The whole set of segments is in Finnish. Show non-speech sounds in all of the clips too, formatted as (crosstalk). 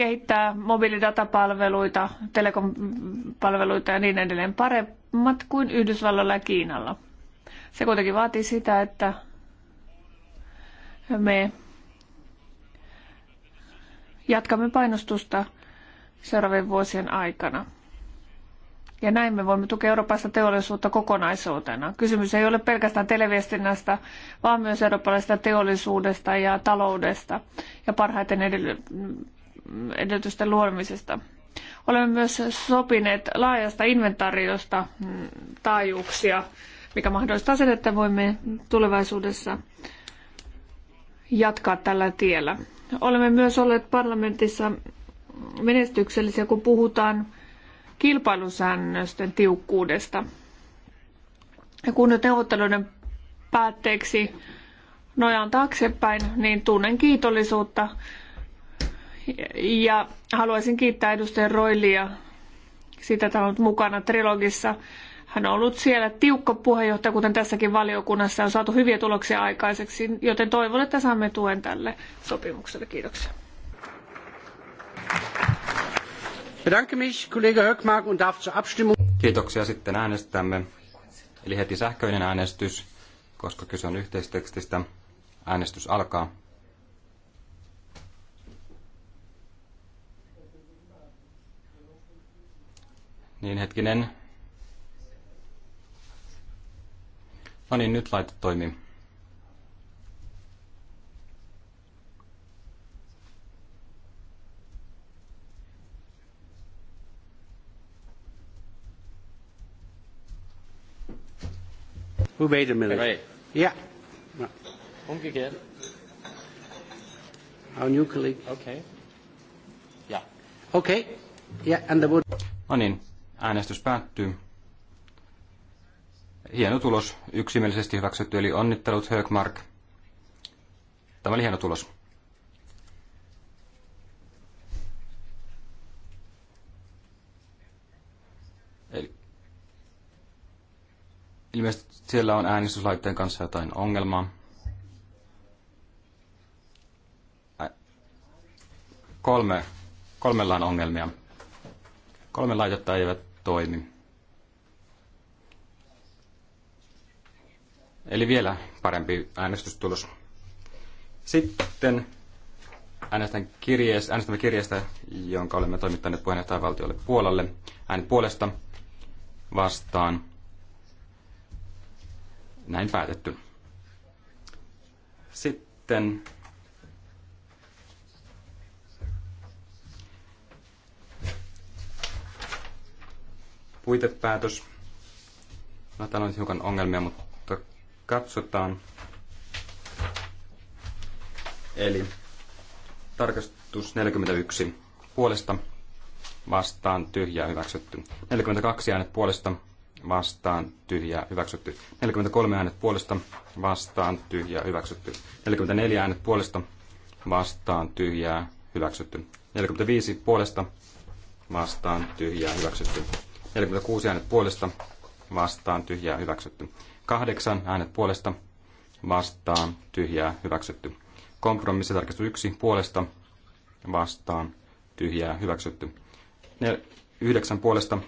kehittää mobiilidatapalveluita, telekompalveluita ja niin edelleen paremmat kuin Yhdysvalloilla ja Kiinalla. Se kuitenkin vaatii sitä, että me jatkamme painostusta seuraavien vuosien aikana. Ja näin me voimme tukea eurooppalaista teollisuutta kokonaisuutena. Kysymys ei ole pelkästään televiestinnästä, vaan myös eurooppalaisesta teollisuudesta ja taloudesta ja parhaiten edellä edellytysten luomisesta. Olemme myös sopineet laajasta inventaariosta mm, taajuuksia, mikä mahdollistaa sen, että voimme tulevaisuudessa jatkaa tällä tiellä. Olemme myös olleet parlamentissa menestyksellisiä, kun puhutaan kilpailusäännösten tiukkuudesta. Ja kun nyt neuvotteluiden päätteeksi nojaan taaksepäin, niin tunnen kiitollisuutta ja haluaisin kiittää edustaja Roilia siitä, että hän on ollut mukana trilogissa. Hän on ollut siellä tiukka puheenjohtaja, kuten tässäkin valiokunnassa on saatu hyviä tuloksia aikaiseksi, joten toivon, että saamme tuen tälle sopimukselle. Kiitoksia. Bedanke mich, Höckmark, und darf zur Abstimmung. Kiitoksia. Sitten äänestämme. Eli heti sähköinen äänestys, koska kyse on yhteistekstistä. Äänestys alkaa. Niin hetkinen. No niin, nyt laite toimii. Who made a minute? Right. Yeah. No. Umgekehrt. Our new colleague. Okay. Yeah. Okay. Yeah, and the wood. No niin, Äänestys päättyy. Hieno tulos, yksimielisesti hyväksytty, eli onnittelut Högmark. Tämä oli hieno tulos. Eli ilmeisesti siellä on äänestyslaitteen kanssa jotain ongelmaa. Kolme, kolmella on ongelmia. Kolme laitetta eivät toimi. Eli vielä parempi äänestystulos. Sitten äänestän kirjeestä, äänestämme kirjeestä, jonka olemme toimittaneet valtiolle Puolalle. Äänet puolesta vastaan. Näin päätetty. Sitten puitepäätös. No, täällä on hiukan ongelmia, mutta katsotaan. Eli tarkastus 41 puolesta vastaan tyhjää hyväksytty. 42 äänet puolesta vastaan tyhjää hyväksytty. 43 äänet puolesta vastaan tyhjää hyväksytty. 44 äänet puolesta vastaan tyhjää hyväksytty. 45 puolesta vastaan tyhjää hyväksytty. 46 äänet puolesta, vastaan, tyhjää, hyväksytty. 8 äänet puolesta, vastaan, tyhjää, hyväksytty. Kompromissi tarkistus 1 puolesta, vastaan, tyhjää, hyväksytty. 9 puolesta,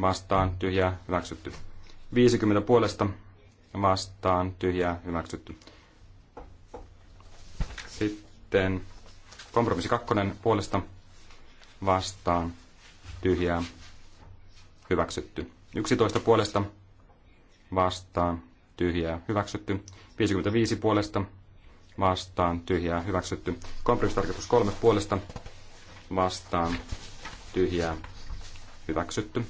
vastaan, tyhjää, hyväksytty. 50 puolesta, vastaan, tyhjää, hyväksytty. Sitten kompromissi 2 puolesta, vastaan, tyhjää, hyväksytty. 11 puolesta vastaan tyhjää hyväksytty. 55 puolesta vastaan tyhjää hyväksytty. Kompromissitarkoitus 3 puolesta vastaan tyhjää hyväksytty.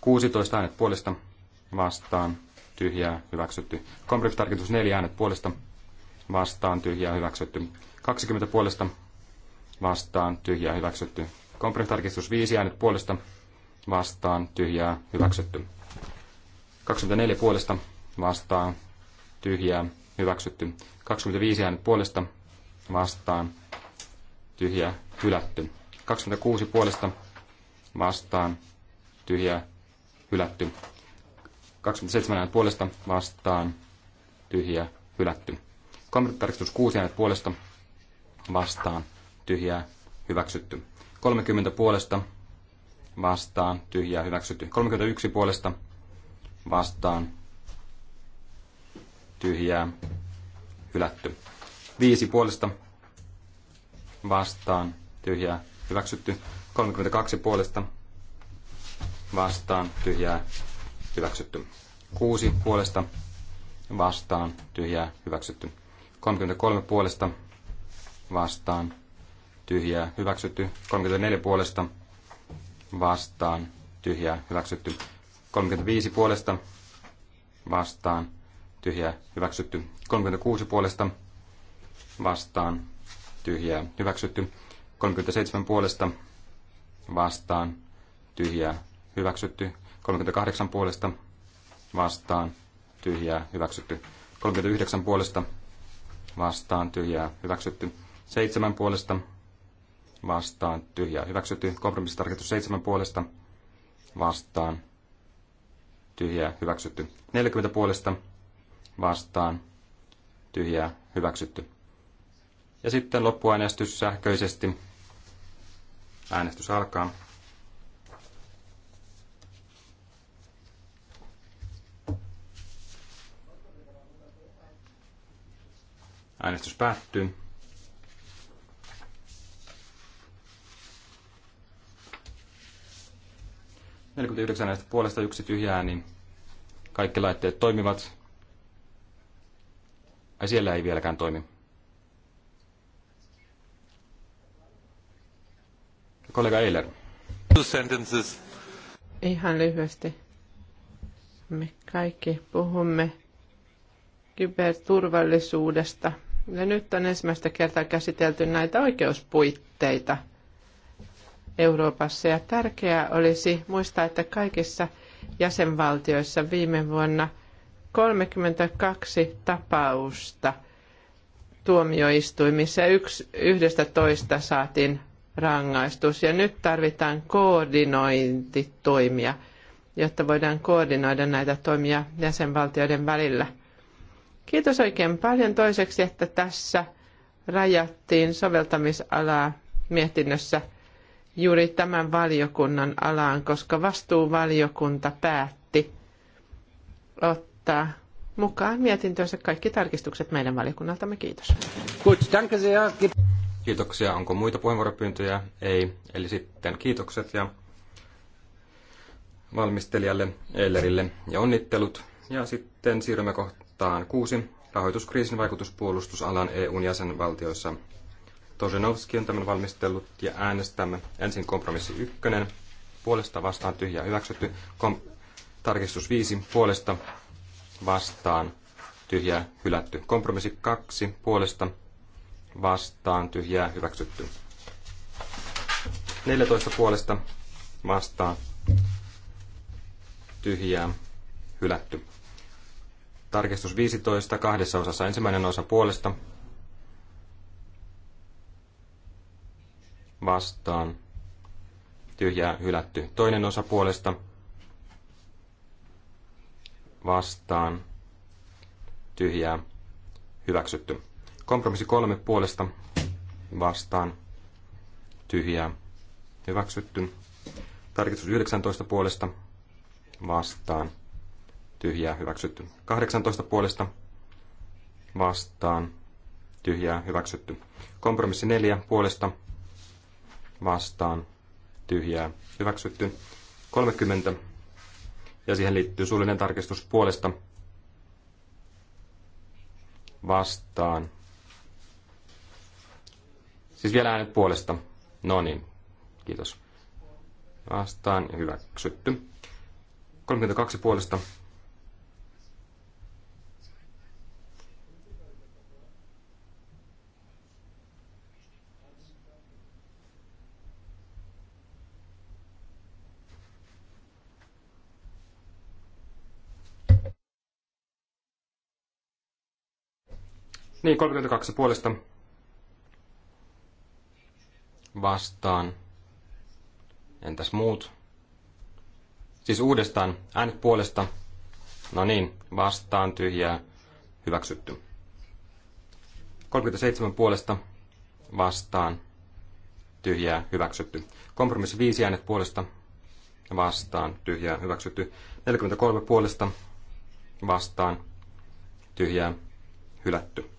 16 äänet puolesta vastaan tyhjää hyväksytty. Kompromissitarkoitus 4 äänet puolesta vastaan tyhjää hyväksytty. 20 puolesta vastaan tyhjää hyväksytty. Kompromissitarkistus 5 äänet puolesta vastaan, vastaan tyhjää hyväksytty. 24 puolesta vastaan tyhjää hyväksytty. 25 äänet puolesta vastaan tyhjää hylätty. 26 puolesta vastaan tyhjää hylätty. 27 äänet puolesta vastaan tyhjää hylätty. Kommentarkistus 6 äänet puolesta vastaan tyhjää hyväksytty. 30 puolesta vastaan, tyhjää hyväksytty. 31 puolesta vastaan, tyhjää hylätty. 5 puolesta vastaan, tyhjää hyväksytty. 32 puolesta vastaan, tyhjää hyväksytty. 6 puolesta vastaan, tyhjää hyväksytty. 33 puolesta vastaan, tyhjää hyväksytty. 34 puolesta vastaan, vastaan, tyhjää, hyväksytty. 35 puolesta vastaan, tyhjää, hyväksytty. 36 puolesta vastaan, tyhjää, hyväksytty. 37 puolesta vastaan, tyhjää, hyväksytty. 38 puolesta vastaan, tyhjää, hyväksytty. 39 puolesta vastaan, tyhjää, hyväksytty. 7 puolesta vastaan, vastaan tyhjää hyväksytty. Kompromissitarkistus 7 puolesta vastaan tyhjää hyväksytty. 40 puolesta vastaan tyhjää hyväksytty. Ja sitten loppuäänestys sähköisesti. Äänestys alkaa. Äänestys päättyy. 49 näistä puolesta yksi tyhjää, niin kaikki laitteet toimivat. Ai siellä ei vieläkään toimi. Kollega Eiler. sentences. Ihan lyhyesti. Me kaikki puhumme kyberturvallisuudesta. Ja nyt on ensimmäistä kertaa käsitelty näitä oikeuspuitteita – Euroopassa. Ja tärkeää olisi muistaa, että kaikissa jäsenvaltioissa viime vuonna 32 tapausta tuomioistuimissa yksi, yhdestä toista saatiin rangaistus. Ja nyt tarvitaan koordinointitoimia, jotta voidaan koordinoida näitä toimia jäsenvaltioiden välillä. Kiitos oikein paljon toiseksi, että tässä rajattiin soveltamisalaa mietinnössä – juuri tämän valiokunnan alaan, koska vastuuvaliokunta päätti ottaa mukaan mietintöönsä kaikki tarkistukset meidän valiokunnaltamme. Kiitos. Kiitoksia. Onko muita puheenvuoropyyntöjä? Ei. Eli sitten kiitokset ja valmistelijalle Eilerille ja onnittelut. Ja sitten siirrymme kohtaan kuusi. Rahoituskriisin vaikutus puolustusalan EUn jäsenvaltioissa Tosenovski on tämän valmistellut ja äänestämme ensin kompromissi ykkönen puolesta vastaan tyhjä hyväksytty, Kom- tarkistus 5 puolesta vastaan tyhjä hylätty, kompromissi 2 puolesta vastaan tyhjää hyväksytty, 14 puolesta vastaan tyhjää hylätty. Tarkistus 15 kahdessa osassa ensimmäinen osa puolesta vastaan tyhjää hylätty. Toinen osa puolesta vastaan tyhjää hyväksytty. Kompromissi kolme puolesta vastaan tyhjää hyväksytty. Tarkistus 19 puolesta vastaan tyhjää hyväksytty. 18 puolesta vastaan tyhjää hyväksytty. Kompromissi 4 puolesta vastaan tyhjää hyväksytty. 30 ja siihen liittyy suullinen tarkistus puolesta vastaan. Siis vielä äänet puolesta. No niin, kiitos. Vastaan hyväksytty. 32 puolesta Niin, 32 puolesta vastaan. Entäs muut? Siis uudestaan äänet puolesta. No niin, vastaan tyhjää. Hyväksytty. 37 puolesta vastaan tyhjää hyväksytty. Kompromissi 5 äänet puolesta vastaan tyhjää hyväksytty. 43 puolesta vastaan tyhjää hylätty.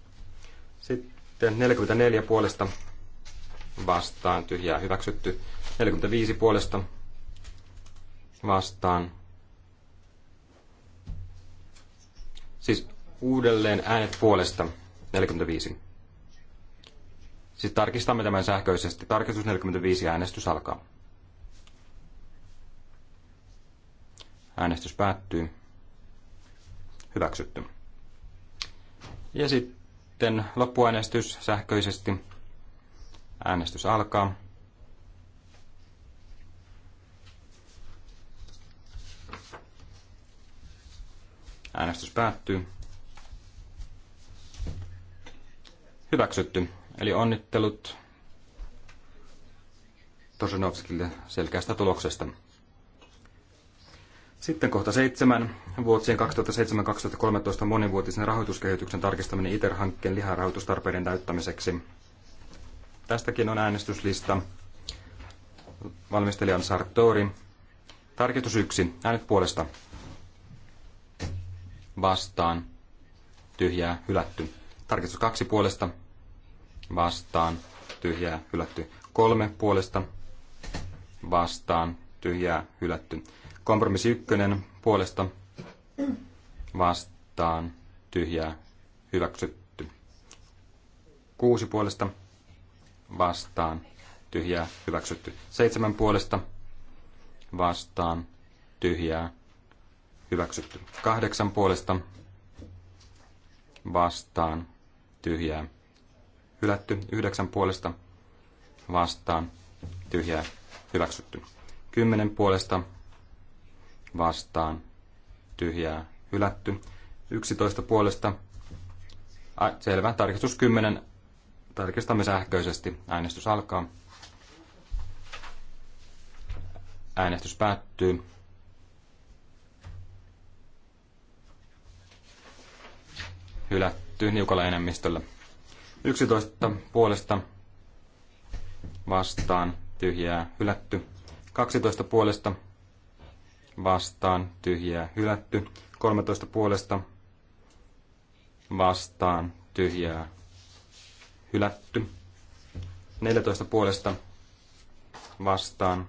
Sitten 44 puolesta vastaan tyhjää hyväksytty. 45 puolesta vastaan. Siis uudelleen äänet puolesta 45. Siis tarkistamme tämän sähköisesti. Tarkistus 45 äänestys alkaa. Äänestys päättyy. Hyväksytty. Ja sitten sitten loppuäänestys sähköisesti. Äänestys alkaa. Äänestys päättyy. Hyväksytty. Eli onnittelut Tosinovskille selkeästä tuloksesta. Sitten kohta seitsemän. Vuosien 2007-2013 monivuotisen rahoituskehityksen tarkistaminen ITER-hankkeen liharahoitustarpeiden täyttämiseksi. Tästäkin on äänestyslista. Valmistelija on Sartori. Tarkistus yksi. Äänet puolesta. Vastaan. Tyhjää. Hylätty. Tarkistus kaksi puolesta. Vastaan. Tyhjää. Hylätty. Kolme puolesta. Vastaan. Tyhjää. Hylätty. Kompromissi ykkönen puolesta vastaan tyhjää hyväksytty. Kuusi puolesta vastaan tyhjää hyväksytty. Seitsemän puolesta vastaan tyhjää hyväksytty. Kahdeksan puolesta vastaan tyhjää hylätty. Yhdeksän puolesta vastaan tyhjää hyväksytty. Kymmenen puolesta vastaan, vastaan tyhjää hylätty. 11 puolesta A, selvä. Tarkistus 10. Tarkistamme sähköisesti. Äänestys alkaa. Äänestys päättyy. Hylätty niukalla enemmistöllä. 11 puolesta vastaan tyhjää hylätty. 12 puolesta vastaan tyhjää hylätty. 13 puolesta vastaan tyhjää hylätty. 14 puolesta vastaan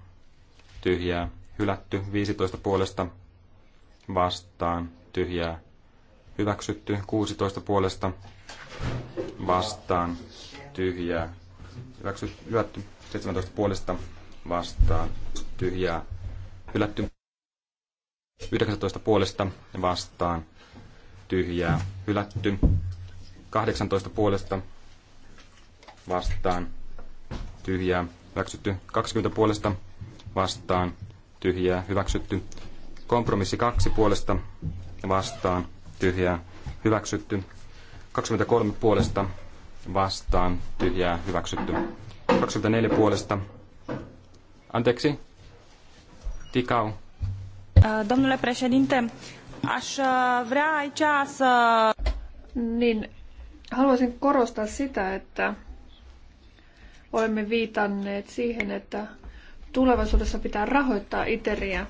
tyhjää hylätty. 15 puolesta vastaan tyhjää hyväksytty. 16 puolesta vastaan tyhjää hyväksytty. Hylätty. 17 puolesta vastaan tyhjää hylätty. 19 puolesta vastaan tyhjää hylätty. 18 puolesta vastaan tyhjää hyväksytty. 20 puolesta vastaan tyhjää hyväksytty. Kompromissi 2 puolesta vastaan tyhjää hyväksytty. 23 puolesta vastaan tyhjää hyväksytty. 24 puolesta. Anteeksi. Tikau Uh, domnule președinte, aș uh, vrea aici să... Niin, haluaisin korostaa sitä, että olemme viitanneet siihen, että tulevaisuudessa pitää rahoittaa ITERiä.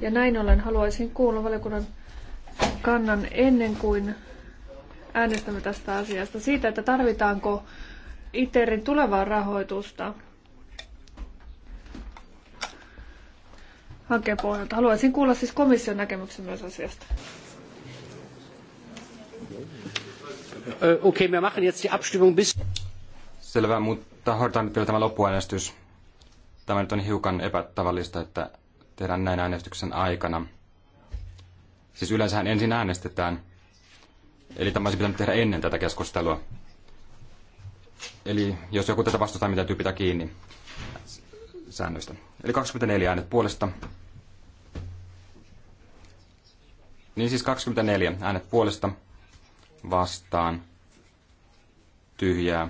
Ja näin ollen haluaisin kuulla valiokunnan kannan ennen kuin äänestämme tästä asiasta siitä, että tarvitaanko ITERin tulevaa rahoitusta hankkeen pohjalta. Haluaisin kuulla siis komission näkemyksen myös asiasta. Okei, me machen jetzt die Abstimmung bis... Selvä, mutta hoidetaan nyt vielä tämä loppuäänestys. Tämä nyt on hiukan epätavallista, että tehdään näin äänestyksen aikana. Siis yleensähän ensin äänestetään. Eli tämä olisi pitänyt tehdä ennen tätä keskustelua. Eli jos joku tätä vastustaa, mitä niin täytyy pitää kiinni säännöistä. Eli 24 äänet puolesta. Niin siis 24 äänet puolesta vastaan tyhjää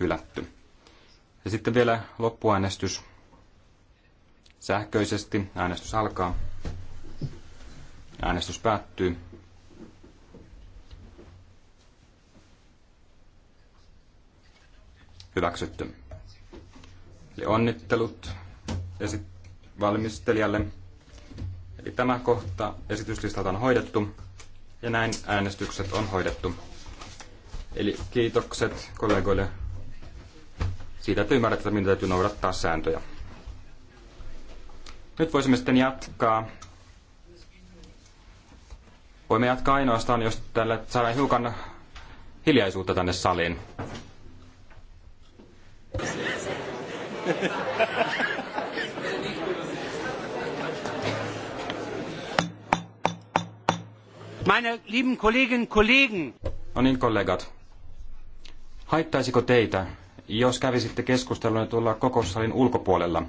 hylätty. Ja sitten vielä loppuäänestys. Sähköisesti äänestys alkaa. Äänestys päättyy. Hyväksytty. Eli onnittelut esit- valmistelijalle. Eli tämä kohta esityslistalta on hoidettu ja näin äänestykset on hoidettu. Eli kiitokset kollegoille siitä, että ymmärrät, että minun täytyy noudattaa sääntöjä. Nyt voisimme sitten jatkaa. Voimme jatkaa ainoastaan, jos tällä saadaan hiukan hiljaisuutta tänne saliin. Meine lieben Kolleginnen Kollegen. No niin, kollegat. Haittaisiko teitä, jos kävisitte keskustelun tuolla kokoussalin ulkopuolella?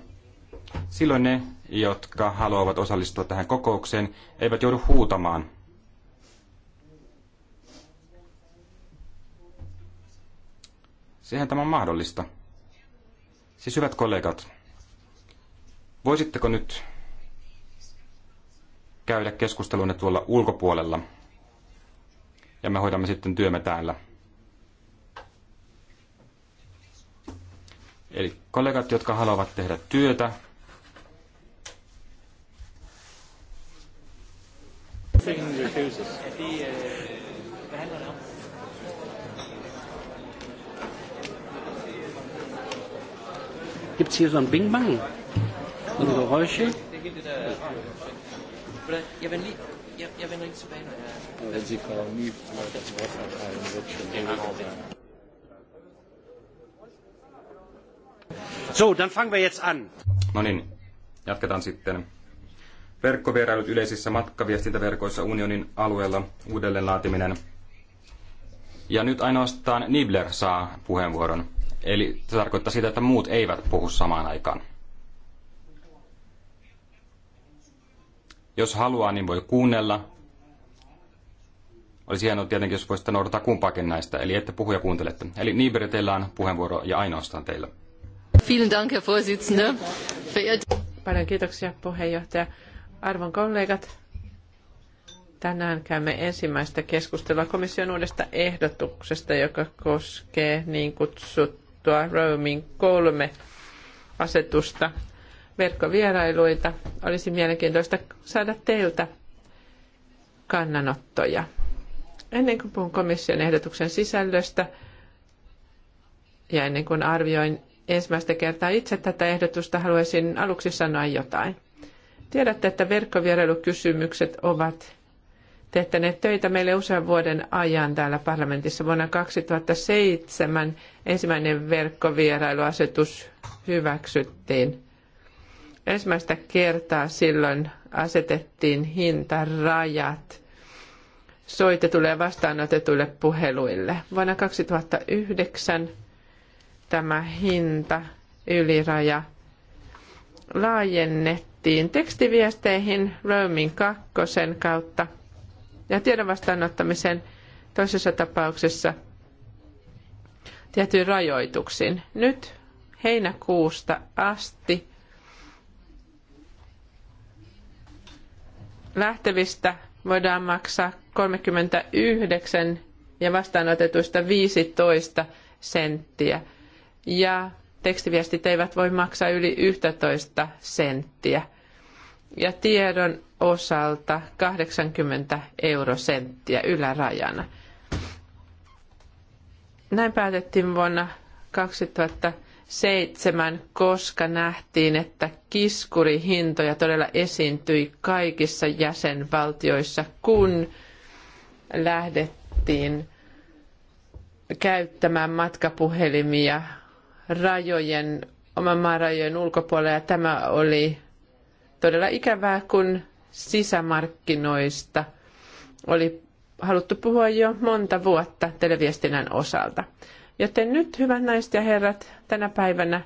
Silloin ne, jotka haluavat osallistua tähän kokoukseen, eivät joudu huutamaan. Sehän tämä on mahdollista. Siis hyvät kollegat, voisitteko nyt käydä keskustelunne tuolla ulkopuolella ja me hoidamme sitten työmme täällä. Eli kollegat, jotka haluavat tehdä työtä, Thing refuses. Gibt es hier so ein Bing Bang? So ein Geräusch? So, dann fangen wir jetzt an. No niin, jatketaan sitten. Verkkovierailut yleisissä matkaviestintäverkoissa unionin alueella, uudelleenlaatiminen. Ja nyt ainoastaan Nibler saa puheenvuoron. Eli se tarkoittaa sitä, että muut eivät puhu samaan aikaan. Jos haluaa, niin voi kuunnella. Olisi hienoa tietenkin, jos voisitte noudattaa kumpaakin näistä, eli että puhuja kuuntelette. Eli niin teillä on puheenvuoro ja ainoastaan teillä. Vielen Dank, Herr Paljon kiitoksia, puheenjohtaja. Arvon kollegat, tänään käymme ensimmäistä keskustelua komission uudesta ehdotuksesta, joka koskee niin kutsut katsottua Roaming 3 asetusta verkkovierailuita. Olisi mielenkiintoista saada teiltä kannanottoja. Ennen kuin puhun komission ehdotuksen sisällöstä ja ennen kuin arvioin ensimmäistä kertaa itse tätä ehdotusta, haluaisin aluksi sanoa jotain. Tiedätte, että verkkovierailukysymykset ovat teettäneet töitä meille usean vuoden ajan täällä parlamentissa. Vuonna 2007 ensimmäinen verkkovierailuasetus hyväksyttiin. Ensimmäistä kertaa silloin asetettiin hintarajat soitetulle ja vastaanotetuille puheluille. Vuonna 2009 tämä hinta yliraja laajennettiin tekstiviesteihin roaming 2 kautta ja tiedon vastaanottamisen toisessa tapauksessa tietyin rajoituksiin. Nyt heinäkuusta asti lähtevistä voidaan maksaa 39 ja vastaanotetuista 15 senttiä. Ja tekstiviestit eivät voi maksaa yli 11 senttiä – ja tiedon osalta 80 eurosenttiä ylärajana. Näin päätettiin vuonna 2007, koska nähtiin, että kiskurihintoja todella esiintyi kaikissa jäsenvaltioissa, kun lähdettiin käyttämään matkapuhelimia rajojen, oman maan rajojen ulkopuolella. Ja tämä oli todella ikävää, kun sisämarkkinoista oli haluttu puhua jo monta vuotta televiestinnän osalta. Joten nyt, hyvät naiset ja herrat, tänä päivänä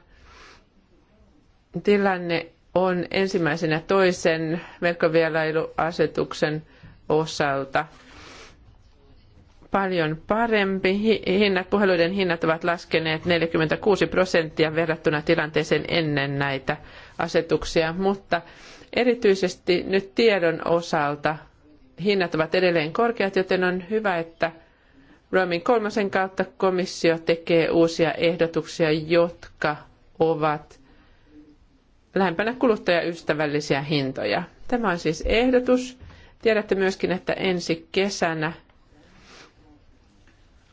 tilanne on ensimmäisenä toisen verkkovierailuasetuksen osalta paljon parempi. Hinnat, puheluiden hinnat ovat laskeneet 46 prosenttia verrattuna tilanteeseen ennen näitä asetuksia, mutta erityisesti nyt tiedon osalta hinnat ovat edelleen korkeat, joten on hyvä, että Roomin kolmosen kautta komissio tekee uusia ehdotuksia, jotka ovat lähempänä kuluttajaystävällisiä hintoja. Tämä on siis ehdotus. Tiedätte myöskin, että ensi kesänä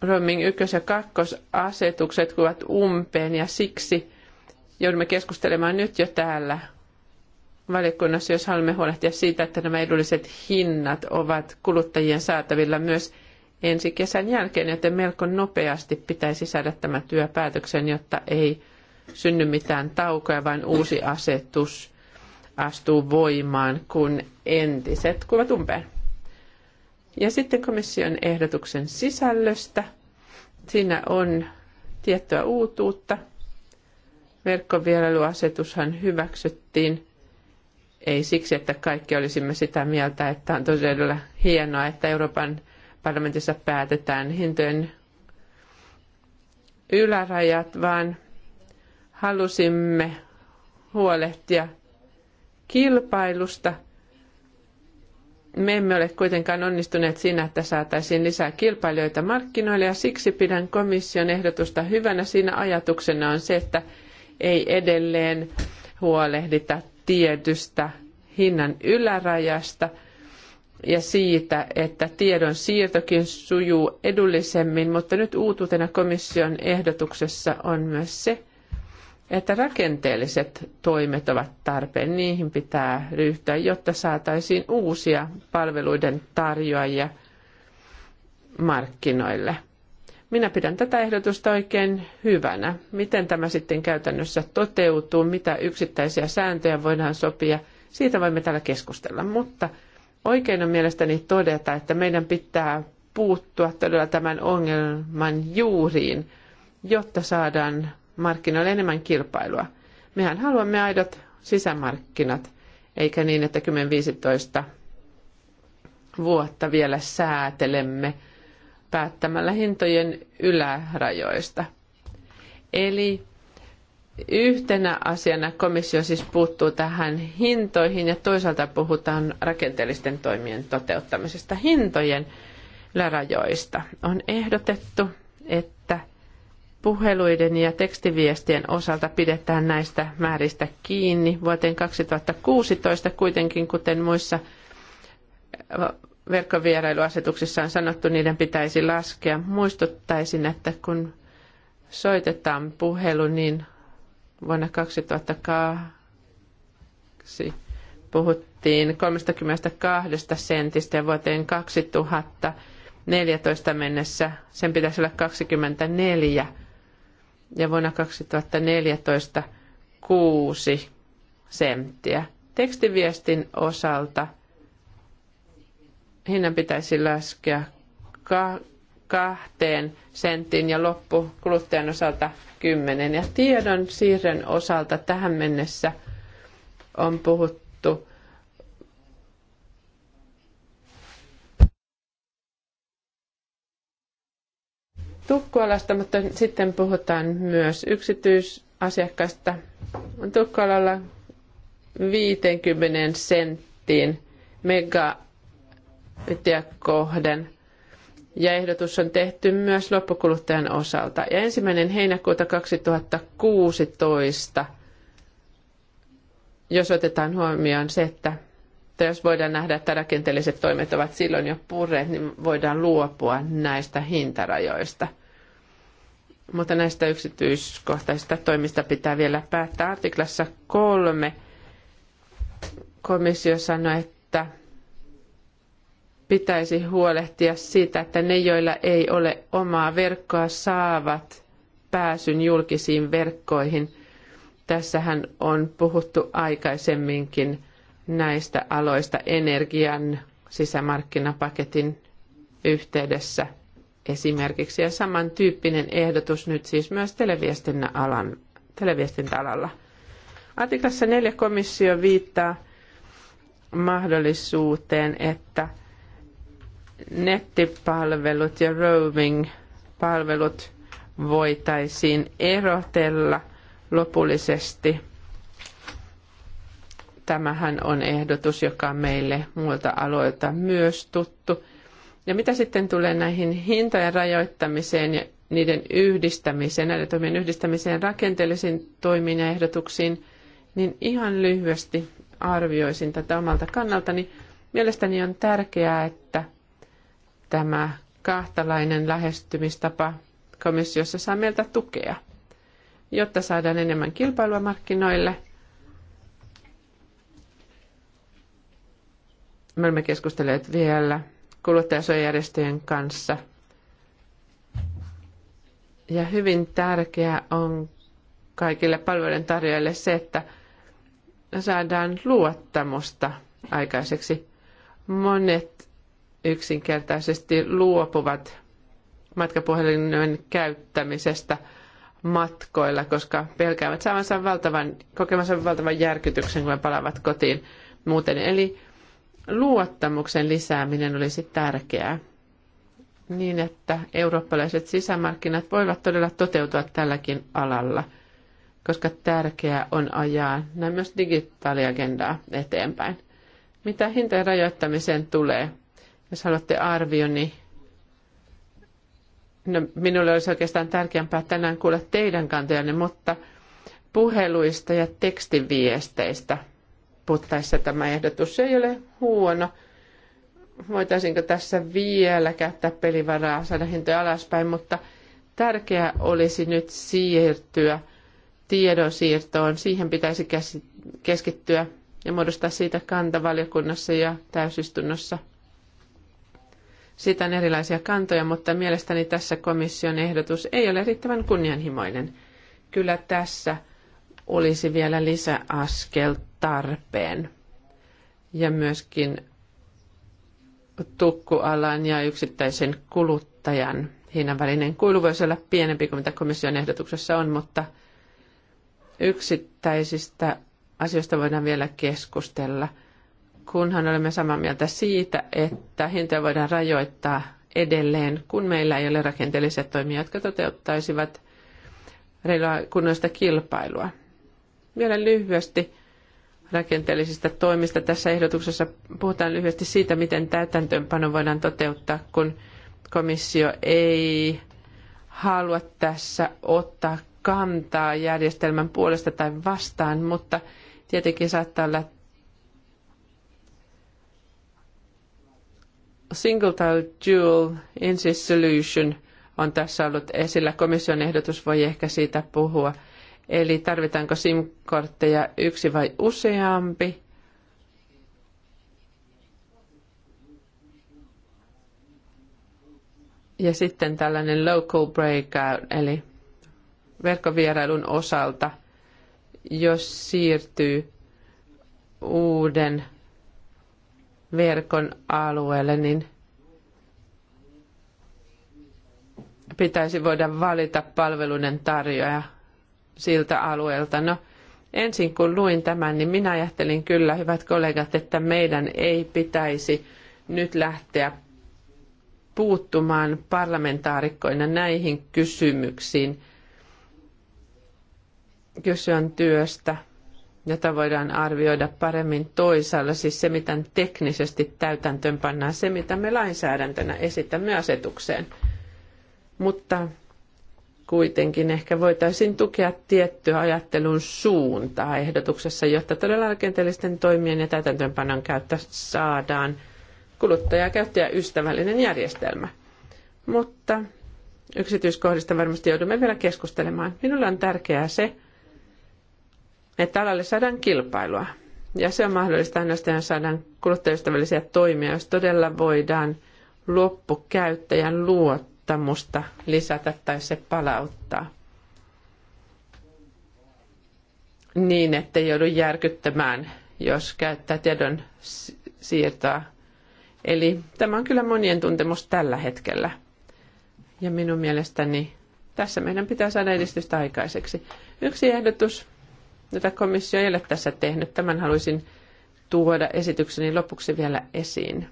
roaming 1 ja 2 asetukset kuvat umpeen ja siksi joudumme keskustelemaan nyt jo täällä valiokunnassa, jos haluamme huolehtia siitä, että nämä edulliset hinnat ovat kuluttajien saatavilla myös ensi kesän jälkeen, joten melko nopeasti pitäisi saada tämä työ päätökseen, jotta ei synny mitään taukoja, vaan uusi asetus astuu voimaan, kun entiset kuvat umpeen. Ja sitten komission ehdotuksen sisällöstä. Siinä on tiettyä uutuutta. Verkkovierailuasetushan hyväksyttiin ei siksi, että kaikki olisimme sitä mieltä, että on todella hienoa, että Euroopan parlamentissa päätetään hintojen ylärajat, vaan halusimme huolehtia kilpailusta – me emme ole kuitenkaan onnistuneet siinä, että saataisiin lisää kilpailijoita markkinoille ja siksi pidän komission ehdotusta hyvänä. Siinä ajatuksena on se, että ei edelleen huolehdita tietystä hinnan ylärajasta ja siitä, että tiedon siirtokin sujuu edullisemmin, mutta nyt uutuutena komission ehdotuksessa on myös se, että rakenteelliset toimet ovat tarpeen, niihin pitää ryhtyä, jotta saataisiin uusia palveluiden tarjoajia markkinoille. Minä pidän tätä ehdotusta oikein hyvänä. Miten tämä sitten käytännössä toteutuu, mitä yksittäisiä sääntöjä voidaan sopia, siitä voimme täällä keskustella. Mutta oikein on mielestäni todeta, että meidän pitää puuttua todella tämän ongelman juuriin, jotta saadaan markkinoille enemmän kilpailua. Mehän haluamme aidot sisämarkkinat, eikä niin, että 10-15 vuotta vielä säätelemme päättämällä hintojen ylärajoista. Eli yhtenä asiana komissio siis puuttuu tähän hintoihin ja toisaalta puhutaan rakenteellisten toimien toteuttamisesta. Hintojen ylärajoista on ehdotettu, että puheluiden ja tekstiviestien osalta pidetään näistä määristä kiinni. Vuoteen 2016 kuitenkin, kuten muissa äh, verkkovierailuasetuksissa on sanottu, niiden pitäisi laskea. Muistuttaisin, että kun soitetaan puhelu, niin vuonna 2002 puhuttiin 32 sentistä ja vuoteen 2014 mennessä sen pitäisi olla 24 ja vuonna 2014 6 senttiä. Tekstiviestin osalta hinnan pitäisi laskea ka- kahteen senttiin ja loppu kuluttajan osalta kymmenen. Ja tiedon siirren osalta tähän mennessä on puhuttu tukkualasta, mutta sitten puhutaan myös yksityisasiakkaista. Tukkualalla 50 senttiin mega kohden. Ja ehdotus on tehty myös loppukuluttajan osalta. Ja ensimmäinen heinäkuuta 2016, jos otetaan huomioon se, että mutta jos voidaan nähdä, että rakenteelliset toimet ovat silloin jo purreet, niin voidaan luopua näistä hintarajoista. Mutta näistä yksityiskohtaisista toimista pitää vielä päättää. Artiklassa kolme komissio sanoi, että pitäisi huolehtia siitä, että ne, joilla ei ole omaa verkkoa, saavat pääsyn julkisiin verkkoihin. Tässähän on puhuttu aikaisemminkin näistä aloista energian sisämarkkinapaketin yhteydessä esimerkiksi. Ja samantyyppinen ehdotus nyt siis myös alan televiestintäalalla. Artiklassa 4 komissio viittaa mahdollisuuteen, että nettipalvelut ja roaming-palvelut voitaisiin erotella lopullisesti – Tämähän on ehdotus, joka on meille muilta aloilta myös tuttu. Ja mitä sitten tulee näihin hintojen rajoittamiseen ja niiden yhdistämiseen, näiden toimien yhdistämiseen rakenteellisiin toimiin ja ehdotuksiin, niin ihan lyhyesti arvioisin tätä omalta kannaltani. Mielestäni on tärkeää, että tämä kahtalainen lähestymistapa komissiossa saa meiltä tukea, jotta saadaan enemmän kilpailua markkinoille – Me olemme keskustelleet vielä kuluttajasuojajärjestöjen kanssa. Ja hyvin tärkeää on kaikille palveluiden tarjoajille se, että saadaan luottamusta aikaiseksi. Monet yksinkertaisesti luopuvat matkapuhelimen käyttämisestä matkoilla, koska pelkäävät saavansa valtavan, kokemansa valtavan järkytyksen, kun he palaavat kotiin muuten. Eli luottamuksen lisääminen olisi tärkeää niin, että eurooppalaiset sisämarkkinat voivat todella toteutua tälläkin alalla, koska tärkeää on ajaa näin myös digitaaliagendaa eteenpäin. Mitä hintojen rajoittamiseen tulee? Jos haluatte arvioni, no, minulle olisi oikeastaan tärkeämpää tänään kuulla teidän kantojanne, mutta puheluista ja tekstiviesteistä – puhuttaessa tämä ehdotus ei ole huono. Voitaisinko tässä vielä käyttää pelivaraa, saada hintoja alaspäin, mutta tärkeää olisi nyt siirtyä tiedonsiirtoon. Siihen pitäisi keskittyä ja muodostaa siitä kanta valiokunnassa ja täysistunnossa. Siitä on erilaisia kantoja, mutta mielestäni tässä komission ehdotus ei ole riittävän kunnianhimoinen. Kyllä tässä olisi vielä lisäaskel tarpeen. Ja myöskin tukkualan ja yksittäisen kuluttajan hinnan välinen kuilu voisi olla pienempi kuin mitä komission ehdotuksessa on, mutta yksittäisistä asioista voidaan vielä keskustella, kunhan olemme samaa mieltä siitä, että hintoja voidaan rajoittaa edelleen, kun meillä ei ole rakenteellisia toimia, jotka toteuttaisivat reilua kunnoista kilpailua. Vielä lyhyesti rakenteellisista toimista. Tässä ehdotuksessa puhutaan lyhyesti siitä, miten täytäntöönpano voidaan toteuttaa, kun komissio ei halua tässä ottaa kantaa järjestelmän puolesta tai vastaan, mutta tietenkin saattaa olla single tile dual insist solution on tässä ollut esillä. Komission ehdotus voi ehkä siitä puhua – Eli tarvitaanko SIM-kortteja yksi vai useampi? Ja sitten tällainen local breakout, eli verkkovierailun osalta, jos siirtyy uuden verkon alueelle, niin pitäisi voida valita palveluiden tarjoaja siltä alueelta. No, ensin kun luin tämän, niin minä ajattelin kyllä, hyvät kollegat, että meidän ei pitäisi nyt lähteä puuttumaan parlamentaarikkoina näihin kysymyksiin, on työstä, jota voidaan arvioida paremmin toisaalla, siis se, mitä teknisesti täytäntöön pannaan, se, mitä me lainsäädäntönä esitämme asetukseen. Mutta kuitenkin ehkä voitaisiin tukea tiettyä ajattelun suuntaa ehdotuksessa, jotta todella rakenteellisten toimien ja täytäntöönpanon käyttö saadaan kuluttaja- ja ystävällinen järjestelmä. Mutta yksityiskohdista varmasti joudumme vielä keskustelemaan. Minulle on tärkeää se, että alalle saadaan kilpailua. Ja se on mahdollista ainoastaan saadaan kuluttajaystävällisiä toimia, jos todella voidaan loppukäyttäjän luottaa luottamusta lisätä tai se palauttaa. Niin, ettei joudu järkyttämään, jos käyttää tiedon siirtoa. Eli tämä on kyllä monien tuntemus tällä hetkellä. Ja minun mielestäni tässä meidän pitää saada edistystä aikaiseksi. Yksi ehdotus, jota komissio ei ole tässä tehnyt, tämän haluaisin tuoda esitykseni lopuksi vielä esiin.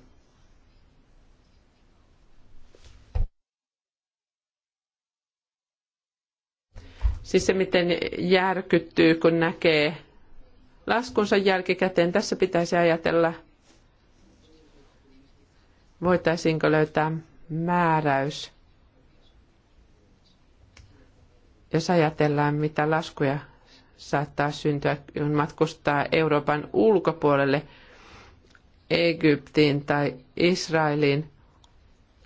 Siis se, miten järkyttyy, kun näkee laskunsa jälkikäteen. Tässä pitäisi ajatella, voitaisiinko löytää määräys, jos ajatellaan, mitä laskuja saattaa syntyä, kun matkustaa Euroopan ulkopuolelle Egyptiin tai Israeliin.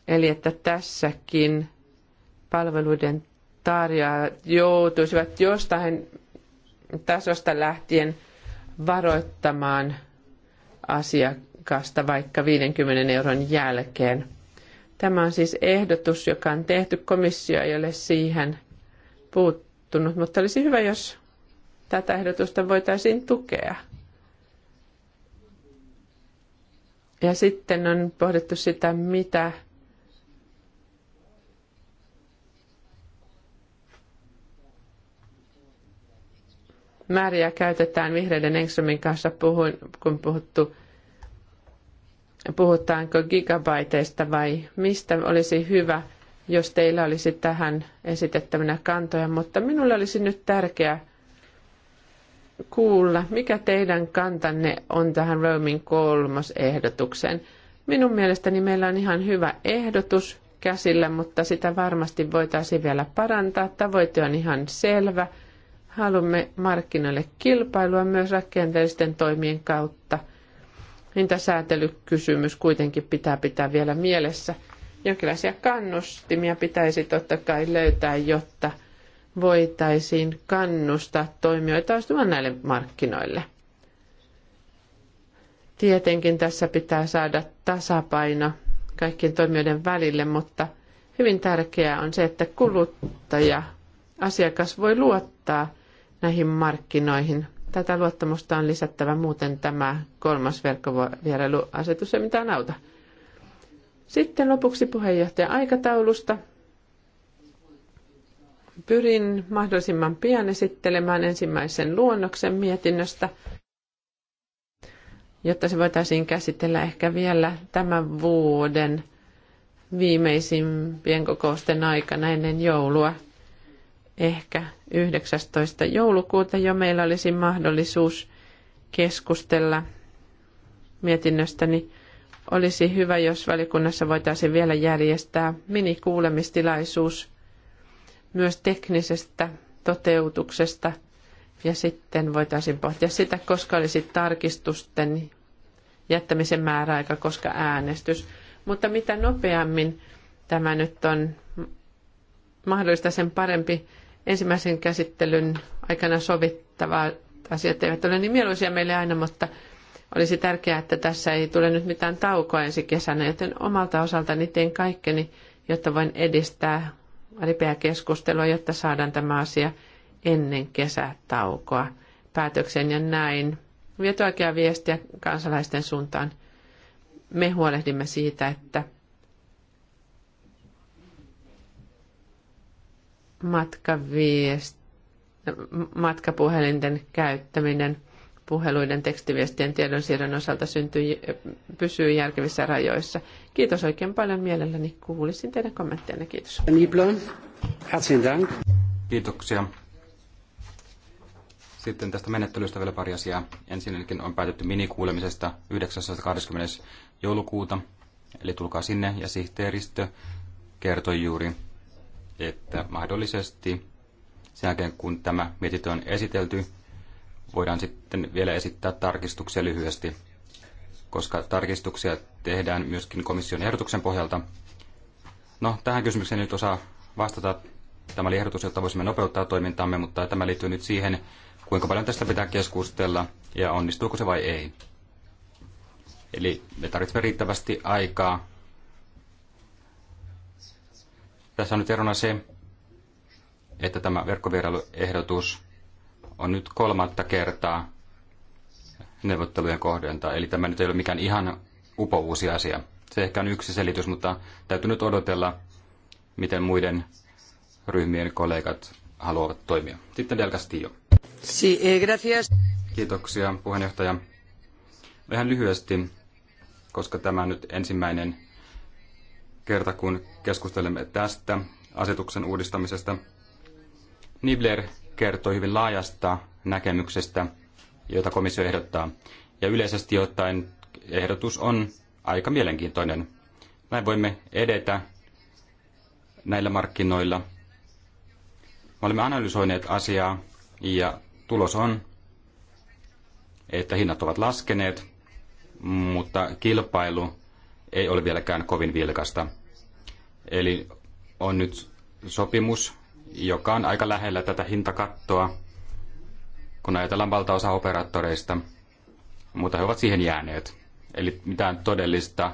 Eli että tässäkin palveluiden tarjoajat joutuisivat jostain tasosta lähtien varoittamaan asiakasta vaikka 50 euron jälkeen. Tämä on siis ehdotus, joka on tehty. Komissio ei ole siihen puuttunut, mutta olisi hyvä, jos tätä ehdotusta voitaisiin tukea. Ja sitten on pohdittu sitä, mitä määriä käytetään vihreiden Engströmin kanssa, puhuin, kun puhuttu, puhutaanko gigabaiteista vai mistä olisi hyvä, jos teillä olisi tähän esitettävänä kantoja, mutta minulle olisi nyt tärkeää kuulla, mikä teidän kantanne on tähän roaming kolmosehdotukseen. Minun mielestäni meillä on ihan hyvä ehdotus käsillä, mutta sitä varmasti voitaisiin vielä parantaa. Tavoite on ihan selvä – Haluamme markkinoille kilpailua myös rakenteellisten toimien kautta. Hintasäätelykysymys kuitenkin pitää pitää vielä mielessä. Jonkinlaisia kannustimia pitäisi totta kai löytää, jotta voitaisiin kannustaa toimijoita ostamaan näille markkinoille. Tietenkin tässä pitää saada tasapaino kaikkien toimijoiden välille, mutta hyvin tärkeää on se, että kuluttaja, asiakas voi luottaa näihin markkinoihin. Tätä luottamusta on lisättävä, muuten tämä kolmas verkkovierailuasetus ei mitään auta. Sitten lopuksi puheenjohtajan aikataulusta. Pyrin mahdollisimman pian esittelemään ensimmäisen luonnoksen mietinnöstä, jotta se voitaisiin käsitellä ehkä vielä tämän vuoden viimeisimpien kokousten aikana ennen joulua. Ehkä 19. joulukuuta jo meillä olisi mahdollisuus keskustella mietinnöstäni. Olisi hyvä, jos valikunnassa voitaisiin vielä järjestää minikuulemistilaisuus myös teknisestä toteutuksesta ja sitten voitaisiin pohtia sitä, koska olisi tarkistusten jättämisen määräaika, koska äänestys. Mutta mitä nopeammin tämä nyt on mahdollista, sen parempi ensimmäisen käsittelyn aikana sovittavat asiat eivät ole niin mieluisia meille aina, mutta olisi tärkeää, että tässä ei tule nyt mitään taukoa ensi kesänä, joten omalta osaltani teen kaikkeni, jotta voin edistää ripeää keskustelua, jotta saadaan tämä asia ennen kesätaukoa päätöksen ja näin. Viet oikeaa viestiä kansalaisten suuntaan. Me huolehdimme siitä, että matkaviest, matkapuhelinten käyttäminen puheluiden, tekstiviestien, tiedonsiirron osalta syntyy, pysyy järkevissä rajoissa. Kiitos oikein paljon mielelläni. Kuulisin teidän kommenttejanne. Kiitos. Kiitoksia. Sitten tästä menettelystä vielä pari asiaa. Ensinnäkin on päätetty minikuulemisesta 9.20. joulukuuta, eli tulkaa sinne, ja sihteeristö kertoi juuri että mahdollisesti sen jälkeen, kun tämä mietintö on esitelty, voidaan sitten vielä esittää tarkistuksia lyhyesti, koska tarkistuksia tehdään myöskin komission ehdotuksen pohjalta. No, tähän kysymykseen nyt osaa vastata. Tämä oli ehdotus, jotta voisimme nopeuttaa toimintaamme, mutta tämä liittyy nyt siihen, kuinka paljon tästä pitää keskustella ja onnistuuko se vai ei. Eli me tarvitsemme riittävästi aikaa Tässä on nyt erona se, että tämä verkkovierailuehdotus on nyt kolmatta kertaa neuvottelujen kohdenta. Eli tämä nyt ei ole mikään ihan upouusi asia. Se ehkä on yksi selitys, mutta täytyy nyt odotella, miten muiden ryhmien kollegat haluavat toimia. Sitten Del Castillo. Sí, eh, gracias. Kiitoksia puheenjohtaja. Vähän lyhyesti, koska tämä on nyt ensimmäinen kerta, kun keskustelemme tästä asetuksen uudistamisesta. Nibler kertoi hyvin laajasta näkemyksestä, jota komissio ehdottaa. Ja yleisesti ottaen ehdotus on aika mielenkiintoinen. Näin voimme edetä näillä markkinoilla. Me olemme analysoineet asiaa ja tulos on, että hinnat ovat laskeneet, mutta kilpailu ei ole vieläkään kovin vilkasta. Eli on nyt sopimus, joka on aika lähellä tätä hintakattoa, kun ajatellaan valtaosa operaattoreista, mutta he ovat siihen jääneet. Eli mitään todellista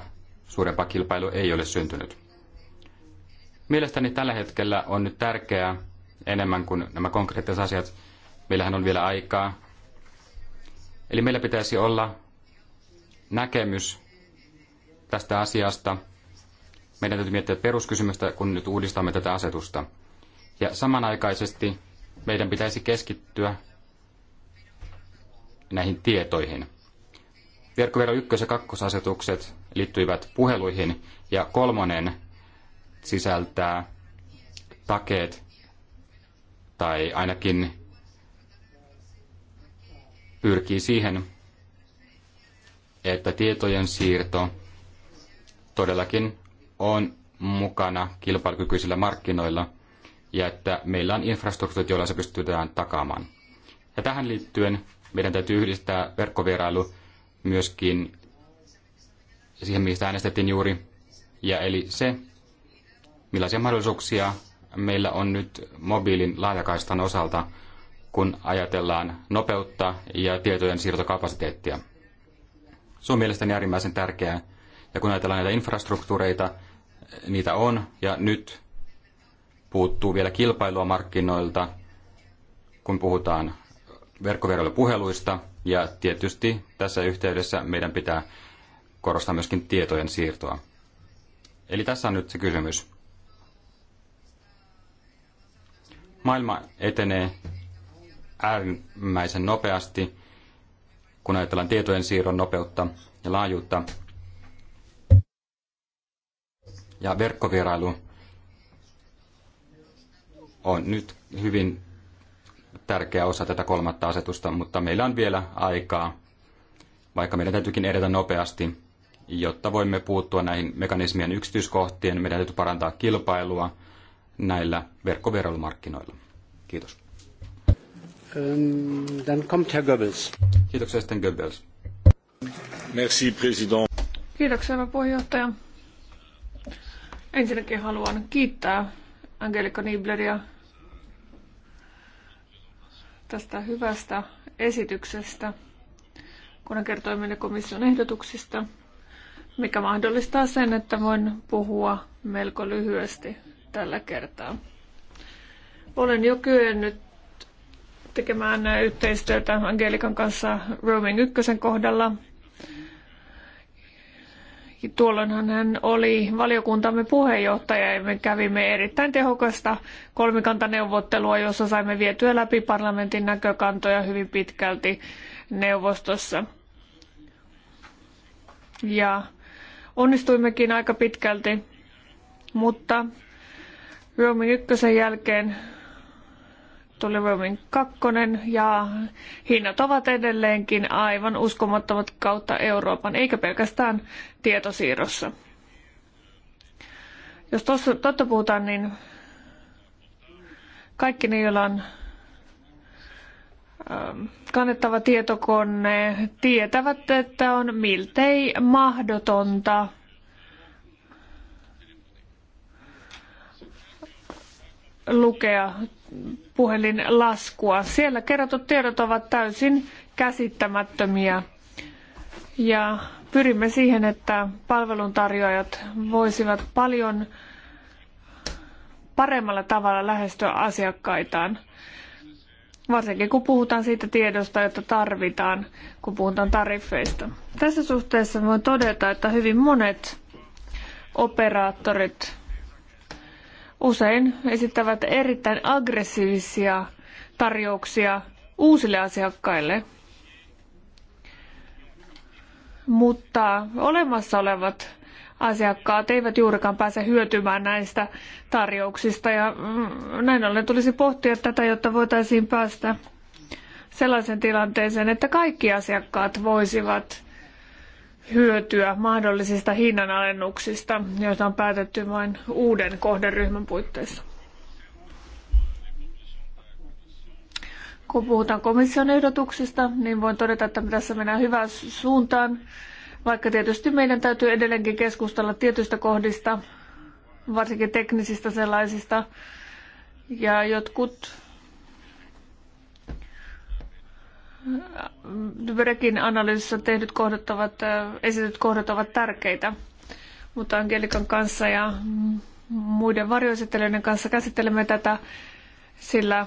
suurempaa kilpailua ei ole syntynyt. Mielestäni tällä hetkellä on nyt tärkeää enemmän kuin nämä konkreettiset asiat. Meillähän on vielä aikaa. Eli meillä pitäisi olla näkemys tästä asiasta – meidän täytyy miettiä peruskysymystä, kun nyt uudistamme tätä asetusta. Ja samanaikaisesti meidän pitäisi keskittyä näihin tietoihin. Verkkovero 1- ja 2-asetukset liittyivät puheluihin ja kolmonen sisältää takeet tai ainakin pyrkii siihen, että tietojen siirto todellakin on mukana kilpailukykyisillä markkinoilla ja että meillä on infrastruktuurit, joilla se pystytään takaamaan. Ja tähän liittyen meidän täytyy yhdistää verkkovierailu myöskin siihen, mistä äänestettiin juuri. Ja eli se, millaisia mahdollisuuksia meillä on nyt mobiilin laajakaistan osalta, kun ajatellaan nopeutta ja tietojen siirtokapasiteettia. Se on mielestäni äärimmäisen tärkeää, ja kun ajatellaan näitä infrastruktuureita, niitä on, ja nyt puuttuu vielä kilpailua markkinoilta, kun puhutaan puheluista ja tietysti tässä yhteydessä meidän pitää korostaa myöskin tietojen siirtoa. Eli tässä on nyt se kysymys. Maailma etenee äärimmäisen nopeasti, kun ajatellaan tietojen siirron nopeutta ja laajuutta. Ja verkkovierailu on nyt hyvin tärkeä osa tätä kolmatta asetusta, mutta meillä on vielä aikaa, vaikka meidän täytyykin edetä nopeasti, jotta voimme puuttua näihin mekanismien yksityiskohtiin. Meidän täytyy parantaa kilpailua näillä verkkovierailumarkkinoilla. Kiitos. Ähm, dann kommt Herr Goebbels. Kiitoksia sitten Goebbels. Merci, president. Kiitoksia, puheenjohtaja. Ensinnäkin haluan kiittää Angelika Nibleria tästä hyvästä esityksestä, kun hän kertoi meille komission ehdotuksista, mikä mahdollistaa sen, että voin puhua melko lyhyesti tällä kertaa. Olen jo kyennyt tekemään yhteistyötä Angelikan kanssa Roaming 1 kohdalla Tuolloinhan hän oli valiokuntamme puheenjohtaja ja me kävimme erittäin tehokasta kolmikantaneuvottelua, jossa saimme vietyä läpi parlamentin näkökantoja hyvin pitkälti neuvostossa. Ja onnistuimmekin aika pitkälti, mutta Roaming ykkösen jälkeen tuli kakkonen ja hinnat ovat edelleenkin aivan uskomattomat kautta Euroopan, eikä pelkästään tietosiirrossa. Jos tuossa totta puhutaan, niin kaikki ne, joilla on ähm, kannettava tietokone, tietävät, että on miltei mahdotonta lukea puhelinlaskua. Siellä kerrotut tiedot ovat täysin käsittämättömiä ja pyrimme siihen, että palveluntarjoajat voisivat paljon paremmalla tavalla lähestyä asiakkaitaan. Varsinkin kun puhutaan siitä tiedosta, jota tarvitaan, kun puhutaan tariffeista. Tässä suhteessa voin todeta, että hyvin monet operaattorit usein esittävät erittäin aggressiivisia tarjouksia uusille asiakkaille. Mutta olemassa olevat asiakkaat eivät juurikaan pääse hyötymään näistä tarjouksista ja mm, näin ollen tulisi pohtia tätä, jotta voitaisiin päästä sellaisen tilanteeseen, että kaikki asiakkaat voisivat hyötyä mahdollisista hinnanalennuksista, joita on päätetty vain uuden kohderyhmän puitteissa. Kun puhutaan komission ehdotuksista, niin voin todeta, että tässä mennään hyvään suuntaan, vaikka tietysti meidän täytyy edelleenkin keskustella tietyistä kohdista, varsinkin teknisistä sellaisista, ja jotkut Dyberekin analyysissa tehdyt kohdat ovat, äh, esityt kohdat ovat tärkeitä, mutta Angelikan kanssa ja muiden varjoesittelijöiden kanssa käsittelemme tätä, sillä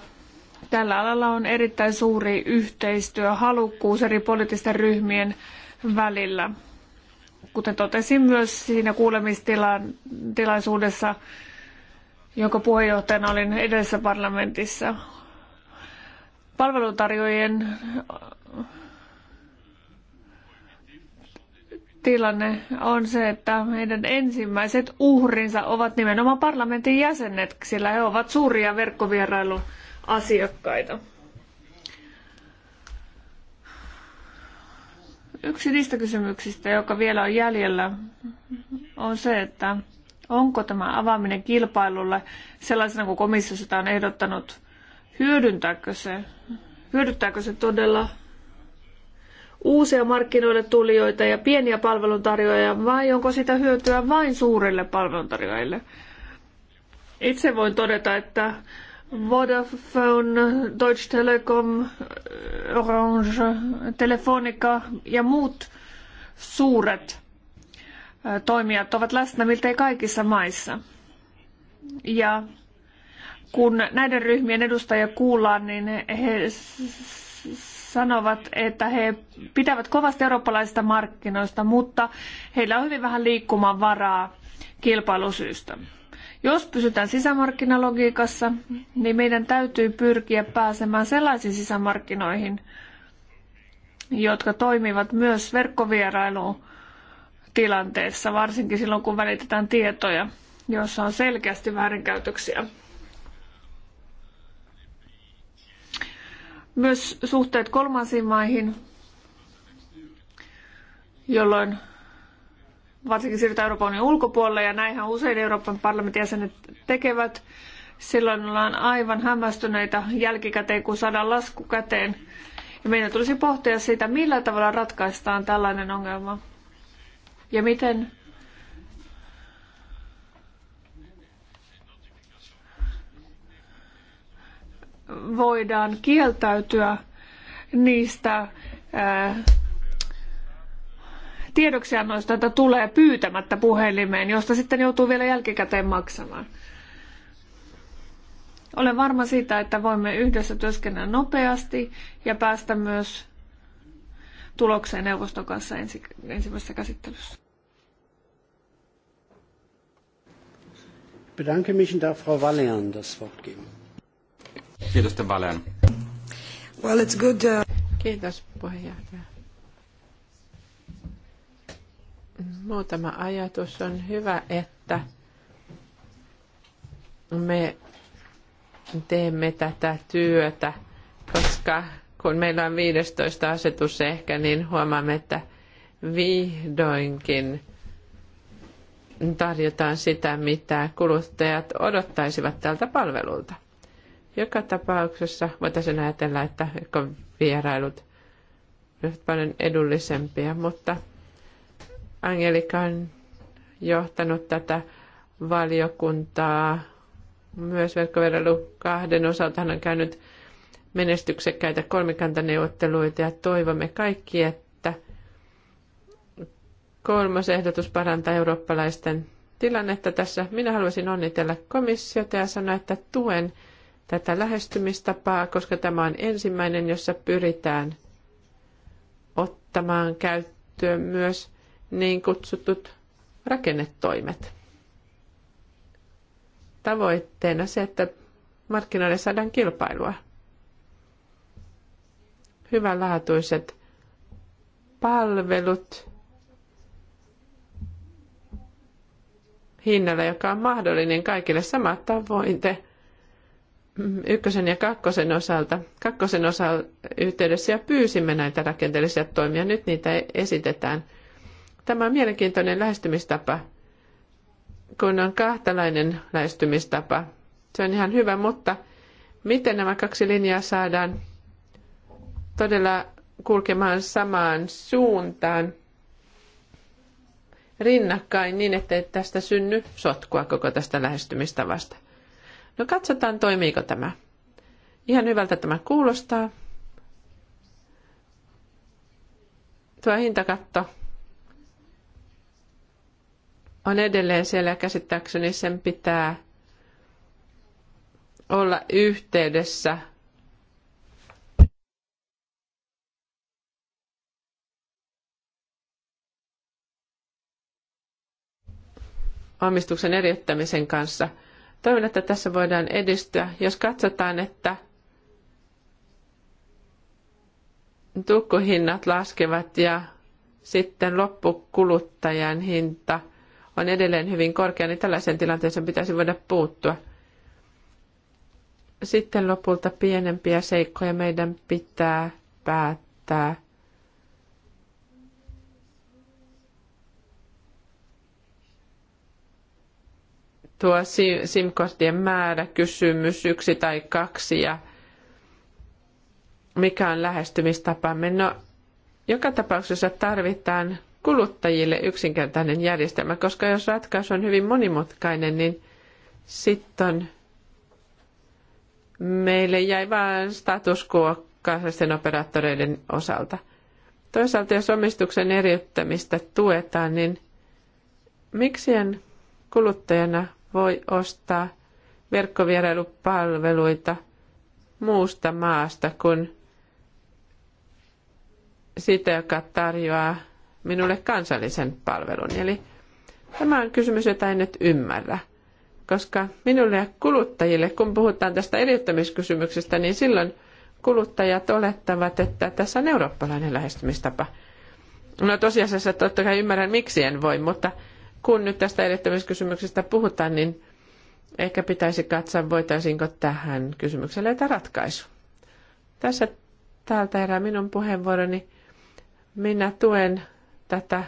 tällä alalla on erittäin suuri yhteistyö, halukkuus eri poliittisten ryhmien välillä. Kuten totesin myös siinä kuulemistilaisuudessa, jonka puheenjohtajana olin edellisessä parlamentissa, palveluntarjoajien tilanne on se, että heidän ensimmäiset uhrinsa ovat nimenomaan parlamentin jäsenet, sillä he ovat suuria verkkovierailuasiakkaita. Yksi niistä kysymyksistä, joka vielä on jäljellä, on se, että onko tämä avaaminen kilpailulle sellaisena kuin komissio sitä on ehdottanut – hyödyntääkö se, hyödyttääkö se todella uusia markkinoille tulijoita ja pieniä palveluntarjoajia vai onko sitä hyötyä vain suurille palveluntarjoajille? Itse voin todeta, että Vodafone, Deutsche Telekom, Orange, Telefonica ja muut suuret toimijat ovat läsnä miltei kaikissa maissa. Ja kun näiden ryhmien edustajia kuullaan, niin he sanovat, että he pitävät kovasti eurooppalaisista markkinoista, mutta heillä on hyvin vähän liikkumavaraa kilpailusyystä. Jos pysytään sisämarkkinalogiikassa, niin meidän täytyy pyrkiä pääsemään sellaisiin sisämarkkinoihin, jotka toimivat myös verkkovierailuun tilanteessa, varsinkin silloin kun välitetään tietoja, joissa on selkeästi väärinkäytöksiä. Myös suhteet kolmansiin maihin, jolloin varsinkin siirrytään Euroopan unionin ulkopuolelle, ja näinhän usein Euroopan parlamentin jäsenet tekevät. Silloin ollaan aivan hämmästyneitä jälkikäteen, kun saadaan lasku käteen. Ja meidän tulisi pohtia sitä, millä tavalla ratkaistaan tällainen ongelma. Ja miten voidaan kieltäytyä niistä ää, tiedoksiannoista, joita tulee pyytämättä puhelimeen, josta sitten joutuu vielä jälkikäteen maksamaan. Olen varma siitä, että voimme yhdessä työskennellä nopeasti ja päästä myös tulokseen neuvoston kanssa ensi, ensimmäisessä käsittelyssä. Bedanke mich und darf Frau das Wort geben. Kiitos te Well, it's good. Uh... Kiitos puheenjohtaja. Muutama ajatus on hyvä, että me teemme tätä työtä, koska kun meillä on 15 asetus ehkä, niin huomaamme, että vihdoinkin tarjotaan sitä, mitä kuluttajat odottaisivat tältä palvelulta. Joka tapauksessa voitaisiin ajatella, että vierailut ovat paljon edullisempia, mutta Angelika on johtanut tätä valiokuntaa myös verkkoverailu kahden osalta. Hän on käynyt menestyksekkäitä kolmikantaneuvotteluita ja toivomme kaikki, että kolmas ehdotus parantaa eurooppalaisten tilannetta tässä. Minä haluaisin onnitella komissiota ja sanoa, että tuen tätä lähestymistapaa, koska tämä on ensimmäinen, jossa pyritään ottamaan käyttöön myös niin kutsutut rakennetoimet. Tavoitteena se, että markkinoille saadaan kilpailua. Hyvänlaatuiset palvelut hinnalla, joka on mahdollinen kaikille sama tavoite – ykkösen ja kakkosen osalta, kakkosen osalta yhteydessä ja pyysimme näitä rakenteellisia toimia. Nyt niitä esitetään. Tämä on mielenkiintoinen lähestymistapa, kun on kahtalainen lähestymistapa. Se on ihan hyvä, mutta miten nämä kaksi linjaa saadaan todella kulkemaan samaan suuntaan rinnakkain niin, ettei tästä synny sotkua koko tästä lähestymistavasta. No katsotaan, toimiiko tämä. Ihan hyvältä tämä kuulostaa. Tuo hintakatto on edelleen siellä käsittääkseni sen pitää olla yhteydessä omistuksen eriyttämisen kanssa – Toivon, että tässä voidaan edistyä. Jos katsotaan, että tukkuhinnat laskevat ja sitten loppukuluttajan hinta on edelleen hyvin korkea, niin tällaisen tilanteeseen pitäisi voida puuttua. Sitten lopulta pienempiä seikkoja meidän pitää päättää – tuo SIM-korttien määrä, kysymys yksi tai kaksi ja mikä on lähestymistapamme. No, joka tapauksessa tarvitaan kuluttajille yksinkertainen järjestelmä, koska jos ratkaisu on hyvin monimutkainen, niin sitten meille jäi vain status quo kansallisten operaattoreiden osalta. Toisaalta jos omistuksen eriyttämistä tuetaan, niin miksi en kuluttajana voi ostaa verkkovierailupalveluita muusta maasta kuin sitä, joka tarjoaa minulle kansallisen palvelun. Eli tämä on kysymys, jota en nyt ymmärrä. Koska minulle ja kuluttajille, kun puhutaan tästä eriyttämiskysymyksestä, niin silloin kuluttajat olettavat, että tässä on eurooppalainen lähestymistapa. No tosiasiassa totta kai ymmärrän, miksi en voi, mutta kun nyt tästä edettämiskysymyksestä puhutaan, niin ehkä pitäisi katsoa, voitaisiinko tähän kysymykseen löytää ratkaisu. Tässä täältä erää minun puheenvuoroni. Minä tuen tätä,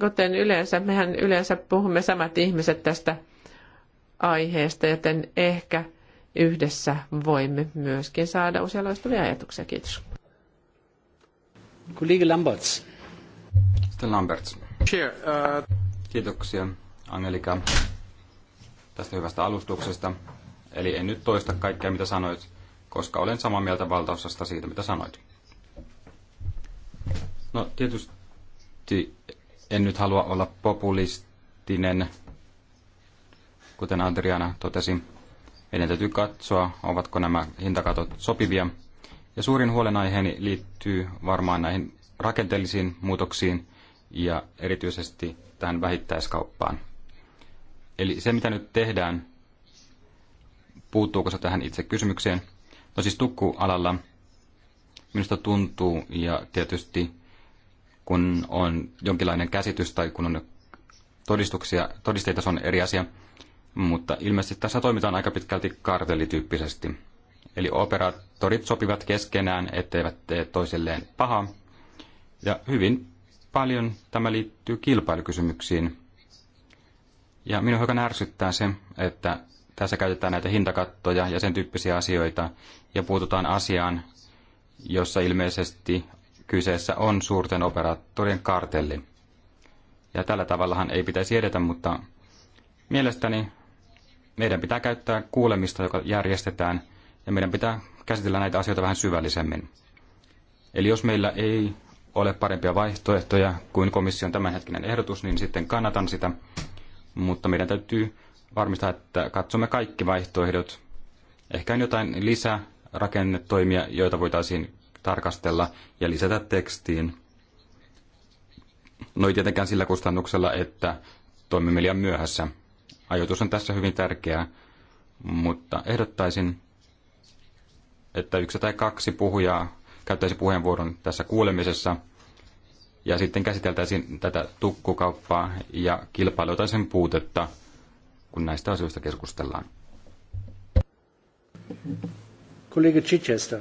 kuten yleensä, mehän yleensä puhumme samat ihmiset tästä aiheesta, joten ehkä yhdessä voimme myöskin saada uusia loistavia ajatuksia. Kiitos. Kollega Lamberts. Sitten Lamberts. Uh, Kiitoksia Angelika tästä hyvästä alustuksesta. Eli en nyt toista kaikkea, mitä sanoit, koska olen samaa mieltä valtaosasta siitä, mitä sanoit. No tietysti en nyt halua olla populistinen, kuten Adriana totesi. Meidän täytyy katsoa, ovatko nämä hintakatot sopivia. Ja suurin huolenaiheeni liittyy varmaan näihin rakenteellisiin muutoksiin, ja erityisesti tähän vähittäiskauppaan. Eli se, mitä nyt tehdään, puuttuuko se tähän itse kysymykseen? No siis tukkualalla minusta tuntuu, ja tietysti kun on jonkinlainen käsitys tai kun on todistuksia, todisteita, se on eri asia, mutta ilmeisesti tässä toimitaan aika pitkälti kartellityyppisesti. Eli operaattorit sopivat keskenään, etteivät tee toisilleen pahaa, ja hyvin paljon tämä liittyy kilpailukysymyksiin. Ja minun hiukan ärsyttää se, että tässä käytetään näitä hintakattoja ja sen tyyppisiä asioita, ja puututaan asiaan, jossa ilmeisesti kyseessä on suurten operaattorien kartelli. Ja tällä tavallahan ei pitäisi edetä, mutta mielestäni meidän pitää käyttää kuulemista, joka järjestetään, ja meidän pitää käsitellä näitä asioita vähän syvällisemmin. Eli jos meillä ei ole parempia vaihtoehtoja kuin komission tämänhetkinen ehdotus, niin sitten kannatan sitä. Mutta meidän täytyy varmistaa, että katsomme kaikki vaihtoehdot. Ehkä on jotain lisärakennetoimia, joita voitaisiin tarkastella ja lisätä tekstiin. No ei tietenkään sillä kustannuksella, että toimimme liian myöhässä. Ajoitus on tässä hyvin tärkeää, mutta ehdottaisin, että yksi tai kaksi puhujaa käyttäisi puheenvuoron tässä kuulemisessa ja sitten käsiteltäisiin tätä tukkukauppaa ja kilpailua tai sen puutetta, kun näistä asioista keskustellaan. Kollega Chichester.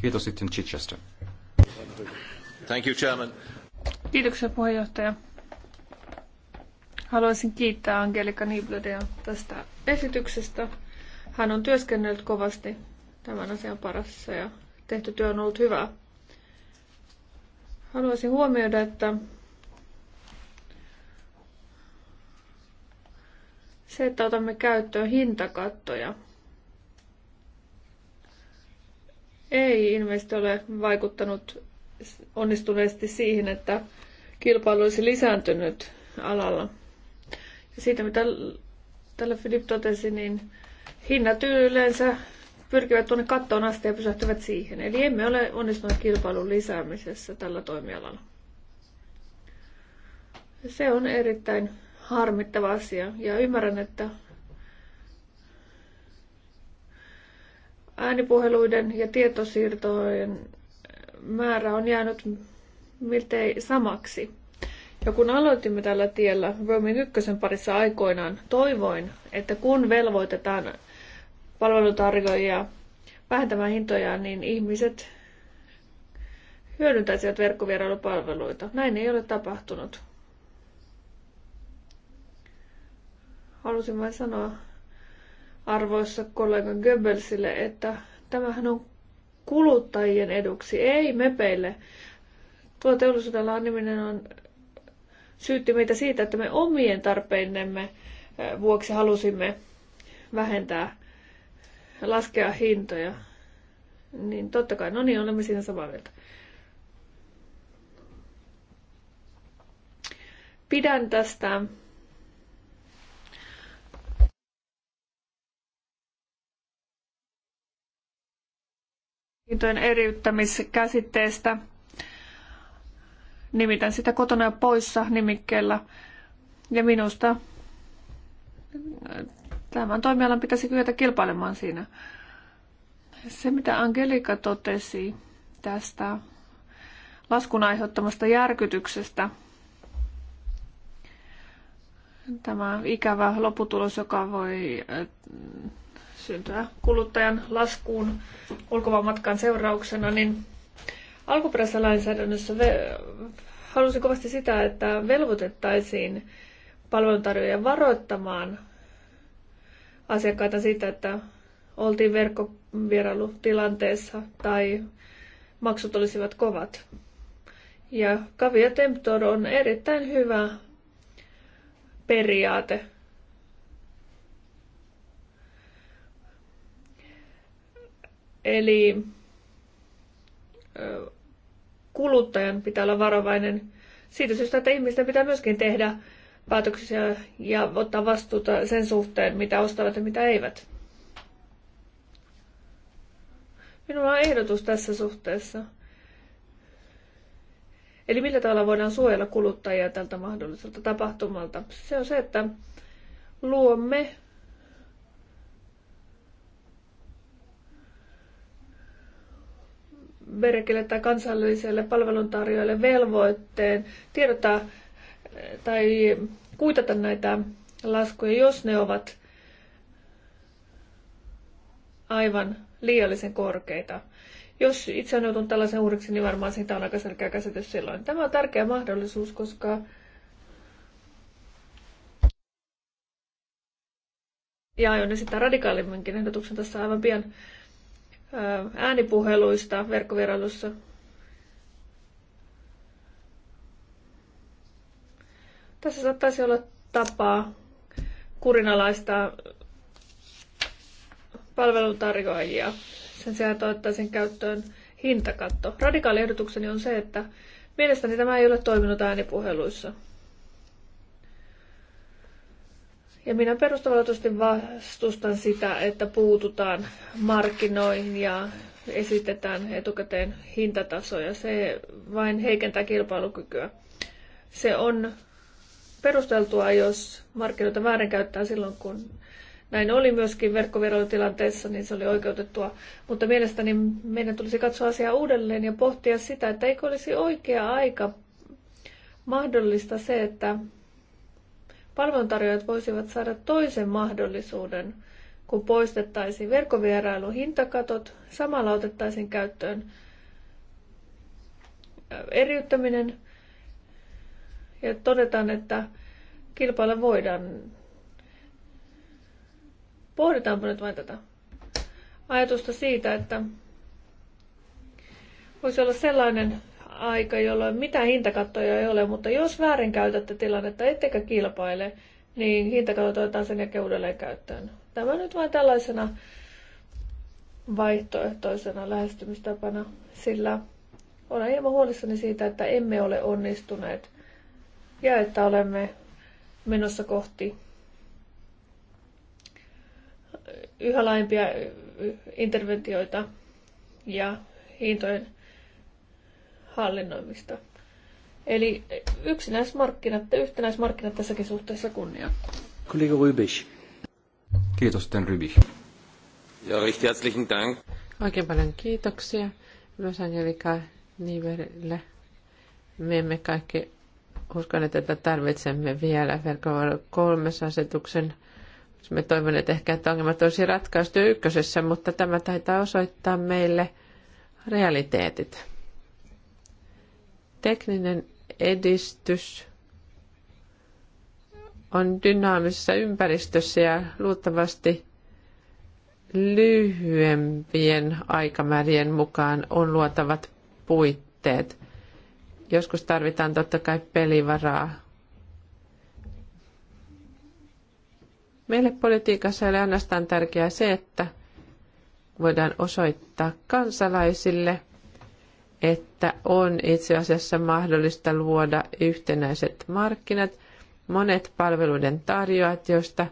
Kiitos sitten Chichester. Thank you, Chairman. Kiitoksia puheenjohtaja. Haluaisin kiittää Angelika Nibledia tästä esityksestä. Hän on työskennellyt kovasti tämän asian parassa ja tehty työ on ollut hyvää. Haluaisin huomioida, että se, että otamme käyttöön hintakattoja, ei ilmeisesti ole vaikuttanut onnistuneesti siihen, että kilpailu olisi lisääntynyt alalla. Ja siitä, mitä tällä Filip totesi, niin hinnat yleensä pyrkivät tuonne kattoon asti ja pysähtyvät siihen. Eli emme ole onnistuneet kilpailun lisäämisessä tällä toimialalla. Se on erittäin harmittava asia ja ymmärrän, että äänipuheluiden ja tietosiirtojen määrä on jäänyt miltei samaksi. Ja kun aloitimme tällä tiellä Roaming 1 parissa aikoinaan, toivoin, että kun velvoitetaan palvelutarjoajia vähentämään hintoja, niin ihmiset hyödyntäisivät verkkovierailupalveluita. Näin ei ole tapahtunut. Halusin vain sanoa arvoissa kollega Goebbelsille, että tämähän on kuluttajien eduksi, ei mepeille. Tuo teollisuuden laaniminen on syytti meitä siitä, että me omien tarpeinemme eh, vuoksi halusimme vähentää laskea hintoja, niin totta kai, no niin, olemme siinä samaa mieltä. Pidän tästä hintojen eriyttämiskäsitteestä. Nimitän sitä kotona ja poissa nimikkeellä. Ja minusta Tämän toimialan pitäisi kyetä kilpailemaan siinä. Se, mitä Angelika totesi tästä laskun aiheuttamasta järkytyksestä, tämä ikävä lopputulos, joka voi eh, syntyä kuluttajan laskuun ulkomaanmatkan seurauksena, niin alkuperäisessä lainsäädännössä halusin kovasti sitä, että velvoitettaisiin palveluntarjoajia varoittamaan asiakkaita siitä, että oltiin verkkovierailutilanteessa tai maksut olisivat kovat. Ja Kavia Temptor on erittäin hyvä periaate. Eli kuluttajan pitää olla varovainen siitä syystä, että ihmisten pitää myöskin tehdä päätöksiä ja ottaa vastuuta sen suhteen, mitä ostavat ja mitä eivät. Minulla on ehdotus tässä suhteessa. Eli millä tavalla voidaan suojella kuluttajia tältä mahdolliselta tapahtumalta? Se on se, että luomme verkille tai kansalliselle palveluntarjoajalle velvoitteen tiedottaa tai kuitata näitä laskuja, jos ne ovat aivan liiallisen korkeita. Jos itse on joutunut tällaisen uhriksi, niin varmaan siitä on aika selkeä käsitys silloin. Tämä on tärkeä mahdollisuus, koska ja aion esittää radikaalimminkin ehdotuksen tässä aivan pian äänipuheluista verkkovierailussa Tässä saattaisi olla tapaa kurinalaista palveluntarjoajia. Sen sijaan toivottaisin käyttöön hintakatto. Radikaali ehdotukseni on se, että mielestäni tämä ei ole toiminut äänipuheluissa. Ja minä perustavallisesti vastustan sitä, että puututaan markkinoihin ja esitetään etukäteen hintatasoja. Se vain heikentää kilpailukykyä. Se on perusteltua, jos markkinoita väärinkäyttää silloin, kun näin oli myöskin verkkoverotilanteessa, niin se oli oikeutettua. Mutta mielestäni meidän tulisi katsoa asiaa uudelleen ja pohtia sitä, että eikö olisi oikea aika mahdollista se, että palveluntarjoajat voisivat saada toisen mahdollisuuden, kun poistettaisiin verkkovierailun hintakatot, samalla otettaisiin käyttöön eriyttäminen – ja todetaan, että kilpailla voidaan. Pohditaanpa nyt vain tätä ajatusta siitä, että voisi olla sellainen aika, jolloin mitään hintakattoja ei ole, mutta jos käytätte tilannetta ettekä kilpaile, niin hintakatto otetaan sen jälkeen uudelleen käyttöön. Tämä nyt vain tällaisena vaihtoehtoisena lähestymistapana, sillä olen hieman huolissani siitä, että emme ole onnistuneet ja että olemme menossa kohti yhä laajempia interventioita ja hintojen hallinnoimista. Eli yksinäismarkkinat, yhtenäismarkkinat tässäkin suhteessa kunnia. Kollega Rübisch. Kiitos, Ten Rübisch. Ja recht herzlichen Dank. Oikein paljon kiitoksia myös Angelika Niverille. Me emme kaikki uskon, että tarvitsemme vielä verkkovuoro asetuksen. Me että ehkä, että ongelmat olisi ratkaistu ykkösessä, mutta tämä taitaa osoittaa meille realiteetit. Tekninen edistys on dynaamisessa ympäristössä ja luultavasti lyhyempien aikamäärien mukaan on luotavat puitteet – Joskus tarvitaan totta kai pelivaraa. Meille politiikassa ei ole ainoastaan tärkeää se, että voidaan osoittaa kansalaisille, että on itse asiassa mahdollista luoda yhtenäiset markkinat, monet palveluiden tarjoajat, joista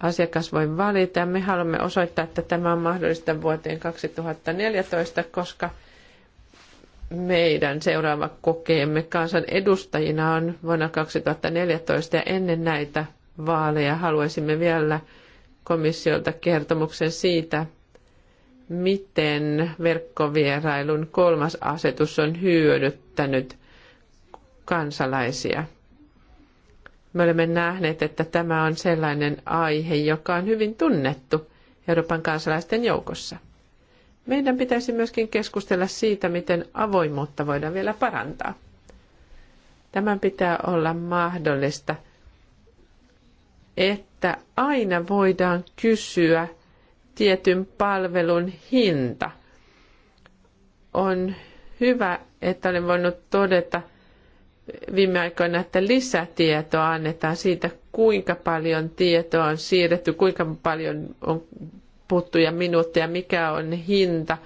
asiakas voi valita. Me haluamme osoittaa, että tämä on mahdollista vuoteen 2014, koska – meidän seuraava kokeemme kansan edustajina on vuonna 2014 ja ennen näitä vaaleja haluaisimme vielä komissiolta kertomuksen siitä, miten verkkovierailun kolmas asetus on hyödyttänyt kansalaisia. Me olemme nähneet, että tämä on sellainen aihe, joka on hyvin tunnettu Euroopan kansalaisten joukossa. Meidän pitäisi myöskin keskustella siitä, miten avoimuutta voidaan vielä parantaa. Tämän pitää olla mahdollista, että aina voidaan kysyä tietyn palvelun hinta. On hyvä, että olen voinut todeta viime aikoina, että lisätietoa annetaan siitä, kuinka paljon tietoa on siirretty, kuinka paljon on puuttuja minuutteja, mikä on hinta,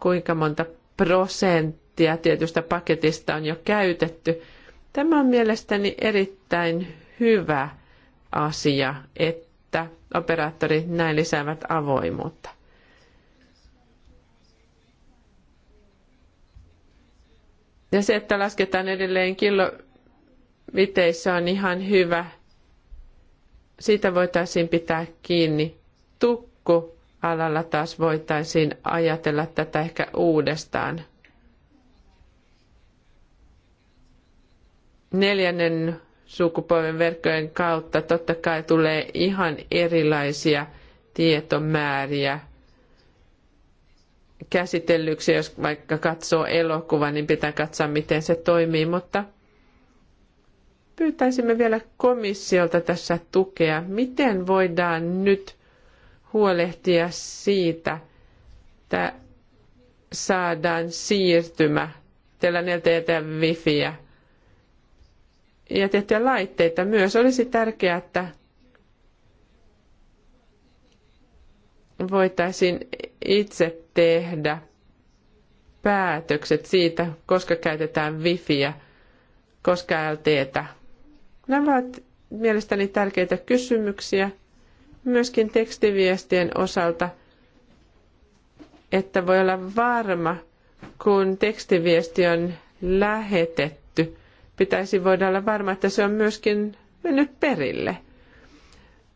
kuinka monta prosenttia tietystä paketista on jo käytetty. Tämä on mielestäni erittäin hyvä asia, että operaattorit näin lisäävät avoimuutta. Ja se, että lasketaan edelleen killoviteissä on ihan hyvä. Siitä voitaisiin pitää kiinni. Tuk- Alalla taas voitaisiin ajatella tätä ehkä uudestaan. Neljännen sukupolven verkkojen kautta totta kai tulee ihan erilaisia tietomääriä käsitellyksi. Jos vaikka katsoo elokuvan, niin pitää katsoa, miten se toimii, mutta pyytäisimme vielä komissiolta tässä tukea. Miten voidaan nyt huolehtia siitä, että saadaan siirtymä tällainen ja wifiä ja tiettyjä laitteita myös. Olisi tärkeää, että voitaisiin itse tehdä päätökset siitä, koska käytetään wifiä, koska LTtä. Nämä ovat mielestäni tärkeitä kysymyksiä myöskin tekstiviestien osalta, että voi olla varma, kun tekstiviesti on lähetetty. Pitäisi voida olla varma, että se on myöskin mennyt perille.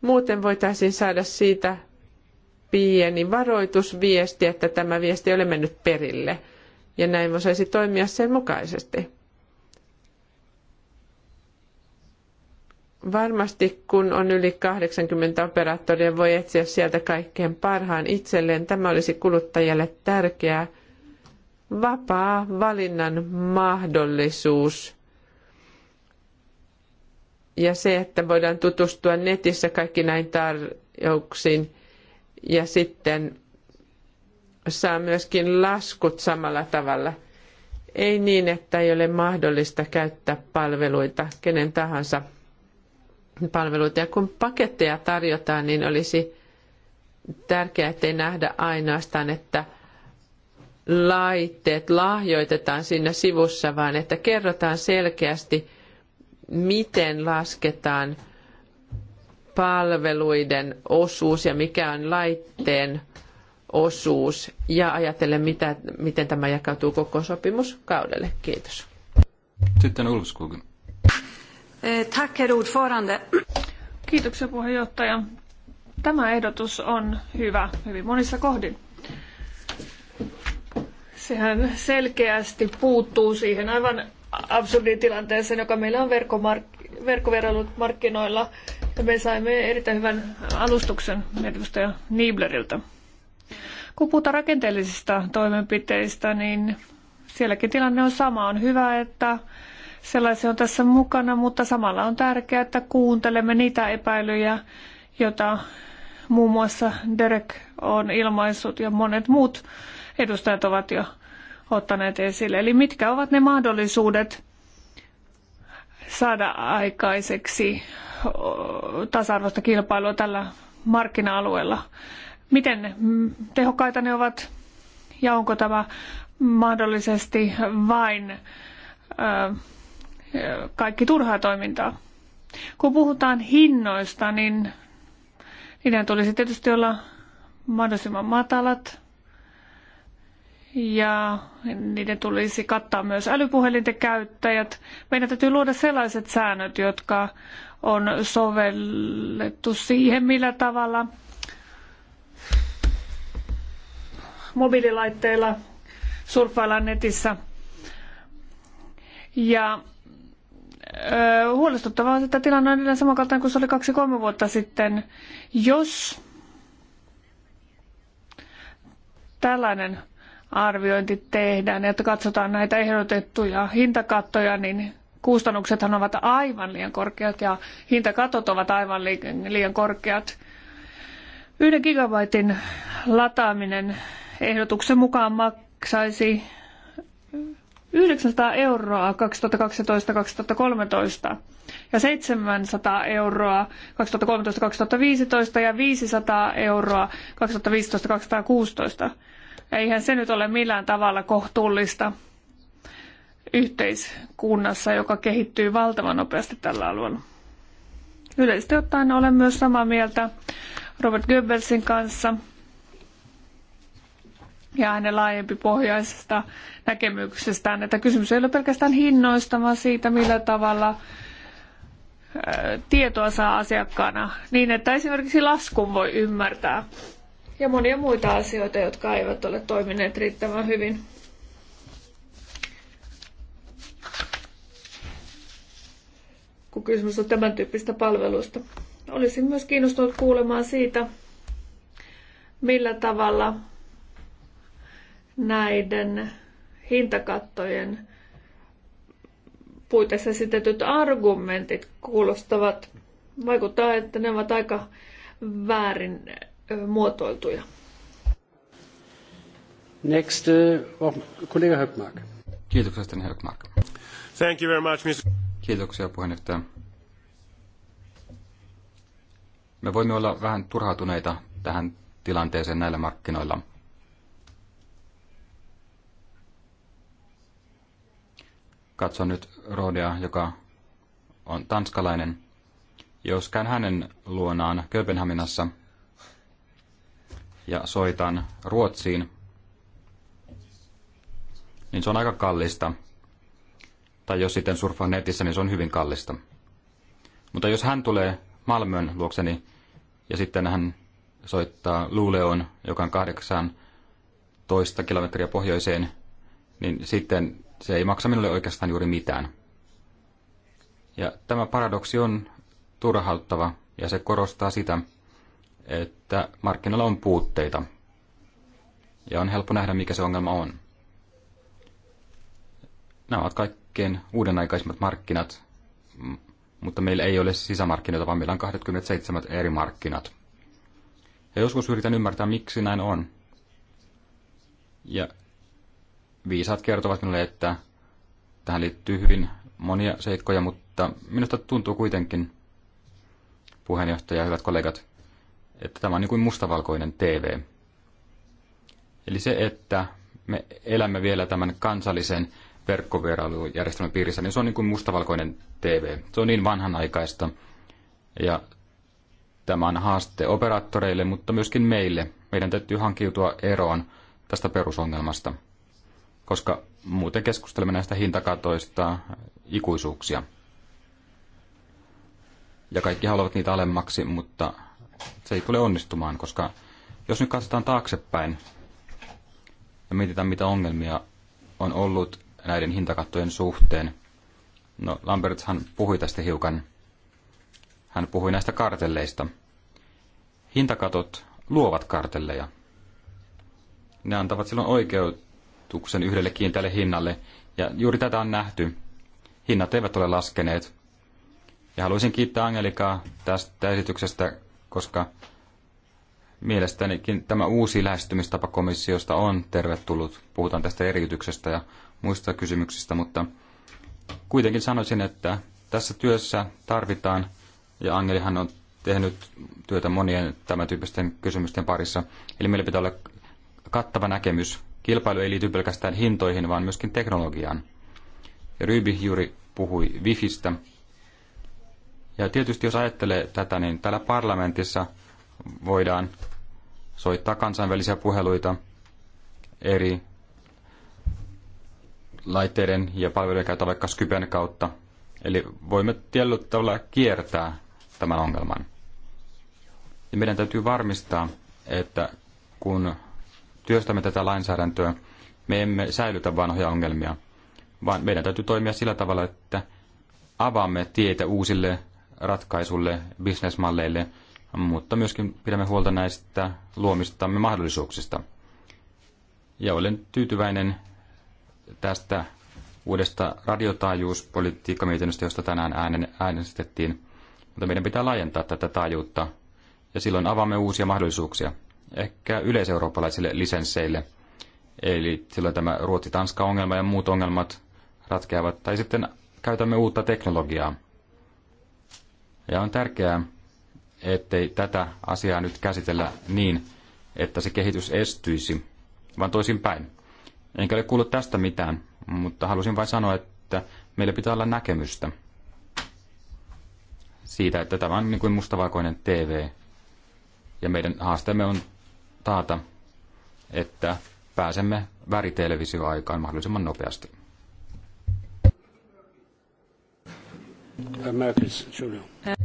Muuten voitaisiin saada siitä pieni varoitusviesti, että tämä viesti ei ole mennyt perille. Ja näin voisi toimia sen mukaisesti. Varmasti kun on yli 80 operaattoria, voi etsiä sieltä kaikkein parhaan itselleen. Tämä olisi kuluttajalle tärkeää. Vapaa valinnan mahdollisuus. Ja se, että voidaan tutustua netissä kaikki näin tarjouksiin ja sitten saa myöskin laskut samalla tavalla. Ei niin, että ei ole mahdollista käyttää palveluita kenen tahansa palveluita. Ja kun paketteja tarjotaan, niin olisi tärkeää, ettei nähdä ainoastaan, että laitteet lahjoitetaan siinä sivussa, vaan että kerrotaan selkeästi, miten lasketaan palveluiden osuus ja mikä on laitteen osuus ja ajatellen, mitä, miten tämä jakautuu koko sopimuskaudelle. Kiitos. Sitten Ulfskogen. Eh, tack, herr ordförande. Kiitoksia puheenjohtaja. Tämä ehdotus on hyvä hyvin monissa kohdin. Sehän selkeästi puuttuu siihen aivan absurdiin tilanteeseen, joka meillä on verkkomark- markkinoilla, Ja me saimme erittäin hyvän alustuksen edustaja Nibleriltä. Kun puhutaan rakenteellisista toimenpiteistä, niin sielläkin tilanne on sama. On hyvä, että Sellaisia on tässä mukana, mutta samalla on tärkeää, että kuuntelemme niitä epäilyjä, joita muun muassa Derek on ilmaissut ja monet muut edustajat ovat jo ottaneet esille. Eli mitkä ovat ne mahdollisuudet saada aikaiseksi tasa-arvoista kilpailua tällä markkina-alueella? Miten tehokkaita ne ovat ja onko tämä mahdollisesti vain kaikki turhaa toimintaa. Kun puhutaan hinnoista, niin niiden tulisi tietysti olla mahdollisimman matalat. Ja niiden tulisi kattaa myös älypuhelinten käyttäjät. Meidän täytyy luoda sellaiset säännöt, jotka on sovellettu siihen, millä tavalla mobiililaitteilla surffaillaan netissä. Ja huolestuttavaa on, että tilanne on edelleen samankaltainen kuin se oli kaksi-kolme vuotta sitten. Jos tällainen arviointi tehdään, että katsotaan näitä ehdotettuja hintakattoja, niin kustannuksethan ovat aivan liian korkeat ja hintakatot ovat aivan liian korkeat. Yhden gigabaitin lataaminen ehdotuksen mukaan maksaisi 900 euroa 2012-2013 ja 700 euroa 2013-2015 ja 500 euroa 2015-2016. Eihän se nyt ole millään tavalla kohtuullista yhteiskunnassa, joka kehittyy valtavan nopeasti tällä alueella. Yleisesti ottaen olen myös samaa mieltä Robert Goebbelsin kanssa – ja hänen laajempi pohjaisesta näkemyksestään, että kysymys ei ole pelkästään hinnoista, vaan siitä, millä tavalla tietoa saa asiakkaana, niin että esimerkiksi laskun voi ymmärtää ja monia muita asioita, jotka eivät ole toimineet riittävän hyvin. kun kysymys on tämän tyyppistä palveluista. Olisin myös kiinnostunut kuulemaan siitä, millä tavalla näiden hintakattojen puitteissa esitetyt argumentit kuulostavat, vaikuttaa, että ne ovat aika väärin muotoiltuja. Next, uh, kollega Höckmark. Kiitoksia, Sten Höckmark. Thank you very much, Mr. Kiitoksia, puheenjohtaja. Me voimme olla vähän turhautuneita tähän tilanteeseen näillä markkinoilla – Katson nyt Rodea, joka on tanskalainen. Jos käyn hänen luonaan Kööpenhaminassa ja soitan Ruotsiin, niin se on aika kallista. Tai jos sitten surfaan netissä, niin se on hyvin kallista. Mutta jos hän tulee Malmön luokseni ja sitten hän soittaa Luuleon, joka on 18 kilometriä pohjoiseen, niin sitten se ei maksa minulle oikeastaan juuri mitään. Ja tämä paradoksi on turhauttava ja se korostaa sitä, että markkinoilla on puutteita. Ja on helppo nähdä, mikä se ongelma on. Nämä ovat kaikkein uudenaikaisimmat markkinat, mutta meillä ei ole sisämarkkinoita, vaan meillä on 27 eri markkinat. Ja joskus yritän ymmärtää, miksi näin on. Ja viisaat kertovat minulle, että tähän liittyy hyvin monia seikkoja, mutta minusta tuntuu kuitenkin, puheenjohtaja ja hyvät kollegat, että tämä on niin kuin mustavalkoinen TV. Eli se, että me elämme vielä tämän kansallisen verkkovierailujärjestelmän piirissä, niin se on niin kuin mustavalkoinen TV. Se on niin vanhanaikaista ja tämä on haaste operaattoreille, mutta myöskin meille. Meidän täytyy hankkiutua eroon tästä perusongelmasta – koska muuten keskustelemme näistä hintakatoista ikuisuuksia. Ja kaikki haluavat niitä alemmaksi, mutta se ei tule onnistumaan, koska jos nyt katsotaan taaksepäin ja mietitään, mitä ongelmia on ollut näiden hintakattojen suhteen. No, Lambertshan puhui tästä hiukan. Hän puhui näistä kartelleista. Hintakatot luovat kartelleja. Ne antavat silloin oikeut, vakuutuksen yhdelle kiinteälle hinnalle. Ja juuri tätä on nähty. Hinnat eivät ole laskeneet. Ja haluaisin kiittää Angelikaa tästä esityksestä, koska mielestäni tämä uusi lähestymistapa komissiosta on tervetullut. Puhutaan tästä eriytyksestä ja muista kysymyksistä, mutta kuitenkin sanoisin, että tässä työssä tarvitaan, ja Angelihan on tehnyt työtä monien tämän tyyppisten kysymysten parissa, eli meillä pitää olla kattava näkemys kilpailu ei liity pelkästään hintoihin, vaan myöskin teknologiaan. Ryby juuri puhui Wifistä. Ja tietysti jos ajattelee tätä, niin täällä parlamentissa voidaan soittaa kansainvälisiä puheluita eri laitteiden ja palvelujen käytä vaikka Skypen kautta. Eli voimme tietyllä tavalla kiertää tämän ongelman. Ja meidän täytyy varmistaa, että kun työstämme tätä lainsäädäntöä, me emme säilytä vanhoja ongelmia, vaan meidän täytyy toimia sillä tavalla, että avaamme tietä uusille ratkaisulle, bisnesmalleille, mutta myöskin pidämme huolta näistä luomistamme mahdollisuuksista. Ja olen tyytyväinen tästä uudesta radiotaajuuspolitiikkamietinnöstä, josta tänään äänestettiin. Mutta meidän pitää laajentaa tätä taajuutta ja silloin avaamme uusia mahdollisuuksia ehkä yleiseurooppalaisille lisensseille. Eli silloin tämä Ruotsi-Tanska-ongelma ja muut ongelmat ratkeavat. Tai sitten käytämme uutta teknologiaa. Ja on tärkeää, ettei tätä asiaa nyt käsitellä niin, että se kehitys estyisi, vaan toisinpäin. Enkä ole kuullut tästä mitään, mutta halusin vain sanoa, että meillä pitää olla näkemystä siitä, että tämä on niin kuin mustavalkoinen TV. Ja meidän haasteemme on taata, että pääsemme väritelevisioaikaan mahdollisimman nopeasti.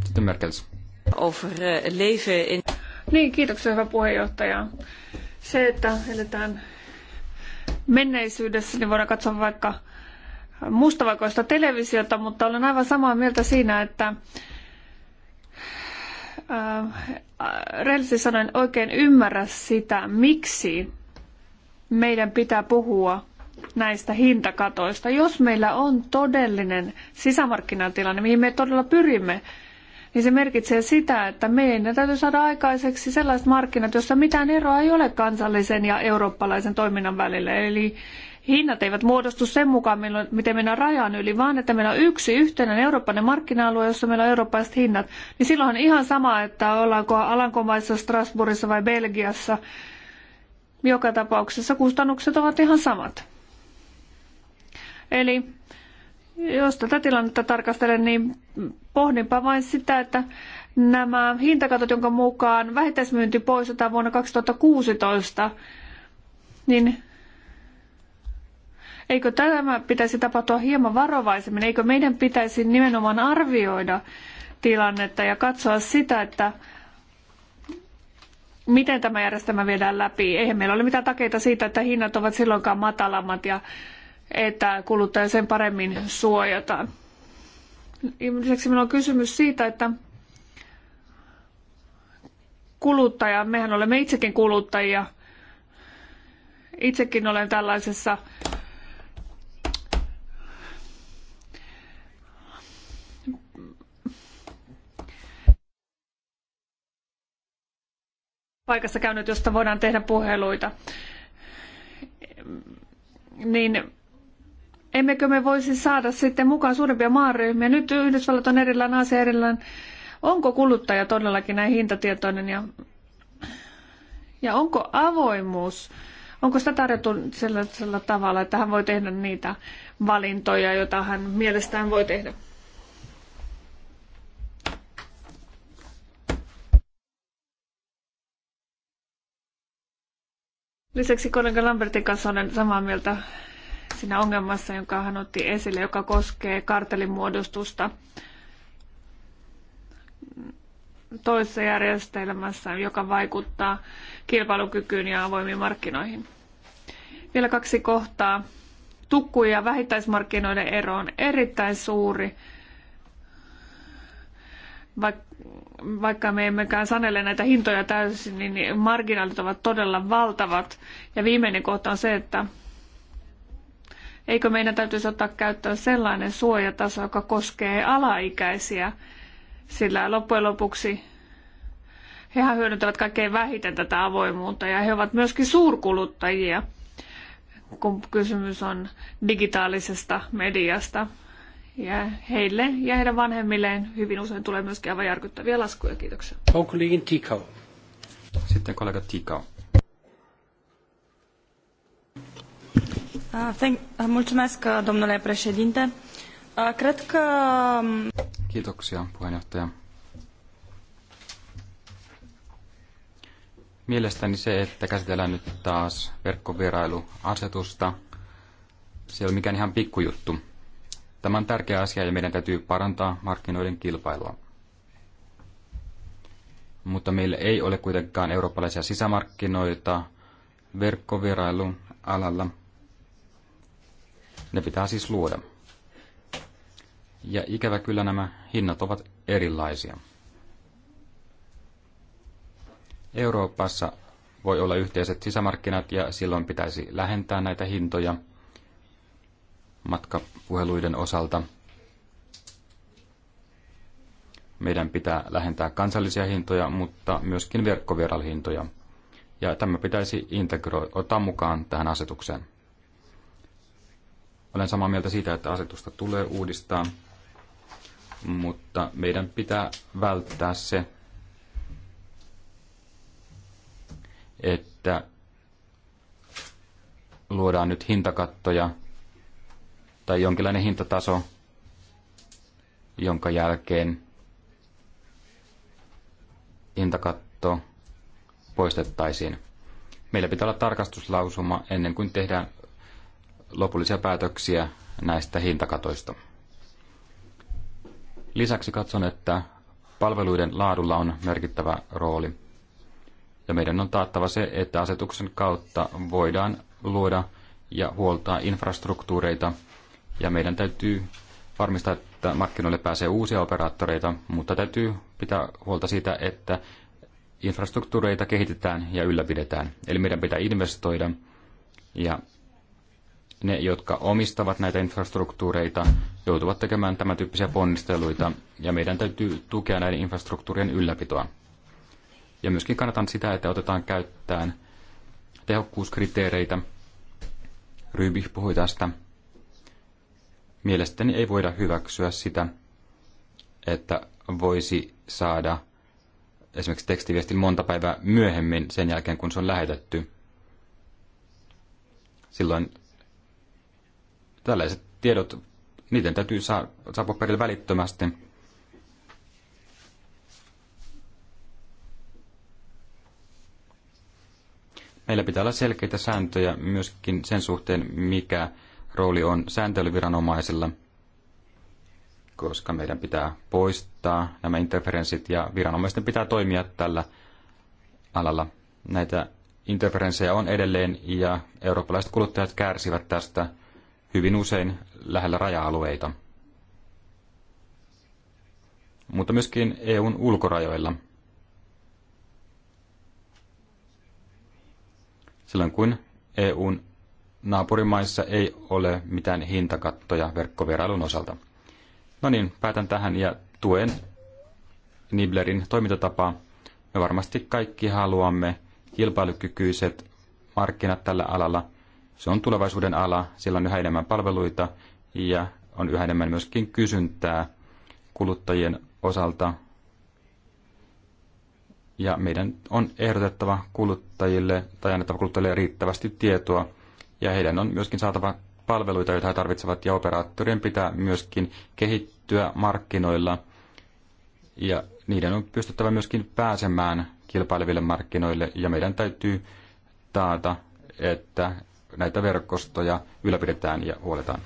Sitten Merkels. Over eh, leven in... Niin, kiitoksia hyvä puheenjohtaja. Se, että eletään menneisyydessä, niin voidaan katsoa vaikka mustavalkoista televisiota, mutta olen aivan samaa mieltä siinä, että Äh, äh, rehellisesti sanoen oikein ymmärrä sitä, miksi meidän pitää puhua näistä hintakatoista. Jos meillä on todellinen sisämarkkinatilanne, mihin me todella pyrimme, niin se merkitsee sitä, että meidän täytyy saada aikaiseksi sellaiset markkinat, joissa mitään eroa ei ole kansallisen ja eurooppalaisen toiminnan välillä. Eli hinnat eivät muodostu sen mukaan, miten mennään rajan yli, vaan että meillä on yksi yhtenäinen eurooppalainen markkina-alue, jossa meillä on eurooppalaiset hinnat, niin silloin on ihan sama, että ollaanko Alankomaissa, Strasbourgissa vai Belgiassa. Joka tapauksessa kustannukset ovat ihan samat. Eli jos tätä tilannetta tarkastelen, niin pohdinpa vain sitä, että nämä hintakatot, jonka mukaan vähittäismyynti poistetaan vuonna 2016, niin Eikö tämä pitäisi tapahtua hieman varovaisemmin? Eikö meidän pitäisi nimenomaan arvioida tilannetta ja katsoa sitä, että miten tämä järjestelmä viedään läpi. Eihän meillä ole mitään takeita siitä, että hinnat ovat silloinkaan matalammat ja että kuluttaja sen paremmin suojataan. Lisäksi minulla on kysymys siitä, että kuluttaja, mehän olemme itsekin kuluttajia. Itsekin olen tällaisessa paikassa käynyt, josta voidaan tehdä puheluita. Niin emmekö me voisi saada sitten mukaan suurempia maaryhmiä? Nyt Yhdysvallat on erillään, Aasia erillään. Onko kuluttaja todellakin näin hintatietoinen ja, ja onko avoimuus? Onko sitä tarjottu sellaisella tavalla, että hän voi tehdä niitä valintoja, joita hän mielestään voi tehdä? Lisäksi kollega Lambertin kanssa olen samaa mieltä siinä ongelmassa, jonka hän otti esille, joka koskee kartelimuodostusta toisessa järjestelmässä, joka vaikuttaa kilpailukykyyn ja avoimiin markkinoihin. Vielä kaksi kohtaa. Tukku- ja vähittäismarkkinoiden ero on erittäin suuri vaikka me emmekään sanele näitä hintoja täysin, niin marginaalit ovat todella valtavat. Ja viimeinen kohta on se, että eikö meidän täytyisi ottaa käyttöön sellainen suojataso, joka koskee alaikäisiä, sillä loppujen lopuksi hehän hyödyntävät kaikkein vähiten tätä avoimuutta ja he ovat myöskin suurkuluttajia, kun kysymys on digitaalisesta mediasta. Ja heille ja heidän vanhemmilleen hyvin usein tulee myöskin aivan järkyttäviä laskuja. Kiitoksia. Onkollegin Tikau. Sitten kollega Tikau. Ah, ah, mulțumesc, domnule președinte. Ah, cred că... Um, Kiitoksia, puheenjohtaja. Mielestäni se, että käsitellään nyt taas verkkovierailuasetusta, se ei ole mikään ihan pikkujuttu. Tämä on tärkeä asia ja meidän täytyy parantaa markkinoiden kilpailua. Mutta meillä ei ole kuitenkaan eurooppalaisia sisämarkkinoita verkkovirailun alalla. Ne pitää siis luoda. Ja ikävä kyllä nämä hinnat ovat erilaisia. Euroopassa voi olla yhteiset sisämarkkinat ja silloin pitäisi lähentää näitä hintoja – matkapuheluiden osalta. Meidän pitää lähentää kansallisia hintoja, mutta myöskin verkkovierailhintoja. Ja tämä pitäisi integroi, ottaa mukaan tähän asetukseen. Olen samaa mieltä siitä, että asetusta tulee uudistaa, mutta meidän pitää välttää se, että luodaan nyt hintakattoja tai jonkinlainen hintataso, jonka jälkeen hintakatto poistettaisiin. Meillä pitää olla tarkastuslausuma ennen kuin tehdään lopullisia päätöksiä näistä hintakatoista. Lisäksi katson, että palveluiden laadulla on merkittävä rooli. Ja meidän on taattava se, että asetuksen kautta voidaan luoda ja huoltaa infrastruktuureita, ja meidän täytyy varmistaa, että markkinoille pääsee uusia operaattoreita, mutta täytyy pitää huolta siitä, että infrastruktuureita kehitetään ja ylläpidetään. Eli meidän pitää investoida ja ne, jotka omistavat näitä infrastruktuureita, joutuvat tekemään tämän tyyppisiä ponnisteluita ja meidän täytyy tukea näiden infrastruktuurien ylläpitoa. Ja myöskin kannatan sitä, että otetaan käyttöön tehokkuuskriteereitä. Ryby puhui tästä. Mielestäni ei voida hyväksyä sitä, että voisi saada esimerkiksi tekstiviestin monta päivää myöhemmin sen jälkeen, kun se on lähetetty. Silloin tällaiset tiedot, niiden täytyy saapua perille välittömästi. Meillä pitää olla selkeitä sääntöjä myöskin sen suhteen, mikä rooli on sääntelyviranomaisilla, koska meidän pitää poistaa nämä interferenssit ja viranomaisten pitää toimia tällä alalla. Näitä interferenssejä on edelleen ja eurooppalaiset kuluttajat kärsivät tästä hyvin usein lähellä raja-alueita. Mutta myöskin EUn ulkorajoilla. Silloin kun EUn naapurimaissa ei ole mitään hintakattoja verkkovierailun osalta. No niin, päätän tähän ja tuen Niblerin toimintatapaa. Me varmasti kaikki haluamme kilpailukykyiset markkinat tällä alalla. Se on tulevaisuuden ala, sillä on yhä enemmän palveluita ja on yhä enemmän myöskin kysyntää kuluttajien osalta. Ja meidän on ehdotettava kuluttajille tai annettava kuluttajille riittävästi tietoa ja heidän on myöskin saatava palveluita, joita he tarvitsevat, ja operaattorien pitää myöskin kehittyä markkinoilla, ja niiden on pystyttävä myöskin pääsemään kilpaileville markkinoille, ja meidän täytyy taata, että näitä verkostoja ylläpidetään ja huoletaan.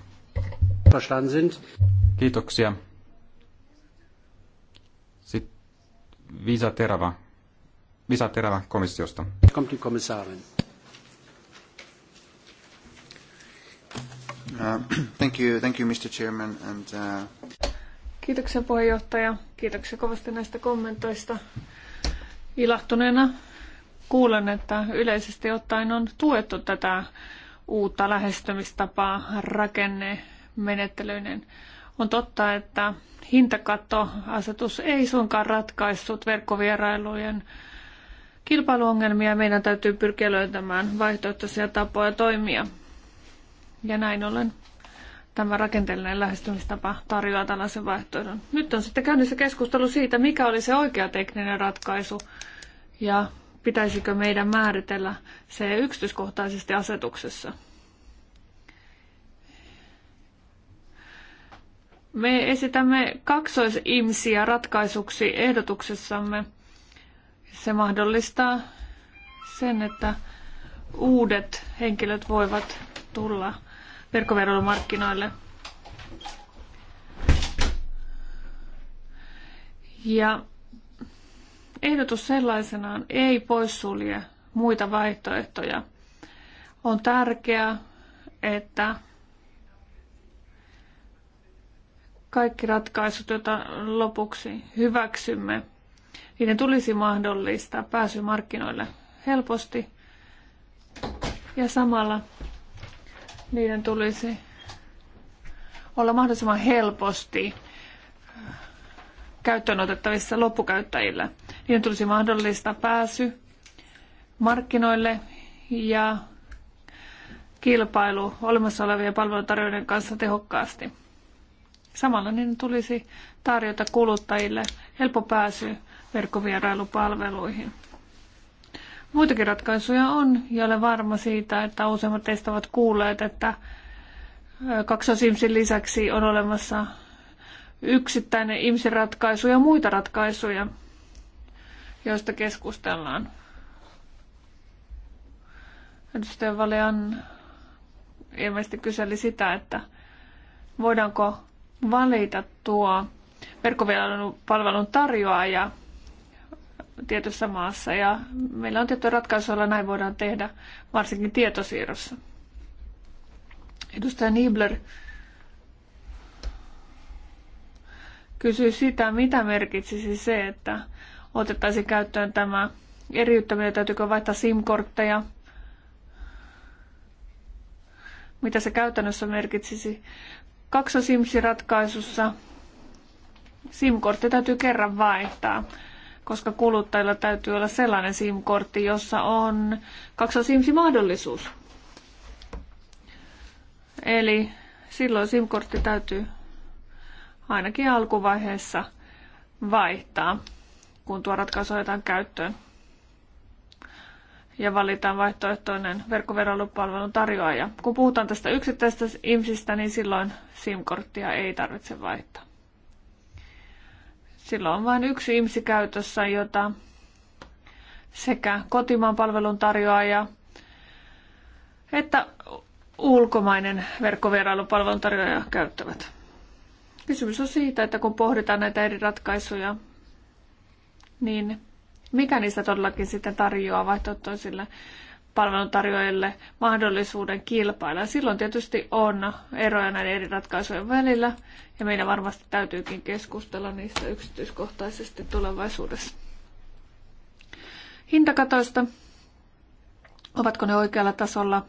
Kiitoksia. Sitten Visa Terava, Visa Terava komissiosta. Kommt Uh, (clears throat) thank you, thank you Mr. Chairman. And, uh... Kiitoksia puheenjohtaja. Kiitoksia kovasti näistä kommentoista. Ilahtuneena kuulen, että yleisesti ottaen on tuettu tätä uutta lähestymistapaa rakennemenettelyinen. On totta, että hintakattoasetus ei suinkaan ratkaissut verkkovierailujen kilpailuongelmia. Meidän täytyy pyrkiä löytämään vaihtoehtoisia tapoja toimia. Ja näin ollen tämä rakenteellinen lähestymistapa tarjoaa tällaisen vaihtoehdon. Nyt on sitten käynnissä keskustelu siitä, mikä oli se oikea tekninen ratkaisu ja pitäisikö meidän määritellä se yksityiskohtaisesti asetuksessa. Me esitämme kaksoisimsiä ratkaisuksi ehdotuksessamme. Se mahdollistaa sen, että uudet henkilöt voivat tulla verkkovierailumarkkinoille. Ja ehdotus sellaisenaan ei poissulje muita vaihtoehtoja. On tärkeää, että kaikki ratkaisut, joita lopuksi hyväksymme, niiden tulisi mahdollistaa pääsy markkinoille helposti ja samalla niiden tulisi olla mahdollisimman helposti käyttöön otettavissa loppukäyttäjillä. Niiden tulisi mahdollistaa pääsy markkinoille ja kilpailu olemassa olevien palvelutarjoajien kanssa tehokkaasti. Samalla niiden tulisi tarjota kuluttajille helppo pääsy verkkovierailupalveluihin. Muitakin ratkaisuja on ja olen varma siitä, että useimmat teistä ovat kuulleet, että kaksosimsin lisäksi on olemassa yksittäinen IMSI-ratkaisu ja muita ratkaisuja, joista keskustellaan. Edustaja Valian ilmeisesti kyseli sitä, että voidaanko valita tuo palvelun tarjoaja tietyssä maassa ja meillä on tietty ratkaisu, jolla näin voidaan tehdä, varsinkin tietosiirrossa. Edustaja Niebler kysyi sitä, mitä merkitsisi se, että otettaisiin käyttöön tämä eriyttäminen, täytyykö vaihtaa SIM-kortteja, mitä se käytännössä merkitsisi. Kaksosimsi ratkaisussa SIM-kortti täytyy kerran vaihtaa koska kuluttajilla täytyy olla sellainen SIM-kortti, jossa on kaksosimsi-mahdollisuus. Eli silloin SIM-kortti täytyy ainakin alkuvaiheessa vaihtaa, kun tuo ratkaisu otetaan käyttöön ja valitaan vaihtoehtoinen verkkoverolupalvelun tarjoaja. Kun puhutaan tästä yksittäisestä IMSistä, niin silloin SIM-korttia ei tarvitse vaihtaa. Silloin on vain yksi IMSI käytössä, jota sekä kotimaan palvelun tarjoaja että ulkomainen verkkovierailupalvelun tarjoaja käyttävät. Kysymys on siitä, että kun pohditaan näitä eri ratkaisuja, niin mikä niistä todellakin sitten tarjoaa vaihtoehtoisille sille palveluntarjoajille mahdollisuuden kilpailla. Silloin tietysti on eroja näiden eri ratkaisujen välillä ja meidän varmasti täytyykin keskustella niistä yksityiskohtaisesti tulevaisuudessa. Hintakatoista. Ovatko ne oikealla tasolla?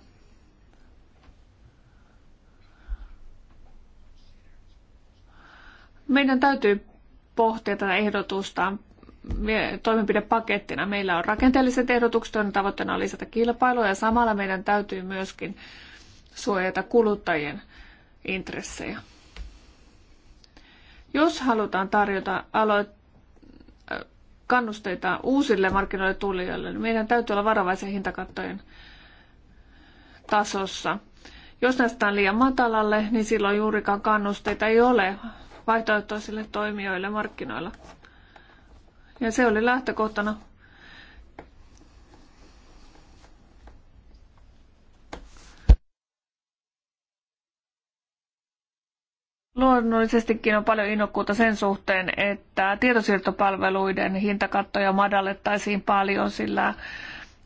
Meidän täytyy pohtia tätä ehdotusta toimenpidepakettina. Meillä on rakenteelliset ehdotukset, joiden tavoitteena on lisätä kilpailua ja samalla meidän täytyy myöskin suojata kuluttajien intressejä. Jos halutaan tarjota aloit kannusteita uusille markkinoille tulijoille, niin meidän täytyy olla varovaisia hintakattojen tasossa. Jos näistä on liian matalalle, niin silloin juurikaan kannusteita ei ole vaihtoehtoisille toimijoille markkinoilla. Ja se oli lähtökohtana. Luonnollisestikin on paljon innokkuutta sen suhteen, että tietosiirtopalveluiden hintakattoja madallettaisiin paljon, sillä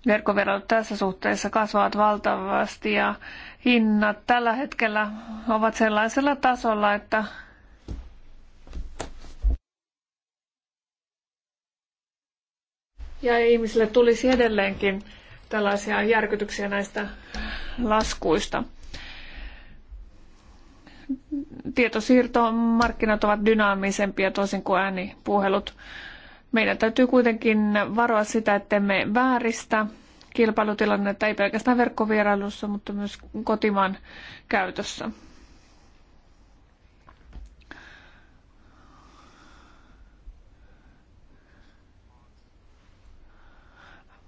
verkkoverot tässä suhteessa kasvavat valtavasti ja hinnat tällä hetkellä ovat sellaisella tasolla, että Ja ihmisille tulisi edelleenkin tällaisia järkytyksiä näistä laskuista. Tietosiirtomarkkinat ovat dynaamisempia toisin kuin äänipuhelut. Meidän täytyy kuitenkin varoa sitä, että me vääristä kilpailutilannetta ei pelkästään verkkovierailussa, mutta myös kotimaan käytössä.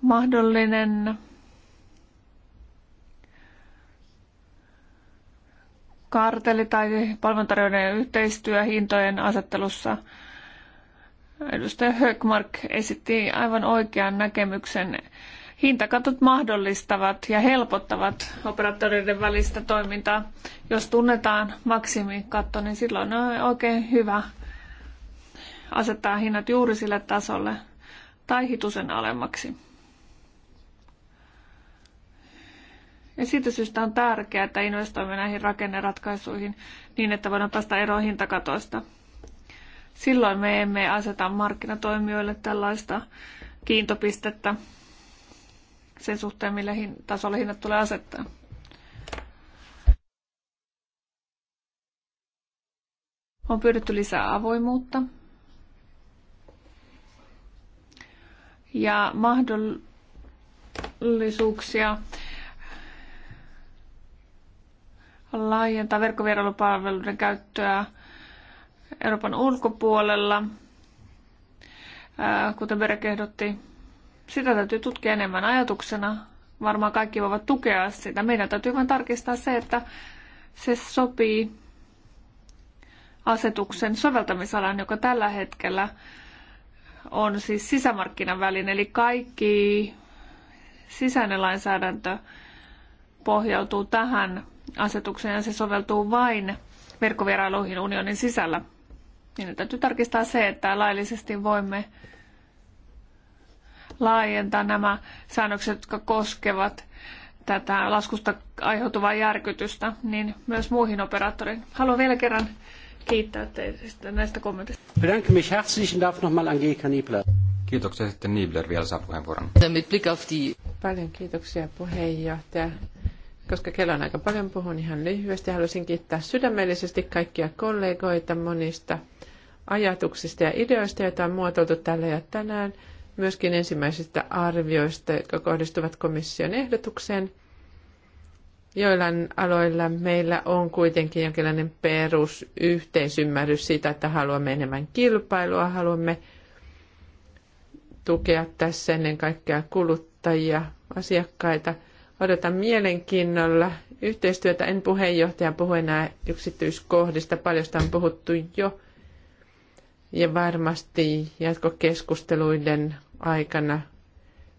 mahdollinen karteli tai palveluntarjoajien yhteistyö hintojen asettelussa. Edustaja Höckmark esitti aivan oikean näkemyksen. Hintakatot mahdollistavat ja helpottavat operaattoreiden välistä toimintaa. Jos tunnetaan maksimikatto, niin silloin on oikein hyvä asettaa hinnat juuri sille tasolle tai hitusen alemmaksi. Ja siitä syystä on tärkeää, että investoimme näihin rakenneratkaisuihin niin, että voidaan päästä eroon hintakatoista. Silloin me emme aseta markkinatoimijoille tällaista kiintopistettä sen suhteen, millä tasolla hinnat tulee asettaa. On pyydetty lisää avoimuutta ja mahdollisuuksia laajentaa verkkovierailupalveluiden käyttöä Euroopan ulkopuolella, kuten Berek ehdotti. Sitä täytyy tutkia enemmän ajatuksena. Varmaan kaikki voivat tukea sitä. Meidän täytyy vain tarkistaa se, että se sopii asetuksen soveltamisalan, joka tällä hetkellä on siis sisämarkkinan välin, eli kaikki sisäinen lainsäädäntö pohjautuu tähän asetukseen ja se soveltuu vain verkkovierailuihin unionin sisällä. Niin täytyy tarkistaa se, että laillisesti voimme laajentaa nämä säännökset, jotka koskevat tätä laskusta aiheutuvaa järkytystä, niin myös muihin operaattoreihin. Haluan vielä kerran kiittää teistä näistä kommenteista. Bedanke mich herzlich und darf nochmal Angelika Niebler. Kiitoksia sitten Niebler vielä saa puheenvuoron. Paljon kiitoksia puheenjohtaja. Koska kello on aika paljon, puhun ihan lyhyesti. Haluaisin kiittää sydämellisesti kaikkia kollegoita monista ajatuksista ja ideoista, joita on muotoiltu tällä ja tänään. Myöskin ensimmäisistä arvioista, jotka kohdistuvat komission ehdotukseen. Joillain aloilla meillä on kuitenkin jonkinlainen perusyhteisymmärrys siitä, että haluamme enemmän kilpailua, haluamme tukea tässä ennen kaikkea kuluttajia, asiakkaita – Odotan mielenkiinnolla yhteistyötä. En puheenjohtaja puhu enää yksityiskohdista. Paljosta on puhuttu jo. Ja varmasti jatkokeskusteluiden aikana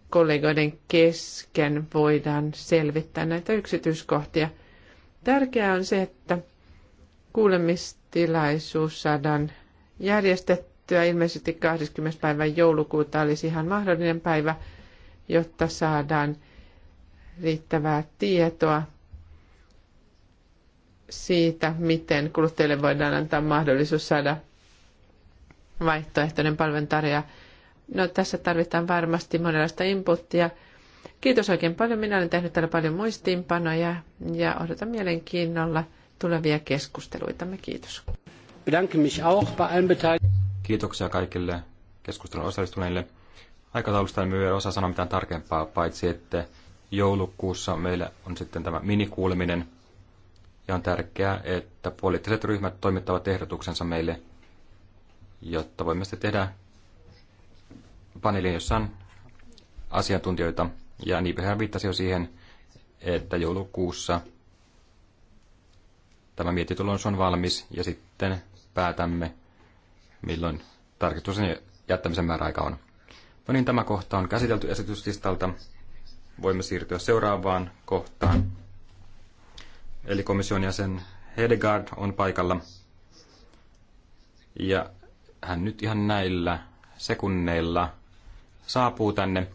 kollegoiden kesken voidaan selvittää näitä yksityiskohtia. Tärkeää on se, että kuulemistilaisuus saadaan järjestettyä. Ilmeisesti 20. päivä joulukuuta olisi ihan mahdollinen päivä, jotta saadaan riittävää tietoa siitä, miten kuluttajille voidaan antaa mahdollisuus saada vaihtoehtoinen palveluntarja. No, tässä tarvitaan varmasti monenlaista inputtia. Kiitos oikein paljon. Minä olen tehnyt täällä paljon muistiinpanoja ja odotan mielenkiinnolla tulevia keskusteluitamme. Kiitos. Kiitoksia kaikille keskustelun osallistuneille. Aikataulusta en myy osaa sanoa mitään tarkempaa, paitsi että joulukuussa meillä on sitten tämä minikuuleminen, ja on tärkeää, että poliittiset ryhmät toimittavat ehdotuksensa meille, jotta voimme sitten tehdä paneelin, jossa on asiantuntijoita. Ja Niipehän viittasi jo siihen, että joulukuussa tämä mietitulos on valmis ja sitten päätämme, milloin tarkistuksen jättämisen määräaika on. No niin, tämä kohta on käsitelty esityslistalta voimme siirtyä seuraavaan kohtaan. Eli komission jäsen Hedegaard on paikalla. Ja hän nyt ihan näillä sekunneilla saapuu tänne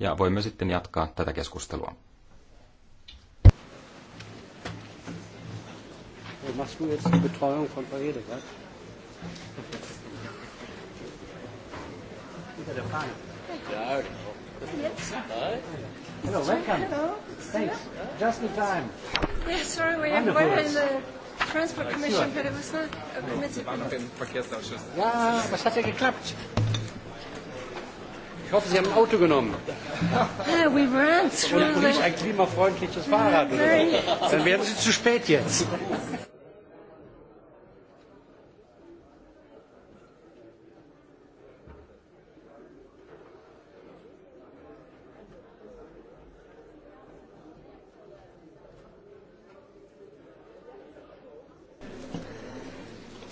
ja voimme sitten jatkaa tätä keskustelua. Machst du jetzt die Betreuung von Frau Hedegaard? Hinter der Fahne. Ja, genau. Jetzt? Nein. Hello, welcome. Hello. Thanks. Just in time. Yeah, sorry, we Wonderful. were in the Transport Commission, but it was not admitted. War noch im Verkehrsausschuss. Ja, was hat ja er geklappt? Ich hoffe, Sie haben ein Auto genommen. Yeah, we ran through Und nicht ein klimafreundliches Fahrrad. Oder so. Dann werden Sie zu spät jetzt.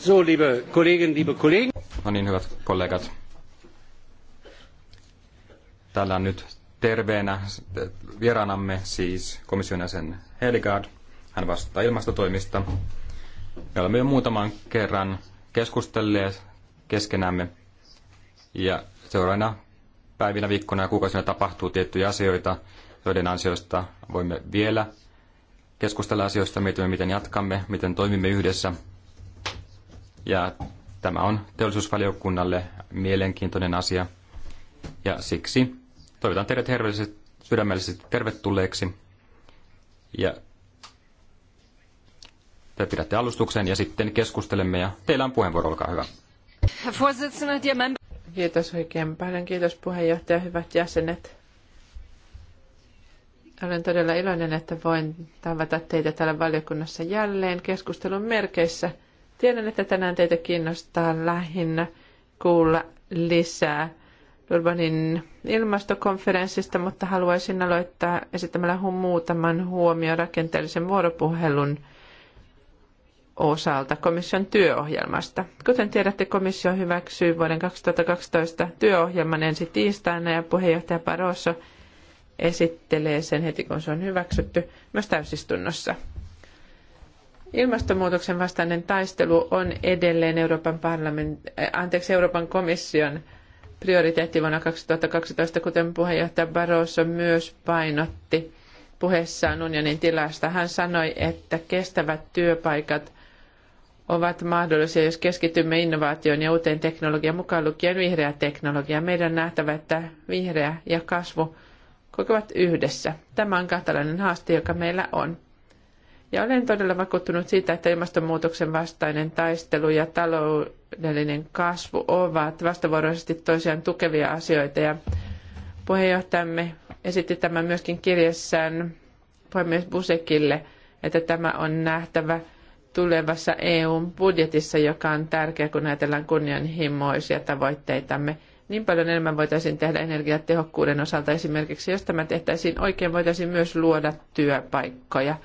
So, liebe Kolleginnen, liebe Kollegen. No niin, hyvät kollegat. Täällä on nyt terveenä vieraanamme siis komission jäsen Helgaard. Hän vastaa ilmastotoimista. Me olemme jo muutaman kerran keskustelleet keskenämme ja seuraavina päivinä, viikkoina ja kuukausina tapahtuu tiettyjä asioita, joiden ansiosta voimme vielä keskustella asioista, mietimme miten jatkamme, miten toimimme yhdessä – ja tämä on teollisuusvaliokunnalle mielenkiintoinen asia. Ja siksi toivotan teidät sydämellisesti tervetulleeksi. Ja te pidätte alustuksen ja sitten keskustelemme ja teillä on puheenvuoro, olkaa hyvä. Kiitos oikein paljon, kiitos puheenjohtaja, hyvät jäsenet. Olen todella iloinen, että voin tavata teitä täällä valiokunnassa jälleen keskustelun merkeissä – Tiedän, että tänään teitä kiinnostaa lähinnä kuulla lisää Durbanin ilmastokonferenssista, mutta haluaisin aloittaa esittämällä muutaman huomio rakenteellisen vuoropuhelun osalta komission työohjelmasta. Kuten tiedätte, komissio hyväksyy vuoden 2012 työohjelman ensi tiistaina ja puheenjohtaja Barroso esittelee sen heti, kun se on hyväksytty myös täysistunnossa. Ilmastonmuutoksen vastainen taistelu on edelleen Euroopan, parlament, eh, anteeksi, Euroopan komission prioriteetti vuonna 2012, kuten puheenjohtaja Barroso myös painotti puheessaan unionin tilasta. Hän sanoi, että kestävät työpaikat ovat mahdollisia, jos keskitymme innovaatioon ja uuteen teknologiaan, mukaan lukien vihreä teknologia. Meidän on nähtävä, että vihreä ja kasvu kokevat yhdessä. Tämä on katalainen haaste, joka meillä on. Ja olen todella vakuuttunut siitä, että ilmastonmuutoksen vastainen taistelu ja taloudellinen kasvu ovat vastavuoroisesti toisiaan tukevia asioita. Ja puheenjohtajamme esitti tämän myöskin kirjassaan puhemies Busekille, että tämä on nähtävä tulevassa EUn budjetissa, joka on tärkeä, kun ajatellaan kunnianhimoisia tavoitteitamme. Niin paljon enemmän voitaisiin tehdä energiatehokkuuden osalta esimerkiksi. Jos tämä tehtäisiin oikein, voitaisiin myös luoda työpaikkoja –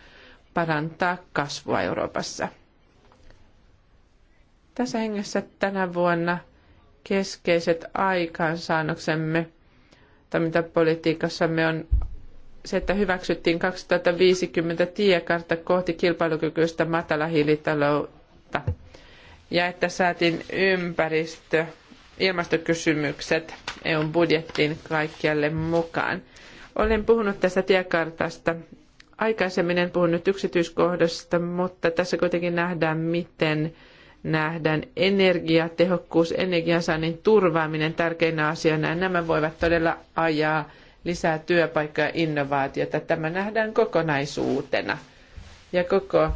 parantaa kasvua Euroopassa. Tässä hengessä tänä vuonna keskeiset aikaansaannoksemme toimintapolitiikassamme on se, että hyväksyttiin 2050 tiekartta kohti kilpailukykyistä matalahiilitaloutta ja että saatiin ympäristö- ilmastokysymykset EUn budjettiin kaikkialle mukaan. Olen puhunut tästä tiekartasta aikaisemmin, en puhu nyt yksityiskohdasta, mutta tässä kuitenkin nähdään, miten nähdään energiatehokkuus, energiansaannin turvaaminen tärkeinä asioina. Nämä voivat todella ajaa lisää työpaikkaa ja innovaatiota. Tämä nähdään kokonaisuutena. Ja koko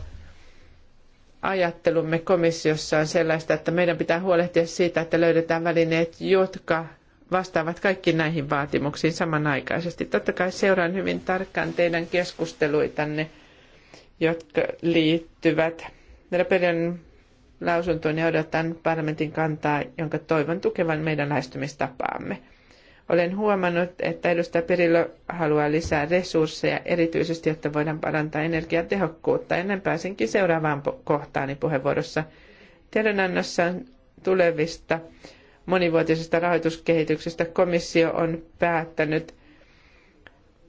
ajattelumme komissiossa on sellaista, että meidän pitää huolehtia siitä, että löydetään välineet, jotka vastaavat kaikki näihin vaatimuksiin samanaikaisesti. Totta kai seuraan hyvin tarkkaan teidän keskusteluitanne, jotka liittyvät Repelion lausuntoon ja odotan parlamentin kantaa, jonka toivon tukevan meidän lähestymistapaamme. Olen huomannut, että edustaja Perillo haluaa lisää resursseja, erityisesti jotta voidaan parantaa energiatehokkuutta. Ennen pääsenkin seuraavaan kohtaani puheenvuorossa. Tiedonannossa tulevista monivuotisesta rahoituskehityksestä komissio on päättänyt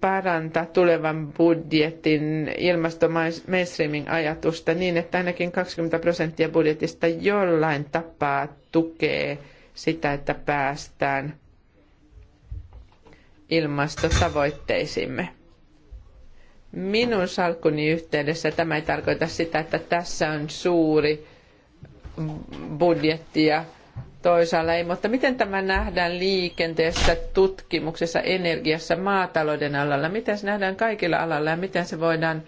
parantaa tulevan budjetin ilmastomainstreaming-ajatusta niin, että ainakin 20 prosenttia budjetista jollain tapaa tukee sitä, että päästään ilmastotavoitteisimme. Minun salkkuni yhteydessä tämä ei tarkoita sitä, että tässä on suuri budjetti ja toisaalla ei, mutta miten tämä nähdään liikenteessä, tutkimuksessa, energiassa, maatalouden alalla? Miten se nähdään kaikilla alalla ja miten se voidaan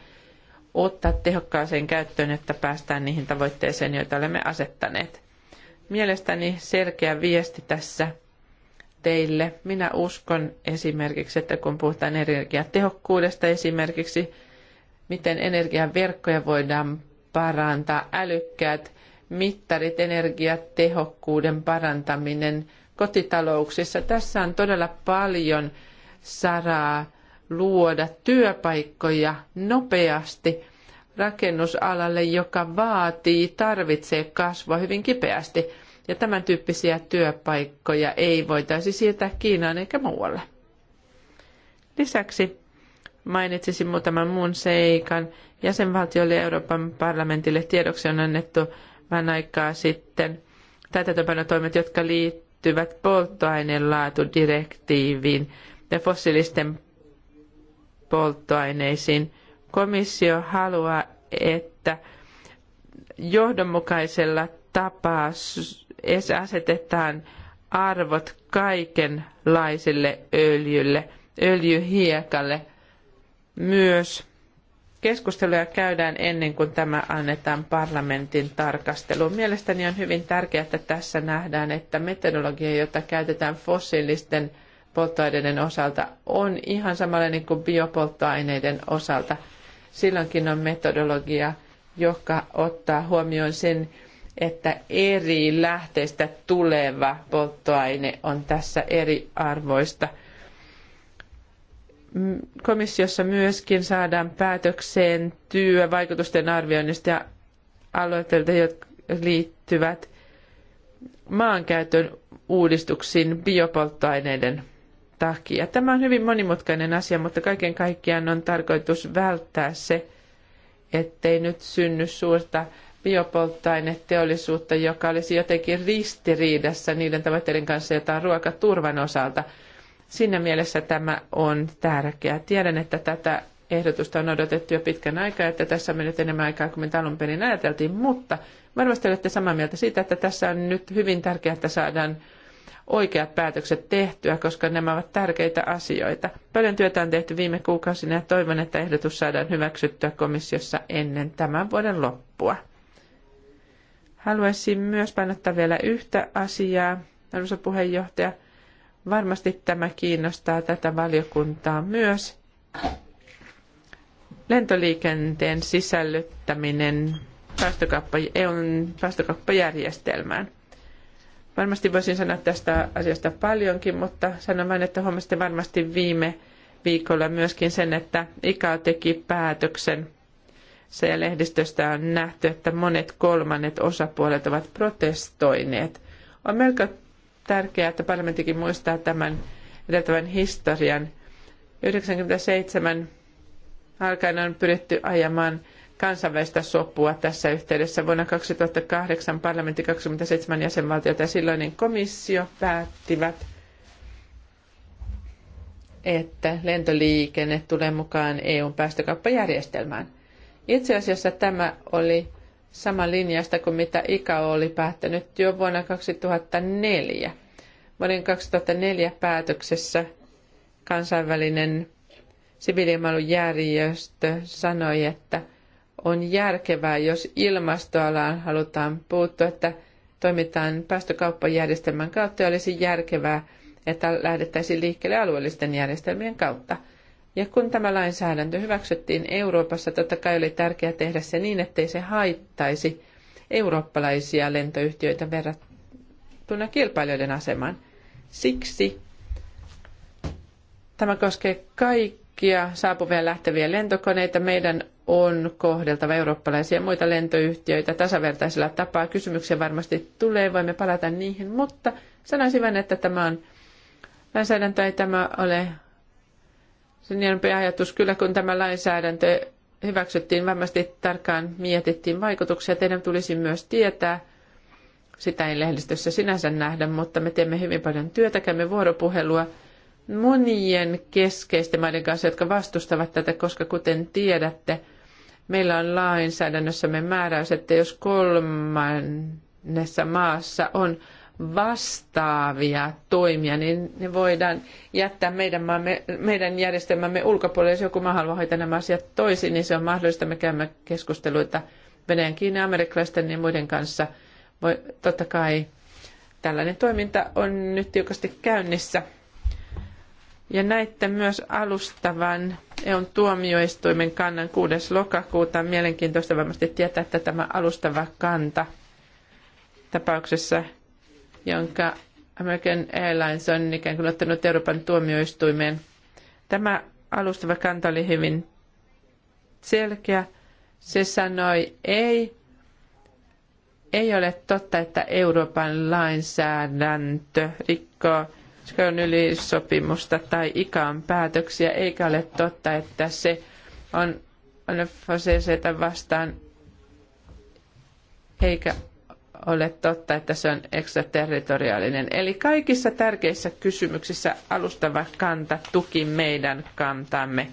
ottaa tehokkaaseen käyttöön, että päästään niihin tavoitteisiin, joita olemme asettaneet? Mielestäni selkeä viesti tässä teille. Minä uskon esimerkiksi, että kun puhutaan energiatehokkuudesta esimerkiksi, miten energiaverkkoja verkkoja voidaan parantaa, älykkäät mittarit, energiatehokkuuden parantaminen kotitalouksissa. Tässä on todella paljon saraa luoda työpaikkoja nopeasti rakennusalalle, joka vaatii, tarvitsee kasvua hyvin kipeästi. Ja tämän tyyppisiä työpaikkoja ei voitaisi siirtää Kiinaan eikä muualle. Lisäksi mainitsisin muutaman muun seikan. Jäsenvaltioille ja Euroopan parlamentille tiedoksi on annettu vähän aikaa sitten täytäntöpanotoimet, jotka liittyvät laatudirektiiviin ja fossiilisten polttoaineisiin. Komissio haluaa, että johdonmukaisella tapaa asetetaan arvot kaikenlaiselle öljylle, öljyhiekalle, myös keskusteluja käydään ennen kuin tämä annetaan parlamentin tarkasteluun. Mielestäni on hyvin tärkeää, että tässä nähdään, että metodologia, jota käytetään fossiilisten polttoaineiden osalta, on ihan samanlainen kuin biopolttoaineiden osalta. Silloinkin on metodologia, joka ottaa huomioon sen, että eri lähteistä tuleva polttoaine on tässä eri arvoista – komissiossa myöskin saadaan päätökseen työvaikutusten arvioinnista ja aloitteilta, jotka liittyvät maankäytön uudistuksiin biopolttoaineiden takia. Tämä on hyvin monimutkainen asia, mutta kaiken kaikkiaan on tarkoitus välttää se, ettei nyt synny suurta biopolttoaineteollisuutta, joka olisi jotenkin ristiriidassa niiden tavoitteiden kanssa, joita on ruokaturvan osalta – Siinä mielessä tämä on tärkeää. Tiedän, että tätä ehdotusta on odotettu jo pitkän aikaa, että tässä on mennyt enemmän aikaa kuin alun perin ajateltiin, mutta varmasti olette samaa mieltä siitä, että tässä on nyt hyvin tärkeää, että saadaan oikeat päätökset tehtyä, koska nämä ovat tärkeitä asioita. Paljon työtä on tehty viime kuukausina ja toivon, että ehdotus saadaan hyväksyttyä komissiossa ennen tämän vuoden loppua. Haluaisin myös painottaa vielä yhtä asiaa, arvoisa puheenjohtaja – Varmasti tämä kiinnostaa tätä valiokuntaa myös. Lentoliikenteen sisällyttäminen päästökauppa, EUn päästökauppajärjestelmään. Varmasti voisin sanoa tästä asiasta paljonkin, mutta sanon vain, että huomasitte varmasti viime viikolla myöskin sen, että ICAO teki päätöksen. Se lehdistöstä on nähty, että monet kolmannet osapuolet ovat protestoineet. On melko tärkeää, että parlamenttikin muistaa tämän edeltävän historian. 97 alkaen on pyritty ajamaan kansainvälistä sopua tässä yhteydessä. Vuonna 2008 parlamentti 27 jäsenvaltiota ja silloinen komissio päättivät, että lentoliikenne tulee mukaan EUn päästökauppajärjestelmään. Itse asiassa tämä oli Sama linjasta kuin mitä ICAO oli päättänyt jo vuonna 2004. Vuoden 2004 päätöksessä kansainvälinen siviilimailujärjestö sanoi, että on järkevää, jos ilmastoalaan halutaan puuttua, että toimitaan päästökauppajärjestelmän kautta ja olisi järkevää, että lähdettäisiin liikkeelle alueellisten järjestelmien kautta. Ja kun tämä lainsäädäntö hyväksyttiin Euroopassa, totta kai oli tärkeää tehdä se niin, ettei se haittaisi eurooppalaisia lentoyhtiöitä verrattuna kilpailijoiden asemaan. Siksi tämä koskee kaikkia saapuvia ja lähteviä lentokoneita. Meidän on kohdeltava eurooppalaisia ja muita lentoyhtiöitä tasavertaisella tapaa. Kysymyksiä varmasti tulee, voimme palata niihin, mutta sanoisin vain, että tämä on lainsäädäntö ei tämä ole Niinpä ajatus kyllä, kun tämä lainsäädäntö hyväksyttiin, varmasti tarkkaan mietittiin vaikutuksia. Teidän tulisi myös tietää, sitä ei lehdistössä sinänsä nähdä, mutta me teemme hyvin paljon työtä, käymme vuoropuhelua monien keskeisten maiden kanssa, jotka vastustavat tätä, koska kuten tiedätte, meillä on lainsäädännössämme määräys, että jos kolmannessa maassa on vastaavia toimia, niin ne voidaan jättää meidän, maamme, meidän järjestelmämme ulkopuolelle. Jos joku maa haluaa hoitaa nämä asiat toisin, niin se on mahdollista. Me käymme keskusteluita Venäjän, Kiinan, amerikkalaisten ja muiden kanssa. Voi, totta kai tällainen toiminta on nyt tiukasti käynnissä. Ja näitte myös alustavan EUn tuomioistuimen kannan 6. lokakuuta. Mielenkiintoista varmasti tietää, että tämä alustava kanta tapauksessa jonka American Airlines on ikään kuin ottanut Euroopan tuomioistuimeen. Tämä alustava kanta oli hyvin selkeä. Se sanoi ei. Ei ole totta, että Euroopan lainsäädäntö rikkoo Chicagon ylisopimusta tai ikan päätöksiä, eikä ole totta, että se on, on vastaan, eikä ole totta, että se on ekstraterritoriaalinen. Eli kaikissa tärkeissä kysymyksissä alustava kanta tuki meidän kantamme.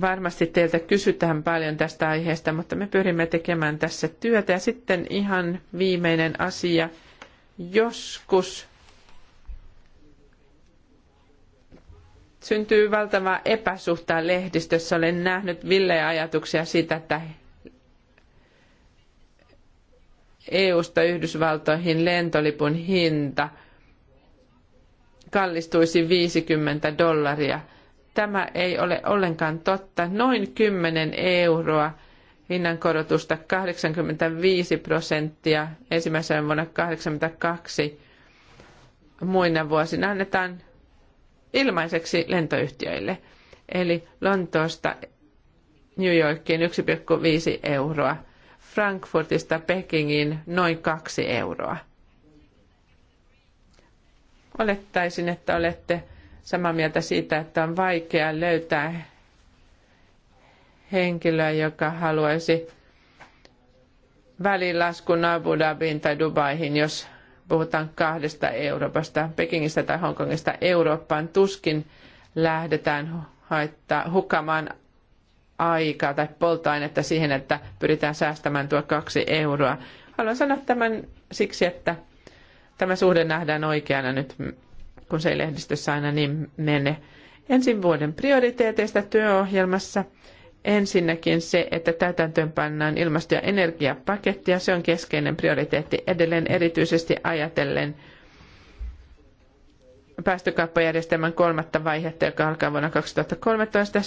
Varmasti teiltä kysytään paljon tästä aiheesta, mutta me pyrimme tekemään tässä työtä. Ja sitten ihan viimeinen asia. Joskus syntyy valtava epäsuhta lehdistössä. Olen nähnyt villejä ajatuksia siitä, että EU-sta Yhdysvaltoihin lentolipun hinta kallistuisi 50 dollaria. Tämä ei ole ollenkaan totta. Noin 10 euroa hinnankorotusta 85 prosenttia ensimmäisenä vuonna 82 muina vuosina annetaan ilmaiseksi lentoyhtiöille. Eli Lontoosta New Yorkiin 1,5 euroa – Frankfurtista Pekingiin noin kaksi euroa. Olettaisin, että olette samaa mieltä siitä, että on vaikea löytää henkilöä, joka haluaisi välilaskun Abu Dhabiin tai Dubaihin, jos puhutaan kahdesta Euroopasta, Pekingistä tai Hongkongista Eurooppaan, tuskin lähdetään haittaa, hukamaan aikaa tai polttoainetta siihen, että pyritään säästämään tuo kaksi euroa. Haluan sanoa tämän siksi, että tämä suhde nähdään oikeana nyt, kun se ei lehdistössä aina niin mene. Ensin vuoden prioriteeteista työohjelmassa ensinnäkin se, että täytäntöön pannaan ilmasto- ja energiapaketti, ja se on keskeinen prioriteetti edelleen erityisesti ajatellen päästökauppajärjestelmän kolmatta vaihetta, joka alkaa vuonna 2013.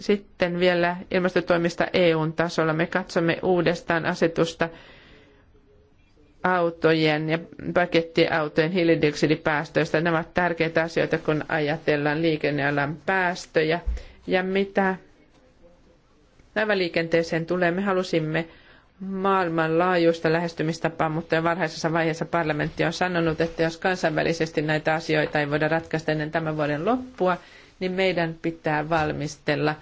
Sitten vielä ilmastotoimista EUn tasolla. Me katsomme uudestaan asetusta autojen ja pakettiautojen hiilidioksidipäästöistä. Nämä ovat tärkeitä asioita, kun ajatellaan liikennealan päästöjä. Ja mitä laivaliikenteeseen tulee, me halusimme maailmanlaajuista lähestymistapaa, mutta jo varhaisessa vaiheessa parlamentti on sanonut, että jos kansainvälisesti näitä asioita ei voida ratkaista ennen tämän vuoden loppua, niin meidän pitää valmistella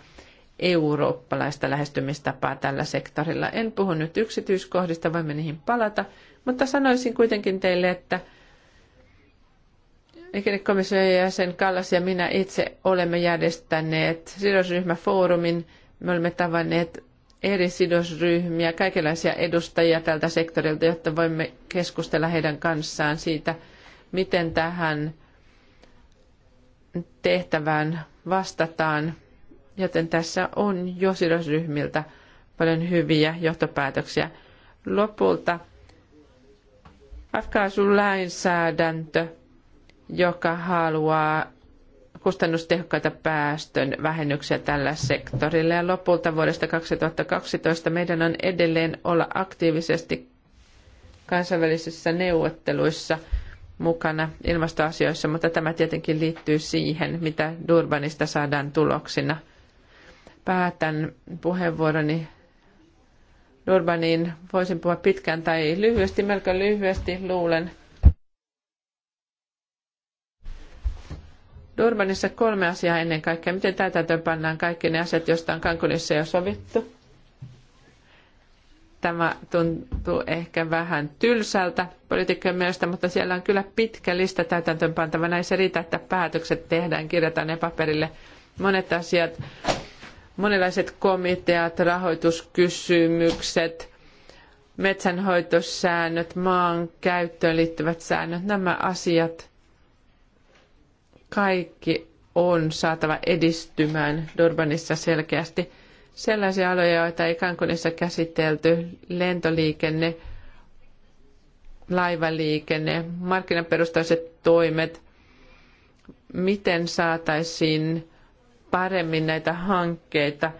eurooppalaista lähestymistapaa tällä sektorilla. En puhu nyt yksityiskohdista, voimme niihin palata, mutta sanoisin kuitenkin teille, että liikennekomission jäsen Kallas ja minä itse olemme järjestäneet sidosryhmäfoorumin. Me olemme tavanneet eri sidosryhmiä, kaikenlaisia edustajia tältä sektorilta, jotta voimme keskustella heidän kanssaan siitä, miten tähän tehtävään vastataan, joten tässä on jo sidosryhmiltä paljon hyviä johtopäätöksiä. Lopulta afkaasun lainsäädäntö joka haluaa kustannustehokkaita päästön vähennyksiä tällä sektorilla. Ja lopulta vuodesta 2012 meidän on edelleen olla aktiivisesti kansainvälisissä neuvotteluissa – mukana ilmastoasioissa, mutta tämä tietenkin liittyy siihen, mitä Durbanista saadaan tuloksina. Päätän puheenvuoroni Durbaniin. Voisin puhua pitkään tai lyhyesti, melko lyhyesti luulen. Durbanissa kolme asiaa ennen kaikkea. Miten täytäntöön pannaan kaikki ne asiat, joista on Cancunissa jo sovittu? Tämä tuntuu ehkä vähän tylsältä poliitikkojen mielestä, mutta siellä on kyllä pitkä lista täytäntöönpantavana. Ei se riitä, että päätökset tehdään, kirjataan ne paperille. Monet asiat, monenlaiset komiteat, rahoituskysymykset, metsänhoitosäännöt, maan käyttöön liittyvät säännöt, nämä asiat kaikki on saatava edistymään Durbanissa selkeästi – sellaisia aloja, joita ei Cancunissa käsitelty, lentoliikenne, laivaliikenne, markkinaperustaiset toimet, miten saataisiin paremmin näitä hankkeita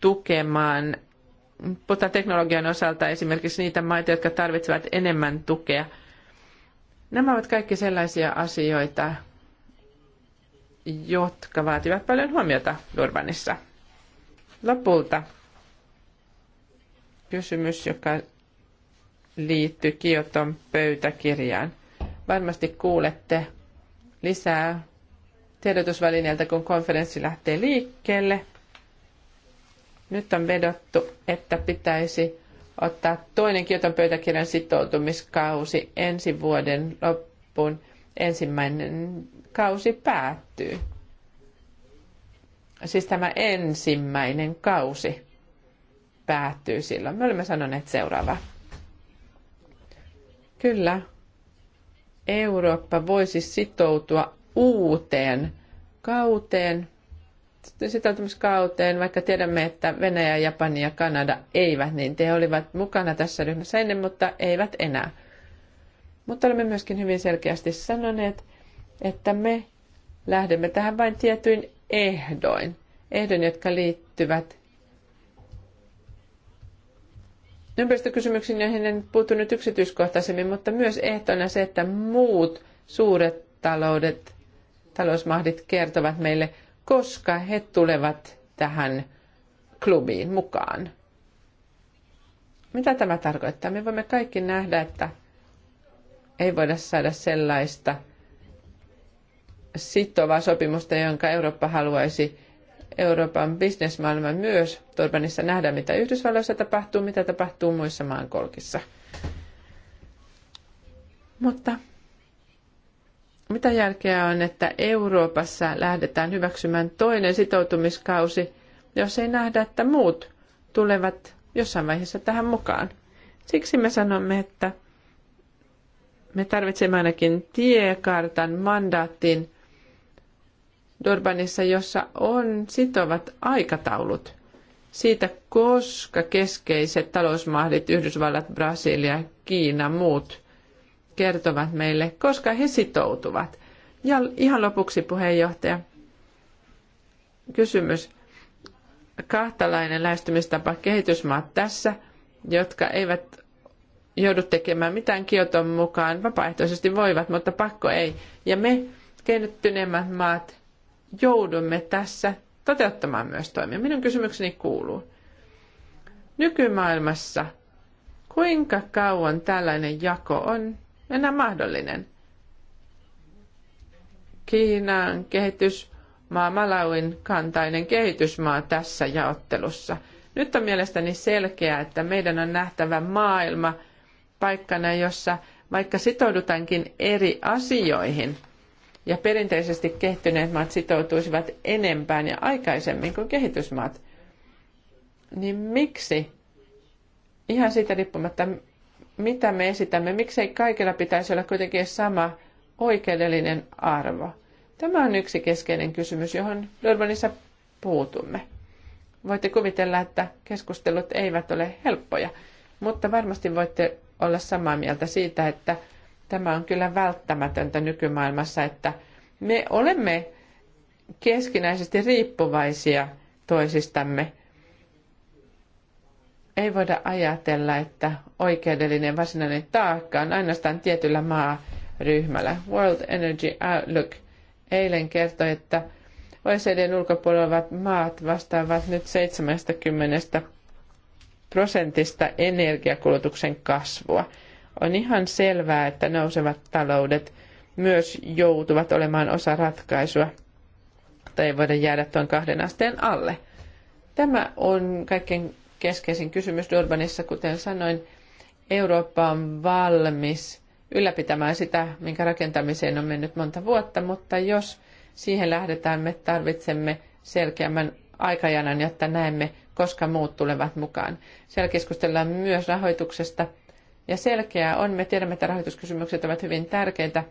tukemaan, mutta teknologian osalta esimerkiksi niitä maita, jotka tarvitsevat enemmän tukea. Nämä ovat kaikki sellaisia asioita, jotka vaativat paljon huomiota Durbanissa. Lopulta kysymys, joka liittyy Kioton pöytäkirjaan. Varmasti kuulette lisää tiedotusvälineeltä, kun konferenssi lähtee liikkeelle. Nyt on vedottu, että pitäisi ottaa toinen Kioton pöytäkirjan sitoutumiskausi ensi vuoden loppuun. Ensimmäinen kausi päättyy siis tämä ensimmäinen kausi päättyy silloin. Me olemme sanoneet seuraava. Kyllä, Eurooppa voisi sitoutua uuteen kauteen, sitoutumiskauteen, vaikka tiedämme, että Venäjä, Japani ja Kanada eivät, niin te olivat mukana tässä ryhmässä ennen, mutta eivät enää. Mutta olemme myöskin hyvin selkeästi sanoneet, että me lähdemme tähän vain tietyin ehdoin. Ehdoin, jotka liittyvät ympäristökysymyksiin, joihin en nyt yksityiskohtaisemmin, mutta myös ehtona se, että muut suuret taloudet, talousmahdit kertovat meille, koska he tulevat tähän klubiin mukaan. Mitä tämä tarkoittaa? Me voimme kaikki nähdä, että ei voida saada sellaista – sitovaa sopimusta, jonka Eurooppa haluaisi Euroopan bisnesmaailman myös Durbanissa nähdä, mitä Yhdysvalloissa tapahtuu, mitä tapahtuu muissa maankolkissa. Mutta mitä järkeä on, että Euroopassa lähdetään hyväksymään toinen sitoutumiskausi, jos ei nähdä, että muut tulevat jossain vaiheessa tähän mukaan. Siksi me sanomme, että me tarvitsemme ainakin tiekartan, mandaatin Durbanissa, jossa on sitovat aikataulut siitä, koska keskeiset talousmahdit, Yhdysvallat, Brasilia, Kiina, muut, kertovat meille, koska he sitoutuvat. Ja ihan lopuksi puheenjohtaja, kysymys. Kahtalainen lähestymistapa kehitysmaat tässä, jotka eivät joudu tekemään mitään kioton mukaan, vapaaehtoisesti voivat, mutta pakko ei. Ja me kehittyneemmät maat joudumme tässä toteuttamaan myös toimia. Minun kysymykseni kuuluu, nykymaailmassa kuinka kauan tällainen jako on enää mahdollinen? Kiinan kehitysmaa Malawin kantainen kehitysmaa tässä jaottelussa. Nyt on mielestäni selkeää, että meidän on nähtävä maailma paikkana, jossa vaikka sitoudutankin eri asioihin – ja perinteisesti kehittyneet maat sitoutuisivat enempään ja aikaisemmin kuin kehitysmaat, niin miksi ihan siitä riippumatta, mitä me esitämme, miksei kaikilla pitäisi olla kuitenkin sama oikeudellinen arvo? Tämä on yksi keskeinen kysymys, johon Durbanissa puutumme. Voitte kuvitella, että keskustelut eivät ole helppoja, mutta varmasti voitte olla samaa mieltä siitä, että Tämä on kyllä välttämätöntä nykymaailmassa, että me olemme keskinäisesti riippuvaisia toisistamme. Ei voida ajatella, että oikeudellinen varsinainen taakka on ainoastaan tietyllä maaryhmällä. World Energy Outlook eilen kertoi, että OECDn ulkopuolella olevat maat vastaavat nyt 70 prosentista energiakulutuksen kasvua. On ihan selvää, että nousevat taloudet myös joutuvat olemaan osa ratkaisua tai ei voida jäädä tuon kahden asteen alle. Tämä on kaikkein keskeisin kysymys Durbanissa, kuten sanoin. Eurooppa on valmis ylläpitämään sitä, minkä rakentamiseen on mennyt monta vuotta, mutta jos siihen lähdetään, me tarvitsemme selkeämmän aikajanan, jotta näemme, koska muut tulevat mukaan. Siellä keskustellaan myös rahoituksesta – ja selkeää on, me tiedämme, että rahoituskysymykset ovat hyvin tärkeitä.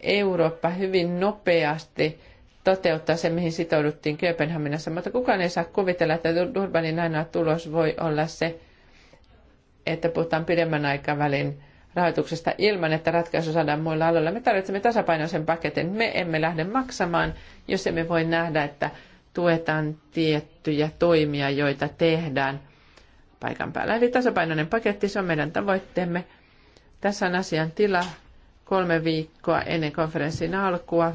Eurooppa hyvin nopeasti toteuttaa se, mihin sitouduttiin Kööpenhaminassa, mutta kukaan ei saa kuvitella, että Durbanin ainoa tulos voi olla se, että puhutaan pidemmän aikavälin rahoituksesta ilman, että ratkaisu saadaan muilla aloilla. Me tarvitsemme tasapainoisen paketin. Me emme lähde maksamaan, jos emme voi nähdä, että tuetaan tiettyjä toimia, joita tehdään paikan päällä. Eli tasapainoinen paketti, se on meidän tavoitteemme. Tässä on asian tila kolme viikkoa ennen konferenssin alkua.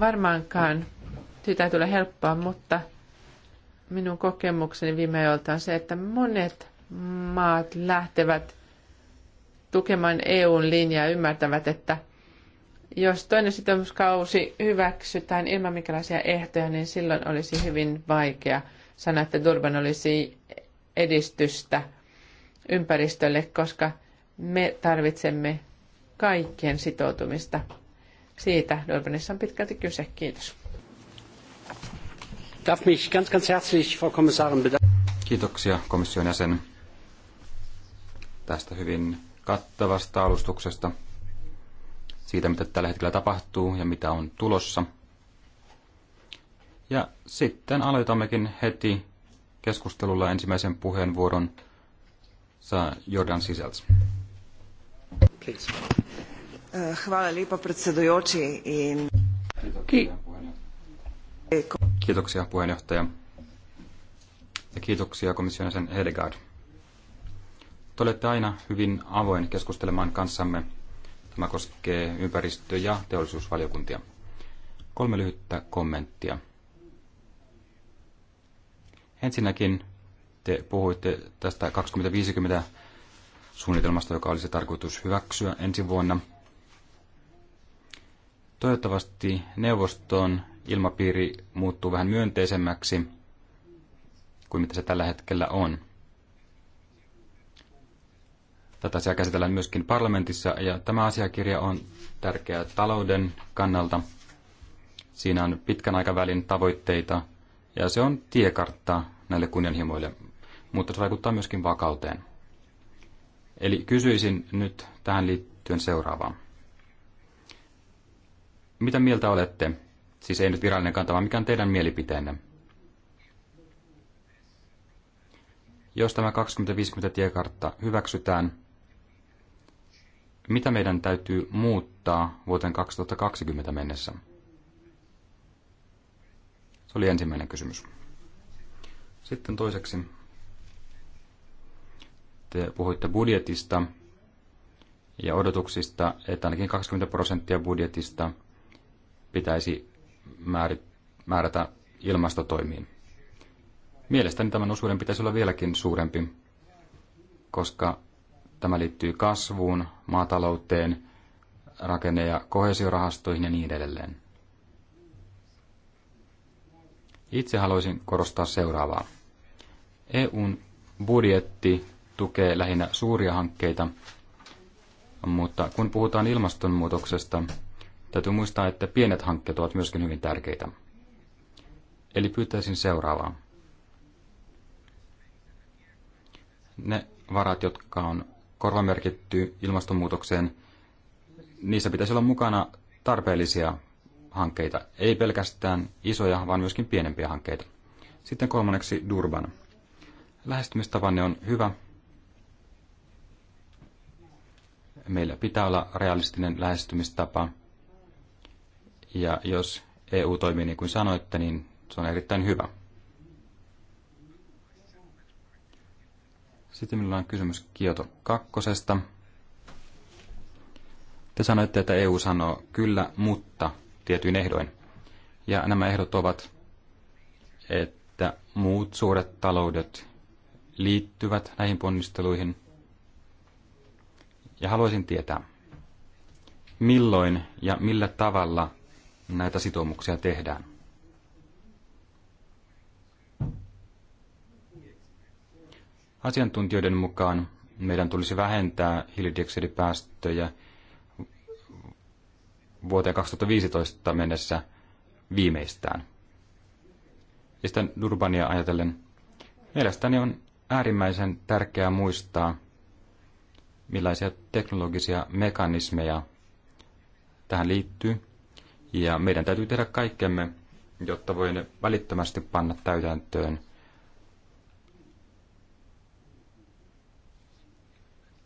Varmaankaan sitä ei tule helppoa, mutta minun kokemukseni viime ajoilta on se, että monet maat lähtevät tukemaan EUn linjaa ja ymmärtävät, että jos toinen sitoumuskausi hyväksytään ilman minkälaisia ehtoja, niin silloin olisi hyvin vaikea sanoa, että Durban olisi edistystä ympäristölle, koska me tarvitsemme kaikkien sitoutumista. Siitä Durbanissa on pitkälti kyse. Kiitos. Darf mich ganz, ganz herzlich, Frau Kommissarin, Kiitoksia komission jäsen tästä hyvin kattavasta alustuksesta siitä, mitä tällä hetkellä tapahtuu ja mitä on tulossa – ja sitten aloitammekin heti keskustelulla ensimmäisen puheenvuoron saa Jordan Sisels. Please. Eh, hvala in... Kiitoksia puheenjohtaja. Ja kiitoksia komission jäsen Hedegaard. Te olette aina hyvin avoin keskustelemaan kanssamme. Tämä koskee ympäristö- ja teollisuusvaliokuntia. Kolme lyhyttä kommenttia. Ensinnäkin te puhuitte tästä 2050 suunnitelmasta, joka olisi tarkoitus hyväksyä ensi vuonna. Toivottavasti neuvoston ilmapiiri muuttuu vähän myönteisemmäksi kuin mitä se tällä hetkellä on. Tätä asiaa käsitellään myöskin parlamentissa ja tämä asiakirja on tärkeä talouden kannalta. Siinä on pitkän aikavälin tavoitteita ja se on tiekartta näille kunnianhimoille, mutta se vaikuttaa myöskin vakauteen. Eli kysyisin nyt tähän liittyen seuraavaa. Mitä mieltä olette? Siis ei nyt virallinen kanta, vaan mikä on teidän mielipiteenne? Jos tämä 2050 tiekartta hyväksytään, mitä meidän täytyy muuttaa vuoteen 2020 mennessä? Se oli ensimmäinen kysymys. Sitten toiseksi. Te puhuitte budjetista ja odotuksista, että ainakin 20 prosenttia budjetista pitäisi määrätä ilmastotoimiin. Mielestäni tämän osuuden pitäisi olla vieläkin suurempi, koska tämä liittyy kasvuun, maatalouteen, rakenne- ja kohesiorahastoihin ja niin edelleen. Itse haluaisin korostaa seuraavaa. EUn budjetti tukee lähinnä suuria hankkeita, mutta kun puhutaan ilmastonmuutoksesta, täytyy muistaa, että pienet hankkeet ovat myöskin hyvin tärkeitä. Eli pyytäisin seuraavaa. Ne varat, jotka on korvamerkitty ilmastonmuutokseen, niissä pitäisi olla mukana tarpeellisia hankkeita, ei pelkästään isoja, vaan myöskin pienempiä hankkeita. Sitten kolmanneksi Durban. Lähestymistavanne on hyvä. Meillä pitää olla realistinen lähestymistapa. Ja jos EU toimii niin kuin sanoitte, niin se on erittäin hyvä. Sitten minulla on kysymys Kioto kakkosesta. Te sanoitte, että EU sanoo kyllä, mutta tietyin ehdoin. Ja nämä ehdot ovat, että muut suuret taloudet liittyvät näihin ponnisteluihin. Ja haluaisin tietää, milloin ja millä tavalla näitä sitoumuksia tehdään. Asiantuntijoiden mukaan meidän tulisi vähentää hiilidioksidipäästöjä vuoteen 2015 mennessä viimeistään. Ja sitten Durbania ajatellen, mielestäni on äärimmäisen tärkeää muistaa, millaisia teknologisia mekanismeja tähän liittyy. Ja meidän täytyy tehdä kaikkemme, jotta voin välittömästi panna täytäntöön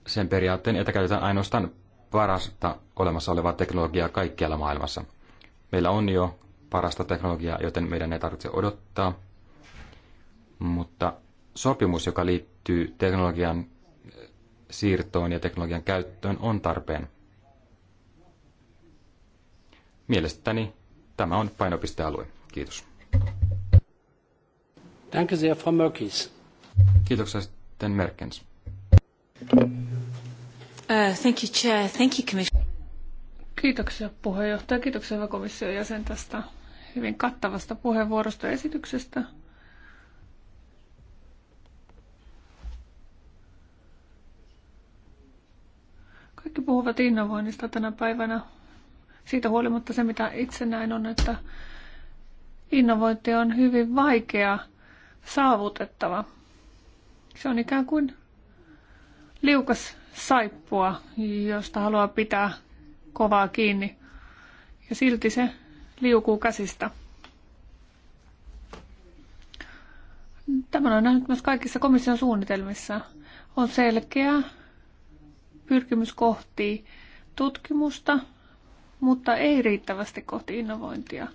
sen periaatteen, että käytetään ainoastaan parasta olemassa olevaa teknologiaa kaikkialla maailmassa. Meillä on jo parasta teknologiaa, joten meidän ei tarvitse odottaa. Mutta sopimus, joka liittyy teknologian eh, siirtoon ja teknologian käyttöön, on tarpeen. Mielestäni tämä on painopistealue. Kiitos. Danke sehr, Frau Merkis. Kiitoksia sitten Merkens. Uh, thank you, Chair. Thank you, Kiitoksia puheenjohtaja. Kiitoksia hyvä komission jäsen tästä hyvin kattavasta puheenvuorosta ja esityksestä. Kaikki puhuvat innovoinnista tänä päivänä. Siitä huolimatta se, mitä itse näin on, että innovointi on hyvin vaikea saavutettava. Se on ikään kuin liukas saippua, josta haluaa pitää kovaa kiinni. Ja silti se liukuu käsistä. Tämä on nähnyt myös kaikissa komission suunnitelmissa. On selkeä pyrkimys kohti tutkimusta, mutta ei riittävästi kohti innovointia.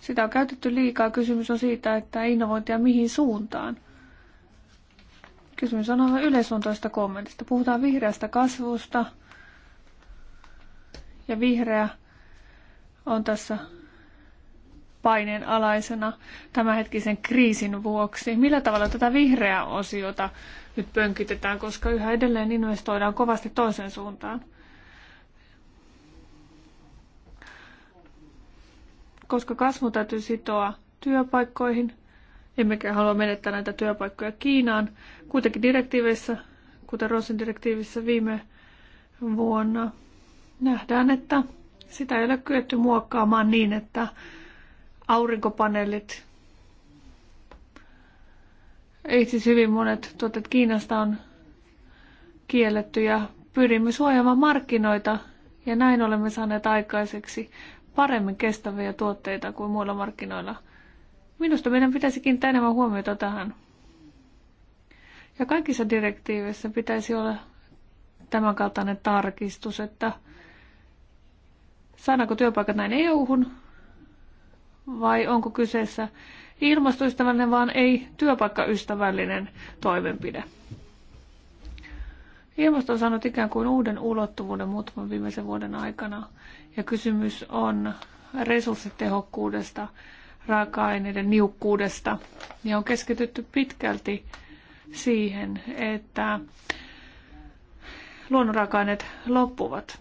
Sitä on käytetty liikaa. Kysymys on siitä, että innovointia mihin suuntaan. Kysymys on aivan yleisluontoista kommentista. Puhutaan vihreästä kasvusta ja vihreä on tässä paineen alaisena tämänhetkisen kriisin vuoksi. Millä tavalla tätä vihreää osiota nyt pönkitetään, koska yhä edelleen investoidaan kovasti toiseen suuntaan? Koska kasvu täytyy sitoa työpaikkoihin, Emmekä halua menettää näitä työpaikkoja Kiinaan. Kuitenkin direktiiveissä, kuten Rosin direktiivissä viime vuonna, nähdään, että sitä ei ole kyetty muokkaamaan niin, että aurinkopaneelit, ei siis hyvin monet tuotteet Kiinasta on kielletty ja pyrimme suojaamaan markkinoita ja näin olemme saaneet aikaiseksi paremmin kestäviä tuotteita kuin muilla markkinoilla – Minusta meidän pitäisi kiinnittää enemmän huomiota tähän. Ja kaikissa direktiiveissä pitäisi olla tämänkaltainen tarkistus, että saadaanko työpaikat näin EU-hun vai onko kyseessä ilmastoystävällinen, vaan ei työpaikkaystävällinen toimenpide. Ilmasto on saanut ikään kuin uuden ulottuvuuden muutaman viimeisen vuoden aikana, ja kysymys on resurssitehokkuudesta raaka-aineiden niukkuudesta ja on keskitytty pitkälti siihen, että luonnonraaka-aineet loppuvat.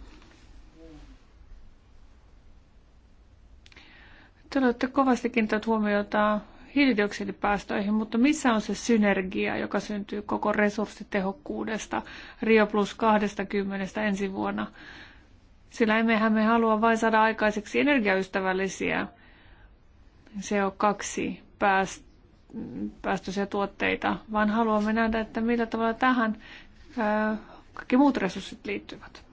Te olette kovasti kiinnittäneet huomiota hiilidioksidipäästöihin, mutta missä on se synergia, joka syntyy koko resurssitehokkuudesta Rio plus 20 ensi vuonna? Sillä emmehän me halua vain saada aikaiseksi energiaystävällisiä CO2 päästöisiä tuotteita, vaan haluamme nähdä, että millä tavalla tähän kaikki muut resurssit liittyvät.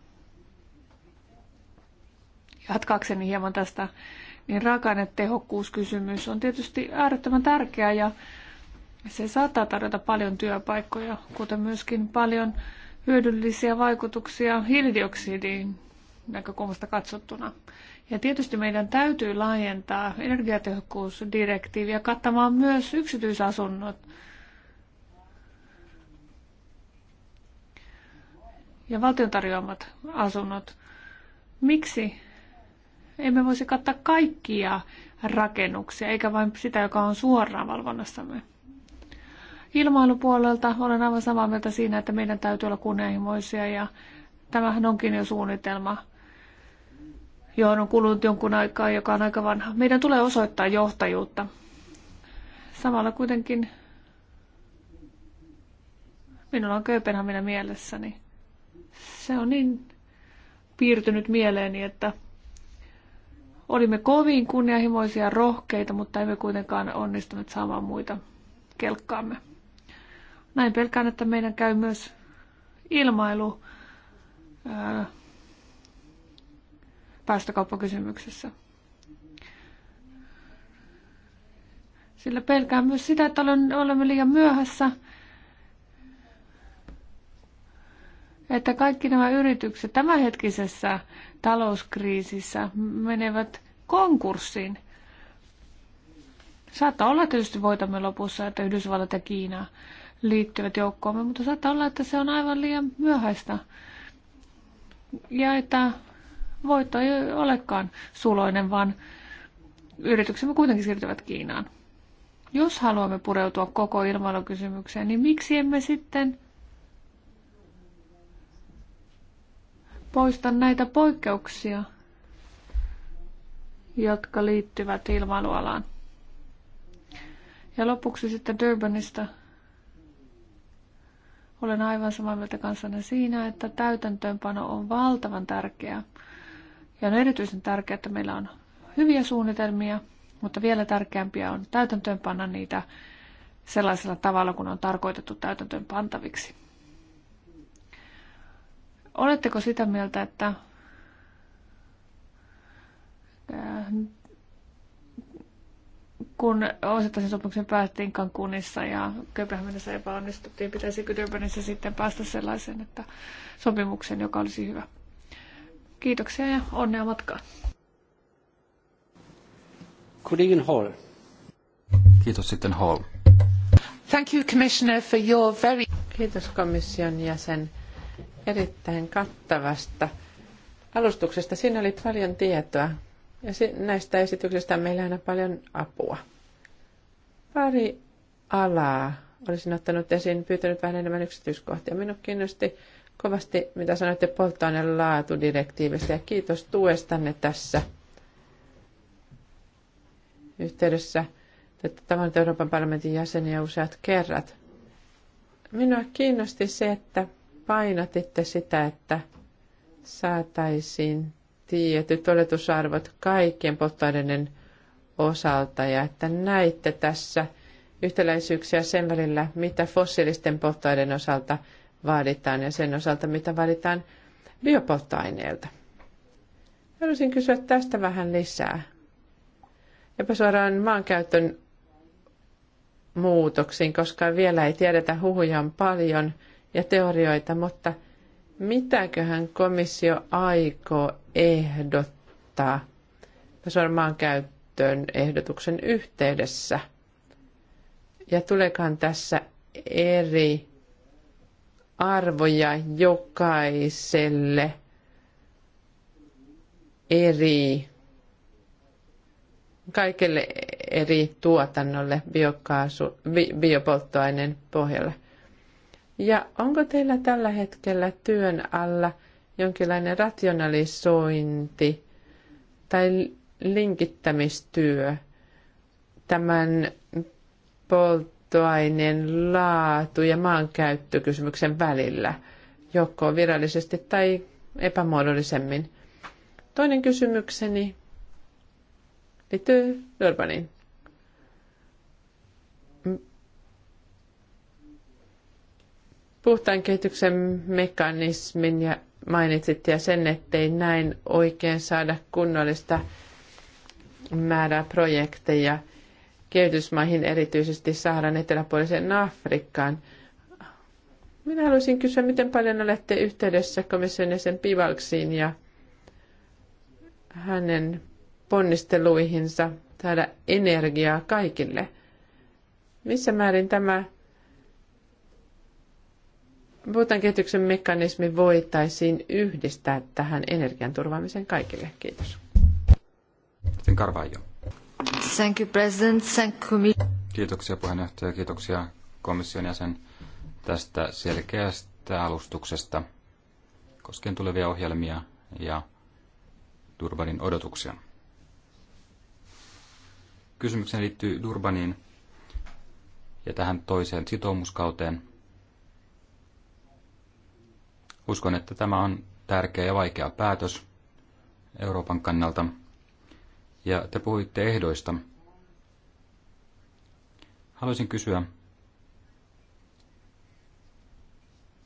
Jatkaakseni hieman tästä, niin raaka-ainetehokkuuskysymys on tietysti äärettömän tärkeä ja se saattaa tarjota paljon työpaikkoja, kuten myöskin paljon hyödyllisiä vaikutuksia hiilidioksidiin näkökulmasta katsottuna. Ja tietysti meidän täytyy laajentaa energiatehokkuusdirektiiviä kattamaan myös yksityisasunnot. Ja valtion tarjoamat asunnot. Miksi emme voisi kattaa kaikkia rakennuksia, eikä vain sitä, joka on suoraan valvonnassamme? Ilmailupuolelta olen aivan samaa mieltä siinä, että meidän täytyy olla kunnianhimoisia ja tämähän onkin jo suunnitelma johon on kulunut jonkun aikaa, joka on aika vanha. Meidän tulee osoittaa johtajuutta. Samalla kuitenkin minulla on Kööpenhamina mielessäni. Se on niin piirtynyt mieleeni, että olimme kovin kunnianhimoisia rohkeita, mutta emme kuitenkaan onnistuneet saamaan muita kelkkaamme. Näin pelkään, että meidän käy myös ilmailu ää, päästökauppakysymyksessä. Sillä pelkään myös sitä, että olemme liian myöhässä, että kaikki nämä yritykset tämänhetkisessä talouskriisissä menevät konkurssiin. Saattaa olla tietysti voitamme lopussa, että Yhdysvallat ja Kiina liittyvät joukkoomme, mutta saattaa olla, että se on aivan liian myöhäistä. Ja että voitto ei olekaan suloinen, vaan yrityksemme kuitenkin siirtyvät Kiinaan. Jos haluamme pureutua koko ilmailukysymykseen, niin miksi emme sitten poista näitä poikkeuksia, jotka liittyvät ilmailualaan? Ja lopuksi sitten Durbanista. Olen aivan samaa mieltä kanssanne siinä, että täytäntöönpano on valtavan tärkeää. Ja on erityisen tärkeää, että meillä on hyviä suunnitelmia, mutta vielä tärkeämpiä on täytäntöönpanna niitä sellaisella tavalla, kun on tarkoitettu täytäntöön pantaviksi. Oletteko sitä mieltä, että äh, kun osittaisen sopimuksen päästiin Cancunissa ja Kööpenhaminassa epäonnistuttiin, pitäisikö Durbanissa sitten päästä sellaiseen että sopimuksen, joka olisi hyvä? Kiitoksia ja onnea matkaan. Kollegin Hall. Kiitos sitten Hall. Thank you, Commissioner, for your very... Kiitos komission jäsen erittäin kattavasta alustuksesta. Siinä oli paljon tietoa ja näistä esityksistä meillä on aina paljon apua. Pari alaa olisin ottanut esiin, pyytänyt vähän enemmän yksityiskohtia. Minun kiinnosti kovasti, mitä sanoitte polttoaineen laatudirektiivistä ja kiitos tuestanne tässä yhteydessä. Että on Euroopan parlamentin jäseniä useat kerrat. Minua kiinnosti se, että painotitte sitä, että saataisiin tietyt oletusarvot kaikkien polttoaineiden osalta ja että näitte tässä yhtäläisyyksiä sen välillä, mitä fossiilisten polttoaineiden osalta – vaaditaan ja sen osalta, mitä vaaditaan biopolttoaineelta. Haluaisin kysyä tästä vähän lisää. Jopa suoraan maankäytön muutoksiin, koska vielä ei tiedetä huhuja on paljon ja teorioita, mutta mitäköhän komissio aikoo ehdottaa suoraan maankäyttöön ehdotuksen yhteydessä? Ja tuleekaan tässä eri arvoja jokaiselle eri, kaikelle eri tuotannolle biokaasu, bi, biopolttoaineen pohjalle. Ja onko teillä tällä hetkellä työn alla jonkinlainen rationalisointi tai linkittämistyö tämän polt polttoaineen laatu ja maankäyttökysymyksen välillä, joko virallisesti tai epämuodollisemmin. Toinen kysymykseni liittyy Durbaniin. Puhtaan kehityksen mekanismin ja mainitsit ja sen, ettei näin oikein saada kunnollista määrää projekteja – kehitysmaihin, erityisesti Saharan eteläpuoliseen Afrikkaan. Minä haluaisin kysyä, miten paljon olette yhteydessä komission sen Pivalksiin ja hänen ponnisteluihinsa saada energiaa kaikille. Missä määrin tämä Puhutaan kehityksen mekanismi voitaisiin yhdistää tähän energian turvaamiseen kaikille. Kiitos. Sitten Karvaajo. Thank you, President. Thank Kiitoksia puheenjohtaja, kiitoksia komission jäsen tästä selkeästä alustuksesta koskien tulevia ohjelmia ja Durbanin odotuksia. Kysymykseni liittyy Durbaniin ja tähän toiseen sitoumuskauteen. Uskon, että tämä on tärkeä ja vaikea päätös Euroopan kannalta – ja te puhuitte ehdoista. Haluaisin kysyä,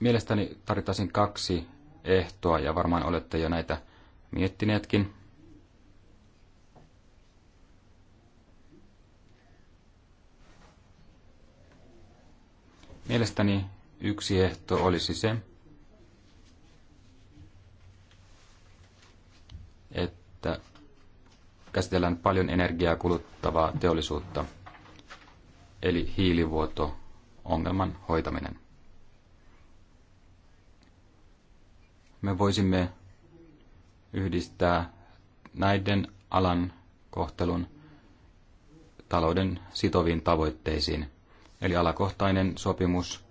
mielestäni tarvitaan kaksi ehtoa, ja varmaan olette jo näitä miettineetkin. Mielestäni yksi ehto olisi se, että käsitellään paljon energiaa kuluttavaa teollisuutta, eli hiilivuoto-ongelman hoitaminen. Me voisimme yhdistää näiden alan kohtelun talouden sitoviin tavoitteisiin. Eli alakohtainen sopimus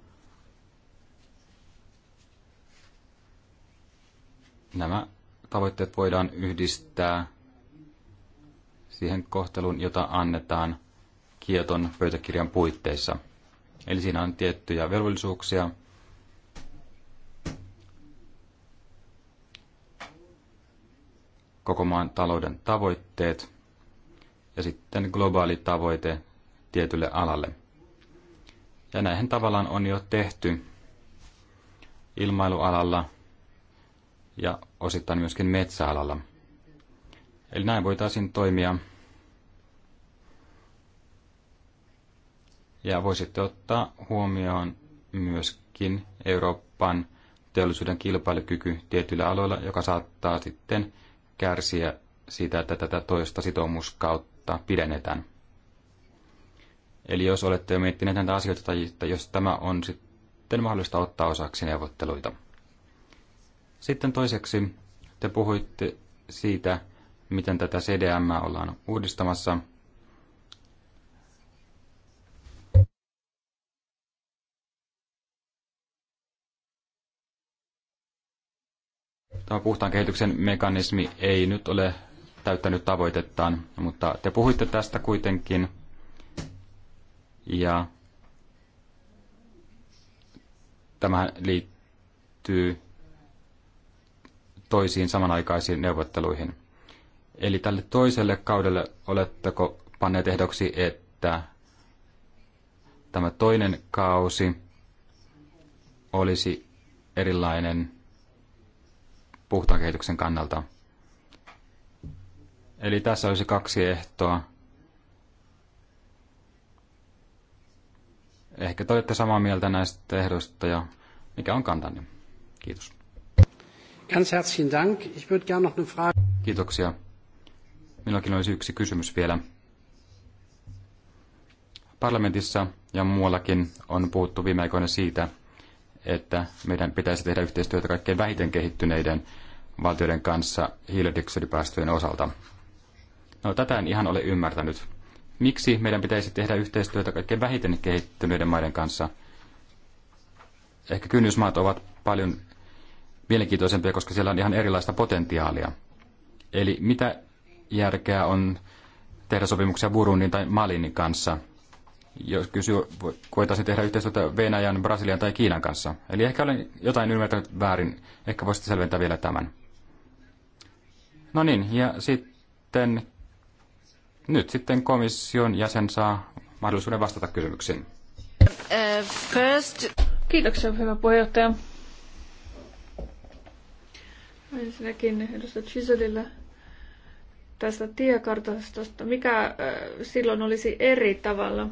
nämä tavoitteet voidaan yhdistää siihen kohteluun, jota annetaan kieton pöytäkirjan puitteissa. Eli siinä on tiettyjä velvollisuuksia. koko maan talouden tavoitteet ja sitten globaali tavoite tietylle alalle. Ja näihin tavallaan on jo tehty ilmailualalla ja osittain myöskin metsäalalla. Eli näin voitaisiin toimia. Ja voisitte ottaa huomioon myöskin Euroopan teollisuuden kilpailukyky tietyillä aloilla, joka saattaa sitten kärsiä siitä, että tätä toista sitoumuskautta pidennetään. Eli jos olette jo miettineet näitä asioita tai että jos tämä on sitten mahdollista ottaa osaksi neuvotteluita. Sitten toiseksi te puhuitte siitä, miten tätä CDM ollaan uudistamassa. Tämä puhtaan kehityksen mekanismi ei nyt ole täyttänyt tavoitettaan, mutta te puhuitte tästä kuitenkin. Ja tämähän liittyy toisiin samanaikaisiin neuvotteluihin. Eli tälle toiselle kaudelle oletteko panneet ehdoksi, että tämä toinen kausi olisi erilainen puhtaan kehityksen kannalta? Eli tässä olisi kaksi ehtoa. Ehkä te olette samaa mieltä näistä ehdoista ja mikä on kantani. Kiitos. Ganz herzlichen Dank. Ich würde gerne noch eine Frage. Kiitoksia. Minullakin olisi yksi kysymys vielä. Parlamentissa ja muuallakin on puhuttu viime aikoina siitä, että meidän pitäisi tehdä yhteistyötä kaikkein vähiten kehittyneiden valtioiden kanssa hiilidioksidipäästöjen osalta. No, tätä en ihan ole ymmärtänyt. Miksi meidän pitäisi tehdä yhteistyötä kaikkein vähiten kehittyneiden maiden kanssa? Ehkä kynnysmaat ovat paljon mielenkiintoisempia, koska siellä on ihan erilaista potentiaalia. Eli mitä järkeä on tehdä sopimuksia Burundin tai Malin kanssa. Jos kysyy, voitaisiin tehdä yhteistyötä Venäjän, Brasilian tai Kiinan kanssa. Eli ehkä olen jotain ymmärtänyt väärin. Ehkä voisit selventää vielä tämän. No niin, ja sitten nyt sitten komission jäsen saa mahdollisuuden vastata kysymyksiin. first... Kiitoksia, hyvä puheenjohtaja. Ensinnäkin edustaja Chiselille tästä tiekartastosta, mikä silloin olisi eri tavalla.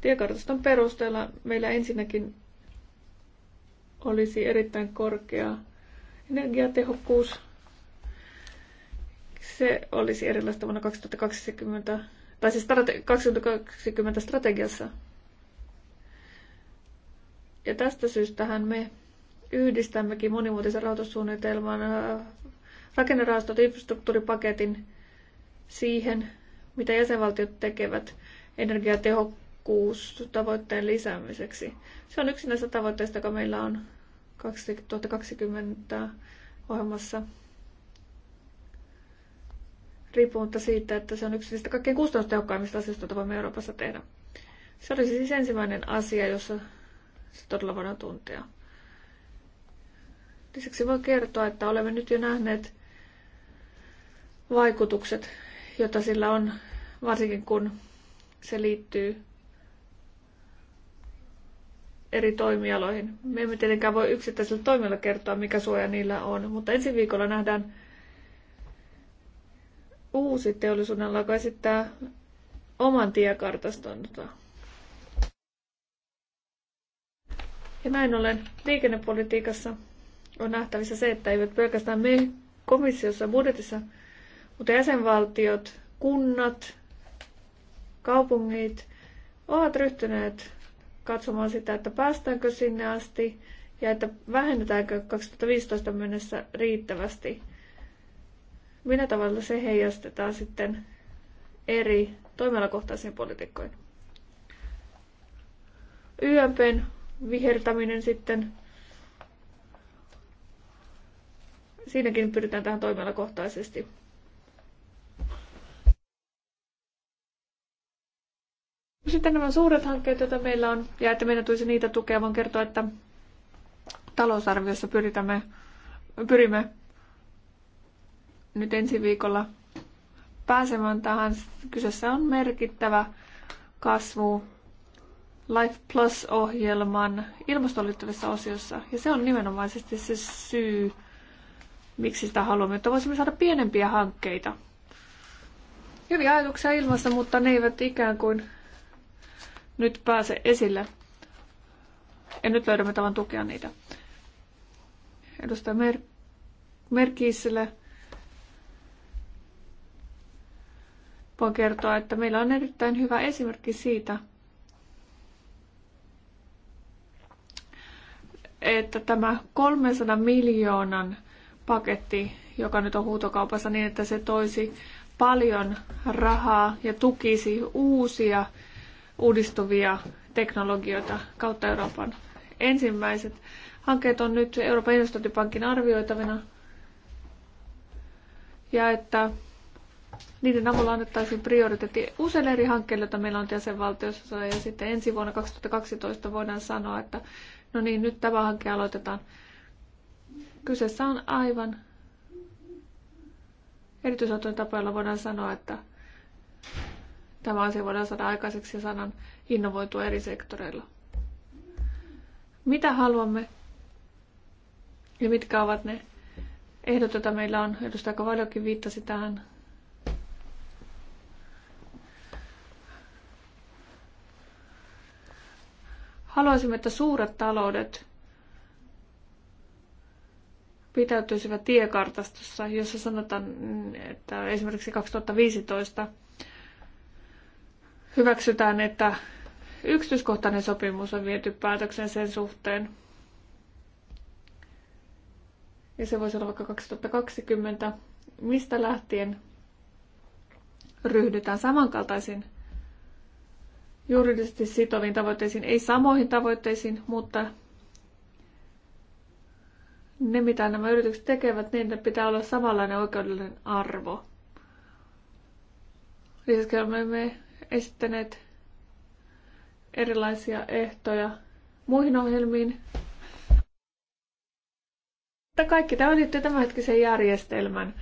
Tiekartaston perusteella meillä ensinnäkin olisi erittäin korkea energiatehokkuus. Se olisi erilaista vuonna 2020, tai siis 2020 strategiassa. Ja tästä syystähän me yhdistämmekin monimuotoisen rahoitussuunnitelman rakennerahastot infrastruktuuripaketin siihen, mitä jäsenvaltiot tekevät energiatehokkuustavoitteen lisäämiseksi. Se on yksi näistä tavoitteista, joka meillä on 2020 ohjelmassa riippumatta siitä, että se on yksi niistä kaikkein kustannustehokkaimmista asioista, joita voimme Euroopassa tehdä. Se olisi siis ensimmäinen asia, jossa se todella voidaan tuntea. Lisäksi voi kertoa, että olemme nyt jo nähneet vaikutukset, joita sillä on, varsinkin kun se liittyy eri toimialoihin. Me emme tietenkään voi yksittäisellä toimijalla kertoa, mikä suoja niillä on, mutta ensi viikolla nähdään uusi teollisuuden joka esittää oman tiekartaston. Ja näin ollen liikennepolitiikassa on nähtävissä se, että eivät pelkästään me komissiossa budjetissa – mutta jäsenvaltiot, kunnat, kaupungit ovat ryhtyneet katsomaan sitä, että päästäänkö sinne asti ja että vähennetäänkö 2015 mennessä riittävästi. Millä tavalla se heijastetaan sitten eri toimialakohtaisiin poliitikkoihin. YMPn vihertäminen sitten. Siinäkin pyritään tähän toimialakohtaisesti. sitten nämä suuret hankkeet, joita meillä on, ja että meidän tulisi niitä tukea, voin kertoa, että talousarviossa pyritämme, pyrimme nyt ensi viikolla pääsemään tähän. Kyseessä on merkittävä kasvu Life Plus-ohjelman ilmastoon liittyvässä osiossa. Ja se on nimenomaisesti se syy, miksi sitä haluamme, että voisimme saada pienempiä hankkeita. Hyviä ajatuksia ilmassa, mutta ne eivät ikään kuin nyt pääse esille. En nyt löydä tavan tukea niitä. Edustaja Mer- Merkiissille voin kertoa, että meillä on erittäin hyvä esimerkki siitä, että tämä 300 miljoonan paketti, joka nyt on huutokaupassa niin, että se toisi paljon rahaa ja tukisi uusia uudistuvia teknologioita kautta Euroopan. Ensimmäiset hankkeet on nyt Euroopan investointipankin arvioitavina ja että niiden avulla annettaisiin prioriteetti useille eri hankkeille, joita meillä on jäsenvaltiossa. Ja sitten ensi vuonna 2012 voidaan sanoa, että no niin, nyt tämä hanke aloitetaan. Kyseessä on aivan erityisautojen tapoilla voidaan sanoa, että tämä asia voidaan saada aikaiseksi ja saadaan innovoitua eri sektoreilla. Mitä haluamme ja mitkä ovat ne ehdot, joita meillä on? Edustaja Kavaljokin viittasi tähän. Haluaisimme, että suuret taloudet pitäytyisivät tiekartastossa, jossa sanotaan, että esimerkiksi 2015 hyväksytään, että yksityiskohtainen sopimus on viety päätöksen sen suhteen. Ja se voisi olla vaikka 2020, mistä lähtien ryhdytään samankaltaisiin juridisesti sitoviin tavoitteisiin, ei samoihin tavoitteisiin, mutta ne, mitä nämä yritykset tekevät, niin pitää olla samanlainen oikeudellinen arvo. Lisäksi me esittäneet erilaisia ehtoja muihin ohjelmiin. Mutta kaikki tämä liittyy tämänhetkisen järjestelmän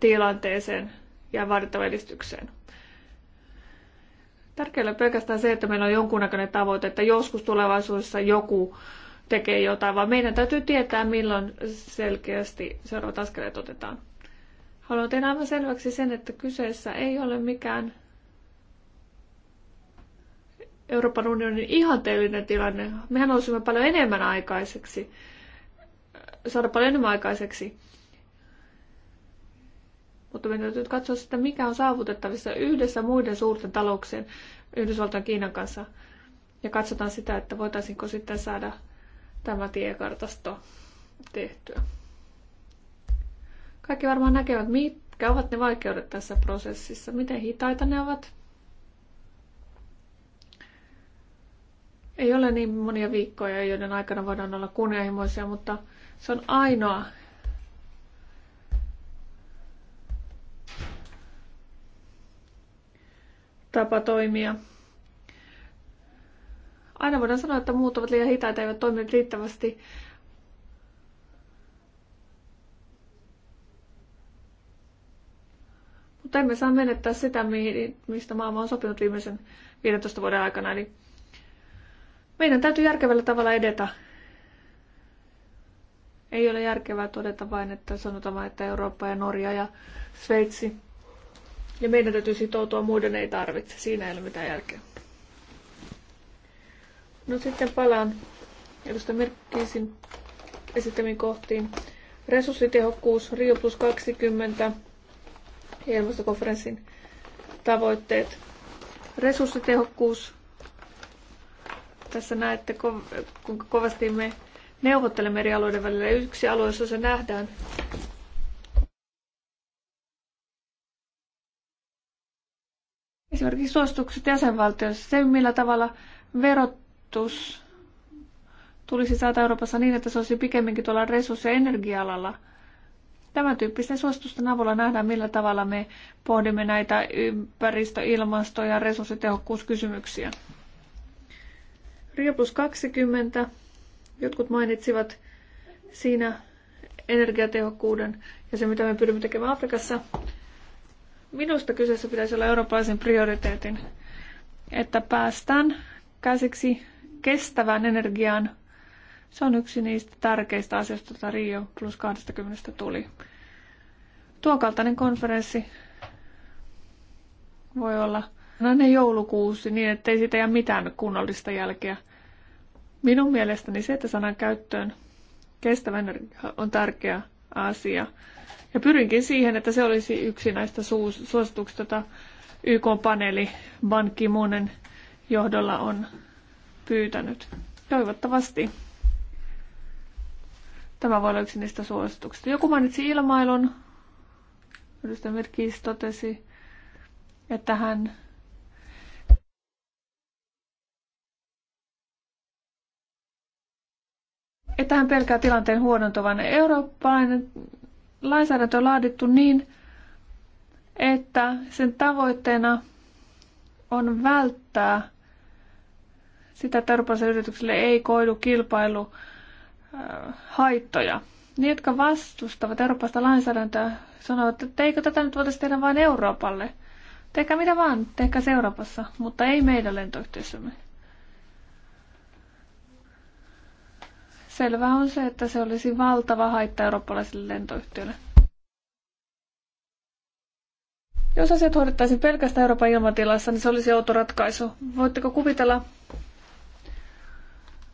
tilanteeseen ja vaadittavedistykseen. Tärkeää on pelkästään se, että meillä on jonkunnäköinen tavoite, että joskus tulevaisuudessa joku tekee jotain, vaan meidän täytyy tietää, milloin selkeästi seuraavat askeleet otetaan. Haluan tehdä aivan selväksi sen, että kyseessä ei ole mikään Euroopan unionin ihanteellinen tilanne. Mehän olisimme paljon enemmän aikaiseksi, saada paljon enemmän aikaiseksi. Mutta meidän täytyy katsoa sitä, mikä on saavutettavissa yhdessä muiden suurten talouksien, Yhdysvaltain Kiinan kanssa. Ja katsotaan sitä, että voitaisiinko sitten saada tämä tiekartasto tehtyä. Kaikki varmaan näkevät, mitkä ovat ne vaikeudet tässä prosessissa, miten hitaita ne ovat, Ei ole niin monia viikkoja, joiden aikana voidaan olla kunnianhimoisia, mutta se on ainoa tapa toimia. Aina voidaan sanoa, että muut ovat liian hitaita, eivät toimi riittävästi. Mutta emme saa menettää sitä, mistä maailma on sopinut viimeisen 15 vuoden aikana, eli meidän täytyy järkevällä tavalla edetä. Ei ole järkevää todeta vain, että sanotaan vain, että Eurooppa ja Norja ja Sveitsi. Ja meidän täytyy sitoutua, muiden ei tarvitse. Siinä ei ole mitään järkeä. No sitten palaan edustaja Merkkiisin esittämiin kohtiin. Resurssitehokkuus, Rio plus 20 ilmastokonferenssin tavoitteet. Resurssitehokkuus, tässä näette, kuinka kovasti me neuvottelemme eri alueiden välillä. Yksi alue, jossa se nähdään, esimerkiksi suositukset jäsenvaltioissa, se millä tavalla verotus tulisi saada Euroopassa niin, että se olisi pikemminkin tuolla resurssi- ja energia-alalla. Tämän tyyppisten suositusten avulla nähdään, millä tavalla me pohdimme näitä ympäristö-, ilmasto- ja resurssitehokkuuskysymyksiä. Riopus 20, jotkut mainitsivat siinä energiatehokkuuden ja se, mitä me pyrimme tekemään Afrikassa. Minusta kyseessä pitäisi olla eurooppalaisen prioriteetin, että päästään käsiksi kestävään energiaan. Se on yksi niistä tärkeistä asioista, joita Rio plus 20 tuli. Tuokaltainen konferenssi voi olla No ne joulukuusi niin, ettei siitä jää mitään kunnollista jälkeä. Minun mielestäni se, että sanan käyttöön kestävä energia on tärkeä asia. Ja pyrinkin siihen, että se olisi yksi näistä suosituksista, jota YK-paneeli Ban ki johdolla on pyytänyt. Toivottavasti tämä voi olla yksi niistä suosituksista. Joku mainitsi ilmailun. Edustaja Merkis totesi, että hän että hän pelkää tilanteen huonontuvan. Eurooppalainen lainsäädäntö on laadittu niin, että sen tavoitteena on välttää sitä, että eurooppalaisille yrityksille ei koidu kilpailuhaittoja. Äh, ne, jotka vastustavat eurooppalaista lainsäädäntöä, sanovat, että eikö tätä nyt voitaisiin tehdä vain Euroopalle. Tehkää mitä vaan, tehkää se Euroopassa, mutta ei meidän lentoyhtiössämme. Selvä on se, että se olisi valtava haitta eurooppalaisille lentoyhtiöille. Jos asiat hoidettaisiin pelkästään Euroopan ilmatilassa, niin se olisi outo ratkaisu. Voitteko kuvitella,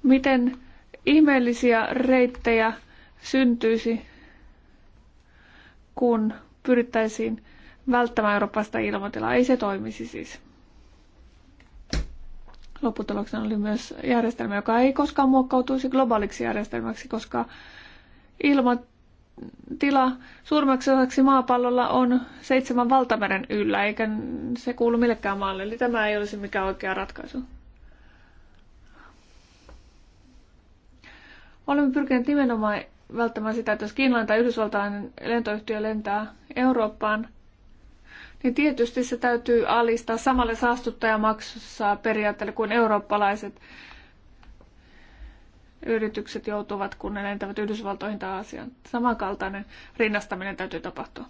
miten ihmeellisiä reittejä syntyisi, kun pyrittäisiin välttämään Euroopasta ilmatilaa? Ei se toimisi siis lopputuloksena oli myös järjestelmä, joka ei koskaan muokkautuisi globaaliksi järjestelmäksi, koska ilmatila suurimmaksi osaksi maapallolla on seitsemän valtameren yllä, eikä se kuulu millekään maalle. Eli tämä ei olisi mikään oikea ratkaisu. Olemme pyrkineet nimenomaan välttämään sitä, että jos Kiinan tai Yhdysvaltain lentoyhtiö lentää Eurooppaan – niin tietysti se täytyy alistaa samalle saastuttajamaksussa periaatteelle kuin eurooppalaiset yritykset joutuvat, kun ne lentävät Yhdysvaltoihin tai Aasiaan. Samankaltainen rinnastaminen täytyy tapahtua.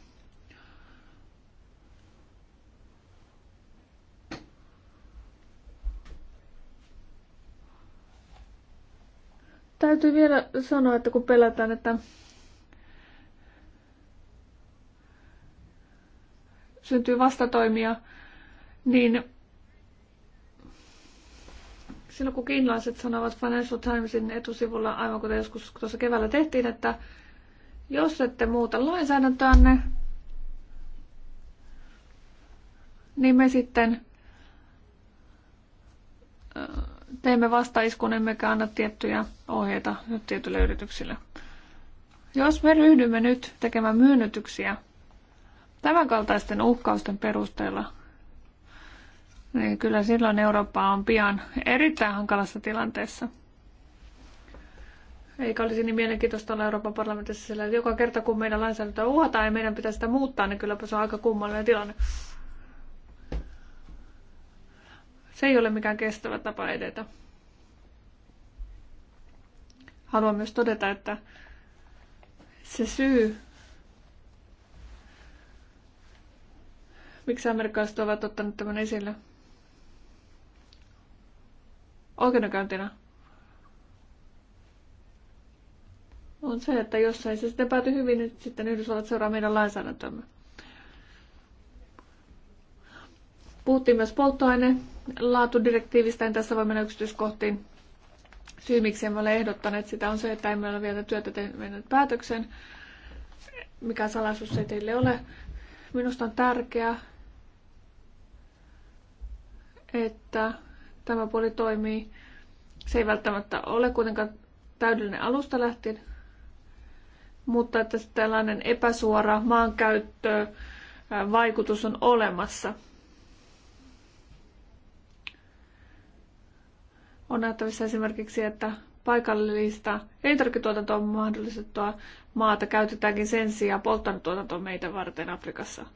Täytyy vielä sanoa, että kun pelätään, että syntyy vastatoimia, niin silloin kun kiinalaiset sanovat Financial Timesin etusivulla, aivan kuten joskus tuossa keväällä tehtiin, että jos ette muuta lainsäädäntöänne, niin me sitten teemme vastaiskun, emmekä anna tiettyjä ohjeita nyt tietyille yrityksille. Jos me ryhdymme nyt tekemään myönnytyksiä tämänkaltaisten uhkausten perusteella, niin kyllä silloin Eurooppa on pian erittäin hankalassa tilanteessa. Eikä olisi niin mielenkiintoista olla Euroopan parlamentissa, sillä joka kerta kun meidän lainsäädäntöä uhataan ja meidän pitää sitä muuttaa, niin kylläpä se on aika kummallinen tilanne. Se ei ole mikään kestävä tapa edetä. Haluan myös todeta, että se syy, Miksi amerikkalaiset ovat ottaneet tämän esille? Oikeudenkäyntinä. On se, että jos ei se sitten pääty hyvin, niin sitten Yhdysvallat seuraa meidän lainsäädäntömme. Puhuttiin myös polttoainelaatudirektiivistä, en tässä voi mennä yksityiskohtiin. Syy, miksi emme ole ehdottaneet sitä, on se, että emme ole vielä työtä tehneet päätöksen, mikä salaisuus se teille ole. Minusta on tärkeää, että tämä puoli toimii. Se ei välttämättä ole kuitenkaan täydellinen alusta lähtien, mutta että tällainen epäsuora maankäyttö vaikutus on olemassa. On nähtävissä esimerkiksi, että paikallista on mahdollistettua maata käytetäänkin sen sijaan polttoainetuotantoon meitä varten Afrikassa.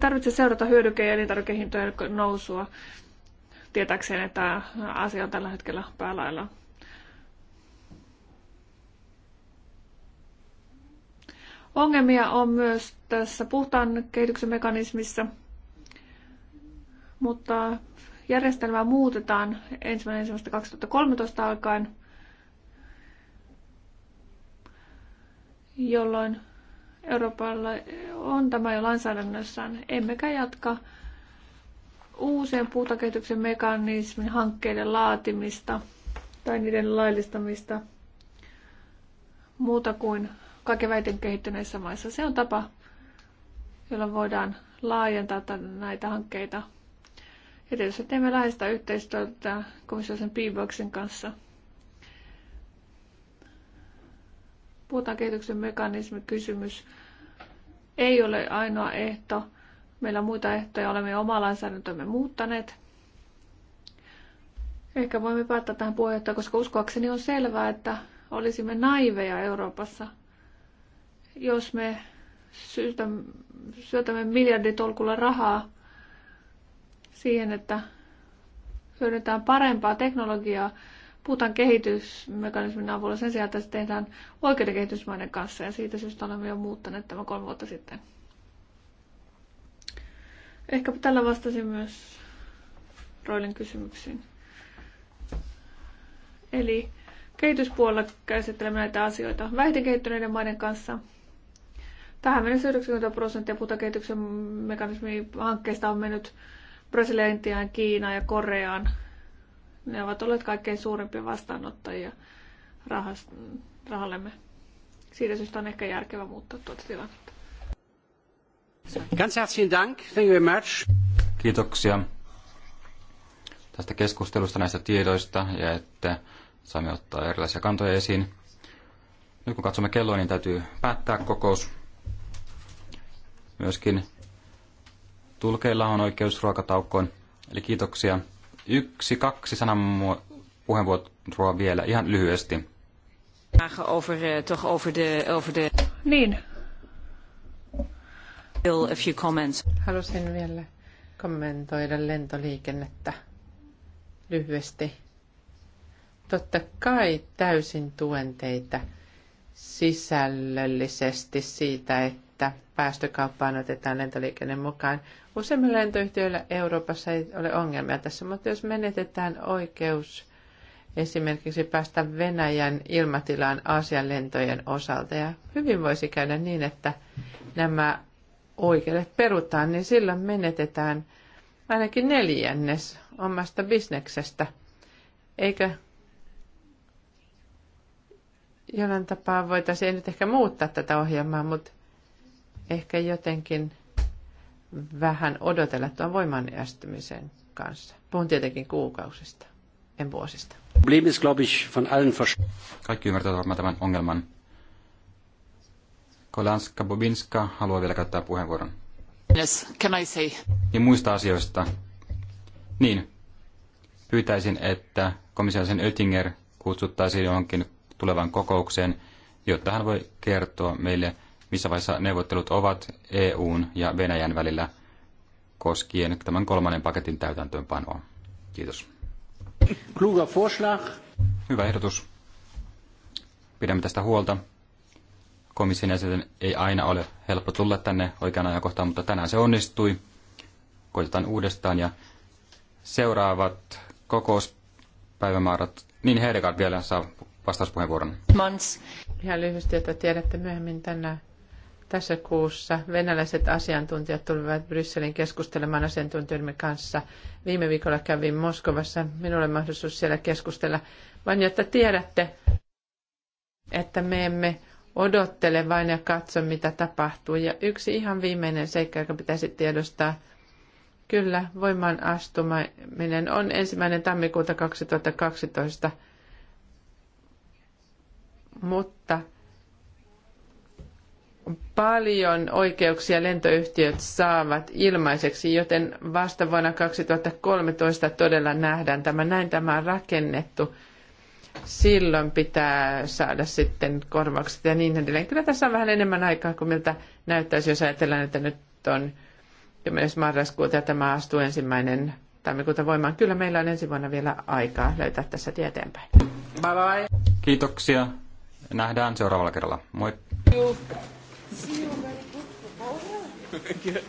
tarvitse seurata hyödyke- ja elintarvikehintojen nousua tietääkseen, että asia on tällä hetkellä päälailla. Ongelmia on myös tässä puhtaan kehityksen mekanismissa, mutta järjestelmää muutetaan 1.1.2013 alkaen, jolloin Euroopalla on tämä jo lainsäädännössään, emmekä jatka uusien puutakehityksen mekanismin hankkeiden laatimista tai niiden laillistamista muuta kuin kaiken väiten kehittyneissä maissa. Se on tapa, jolla voidaan laajentaa näitä hankkeita. Ja tietysti teemme läheistä yhteistyötä komissiosen Peeboxin kanssa – Puhutaan kehityksen mekanismi kysymys ei ole ainoa ehto. Meillä on muita ehtoja, olemme omaa lainsäädäntömme muuttaneet. Ehkä voimme päättää tähän puheenjohtaja, koska uskoakseni on selvää, että olisimme naiveja Euroopassa, jos me syötämme miljarditolkulla rahaa siihen, että hyödyntää parempaa teknologiaa puhutaan kehitysmekanismin avulla sen sijaan, että se tehdään oikeiden kehitysmaiden kanssa ja siitä syystä olemme jo muuttaneet tämä kolme vuotta sitten. Ehkä tällä vastasin myös Roilin kysymyksiin. Eli kehityspuolella käsittelemme näitä asioita vähiten kehittyneiden maiden kanssa. Tähän mennessä 90 prosenttia mekanismin hankkeista on mennyt Brasiliaan, Intiaan, Kiinaan ja Koreaan – ne ovat olleet kaikkein suurimpia vastaanottajia rahas, rahallemme. Siitä syystä on ehkä järkevä muuttaa tuota tilannetta. Ganz herzlichen Dank. Thank you very much. Kiitoksia tästä keskustelusta näistä tiedoista ja että saamme ottaa erilaisia kantoja esiin. Nyt kun katsomme kelloa, niin täytyy päättää kokous. Myöskin tulkeilla on oikeus ruokataukkoon. Eli kiitoksia. Yksi, kaksi sanan puheenvuoroa vielä ihan lyhyesti. Over, eh, toch over de, over de... Niin. A few comments. Halusin vielä kommentoida lentoliikennettä lyhyesti. Totta kai täysin tuen teitä sisällöllisesti siitä, että että päästökauppaan otetaan lentoliikenne mukaan. Useimmilla lentoyhtiöillä Euroopassa ei ole ongelmia tässä, mutta jos menetetään oikeus esimerkiksi päästä Venäjän ilmatilaan Aasian lentojen osalta, ja hyvin voisi käydä niin, että nämä oikeudet perutaan, niin silloin menetetään ainakin neljännes omasta bisneksestä. Eikö jollain tapaa voitaisiin, ei nyt ehkä muuttaa tätä ohjelmaa, mutta ehkä jotenkin vähän odotella tuon voiman estymisen kanssa. Puhun tietenkin kuukausista, en vuosista. Kaikki ymmärtävät varmaan tämän ongelman. Kolanska Bobinska haluaa vielä käyttää puheenvuoron. Yes, can I say? Niin muista asioista. Niin, pyytäisin, että komissaarisen Oettinger kutsuttaisiin johonkin tulevan kokoukseen, jotta hän voi kertoa meille – missä vaiheessa neuvottelut ovat EUn ja Venäjän välillä koskien tämän kolmannen paketin täytäntöönpanoa. Kiitos. Kluger Vorschlag. Hyvä ehdotus. Pidämme tästä huolta. Komission jäsenten ei aina ole helppo tulla tänne oikeana ajankohtaan, mutta tänään se onnistui. Koitetaan uudestaan ja seuraavat kokouspäivämäärät. Niin Hedegaard vielä saa vastauspuheenvuoron. Mans. Ihan lyhyesti, että tiedätte myöhemmin tänään tässä kuussa venäläiset asiantuntijat tulivat Brysselin keskustelemaan asiantuntijoidemme kanssa. Viime viikolla kävin Moskovassa. Minulla oli mahdollisuus siellä keskustella. Vain jotta tiedätte, että me emme odottele vain ja katso, mitä tapahtuu. Ja yksi ihan viimeinen seikka, joka pitäisi tiedostaa, kyllä voimaan astuminen on ensimmäinen tammikuuta 2012, mutta – paljon oikeuksia lentoyhtiöt saavat ilmaiseksi, joten vasta vuonna 2013 todella nähdään tämä. Näin tämä on rakennettu. Silloin pitää saada sitten korvaukset ja niin edelleen. Kyllä tässä on vähän enemmän aikaa kuin miltä näyttäisi, jos ajatellaan, että nyt on 10. marraskuuta ja tämä astuu ensimmäinen tammikuuta voimaan. Kyllä meillä on ensi vuonna vielä aikaa löytää tässä tie eteenpäin. Bye bye. Kiitoksia. Nähdään seuraavalla kerralla. Moi. See you very good proposal. Good.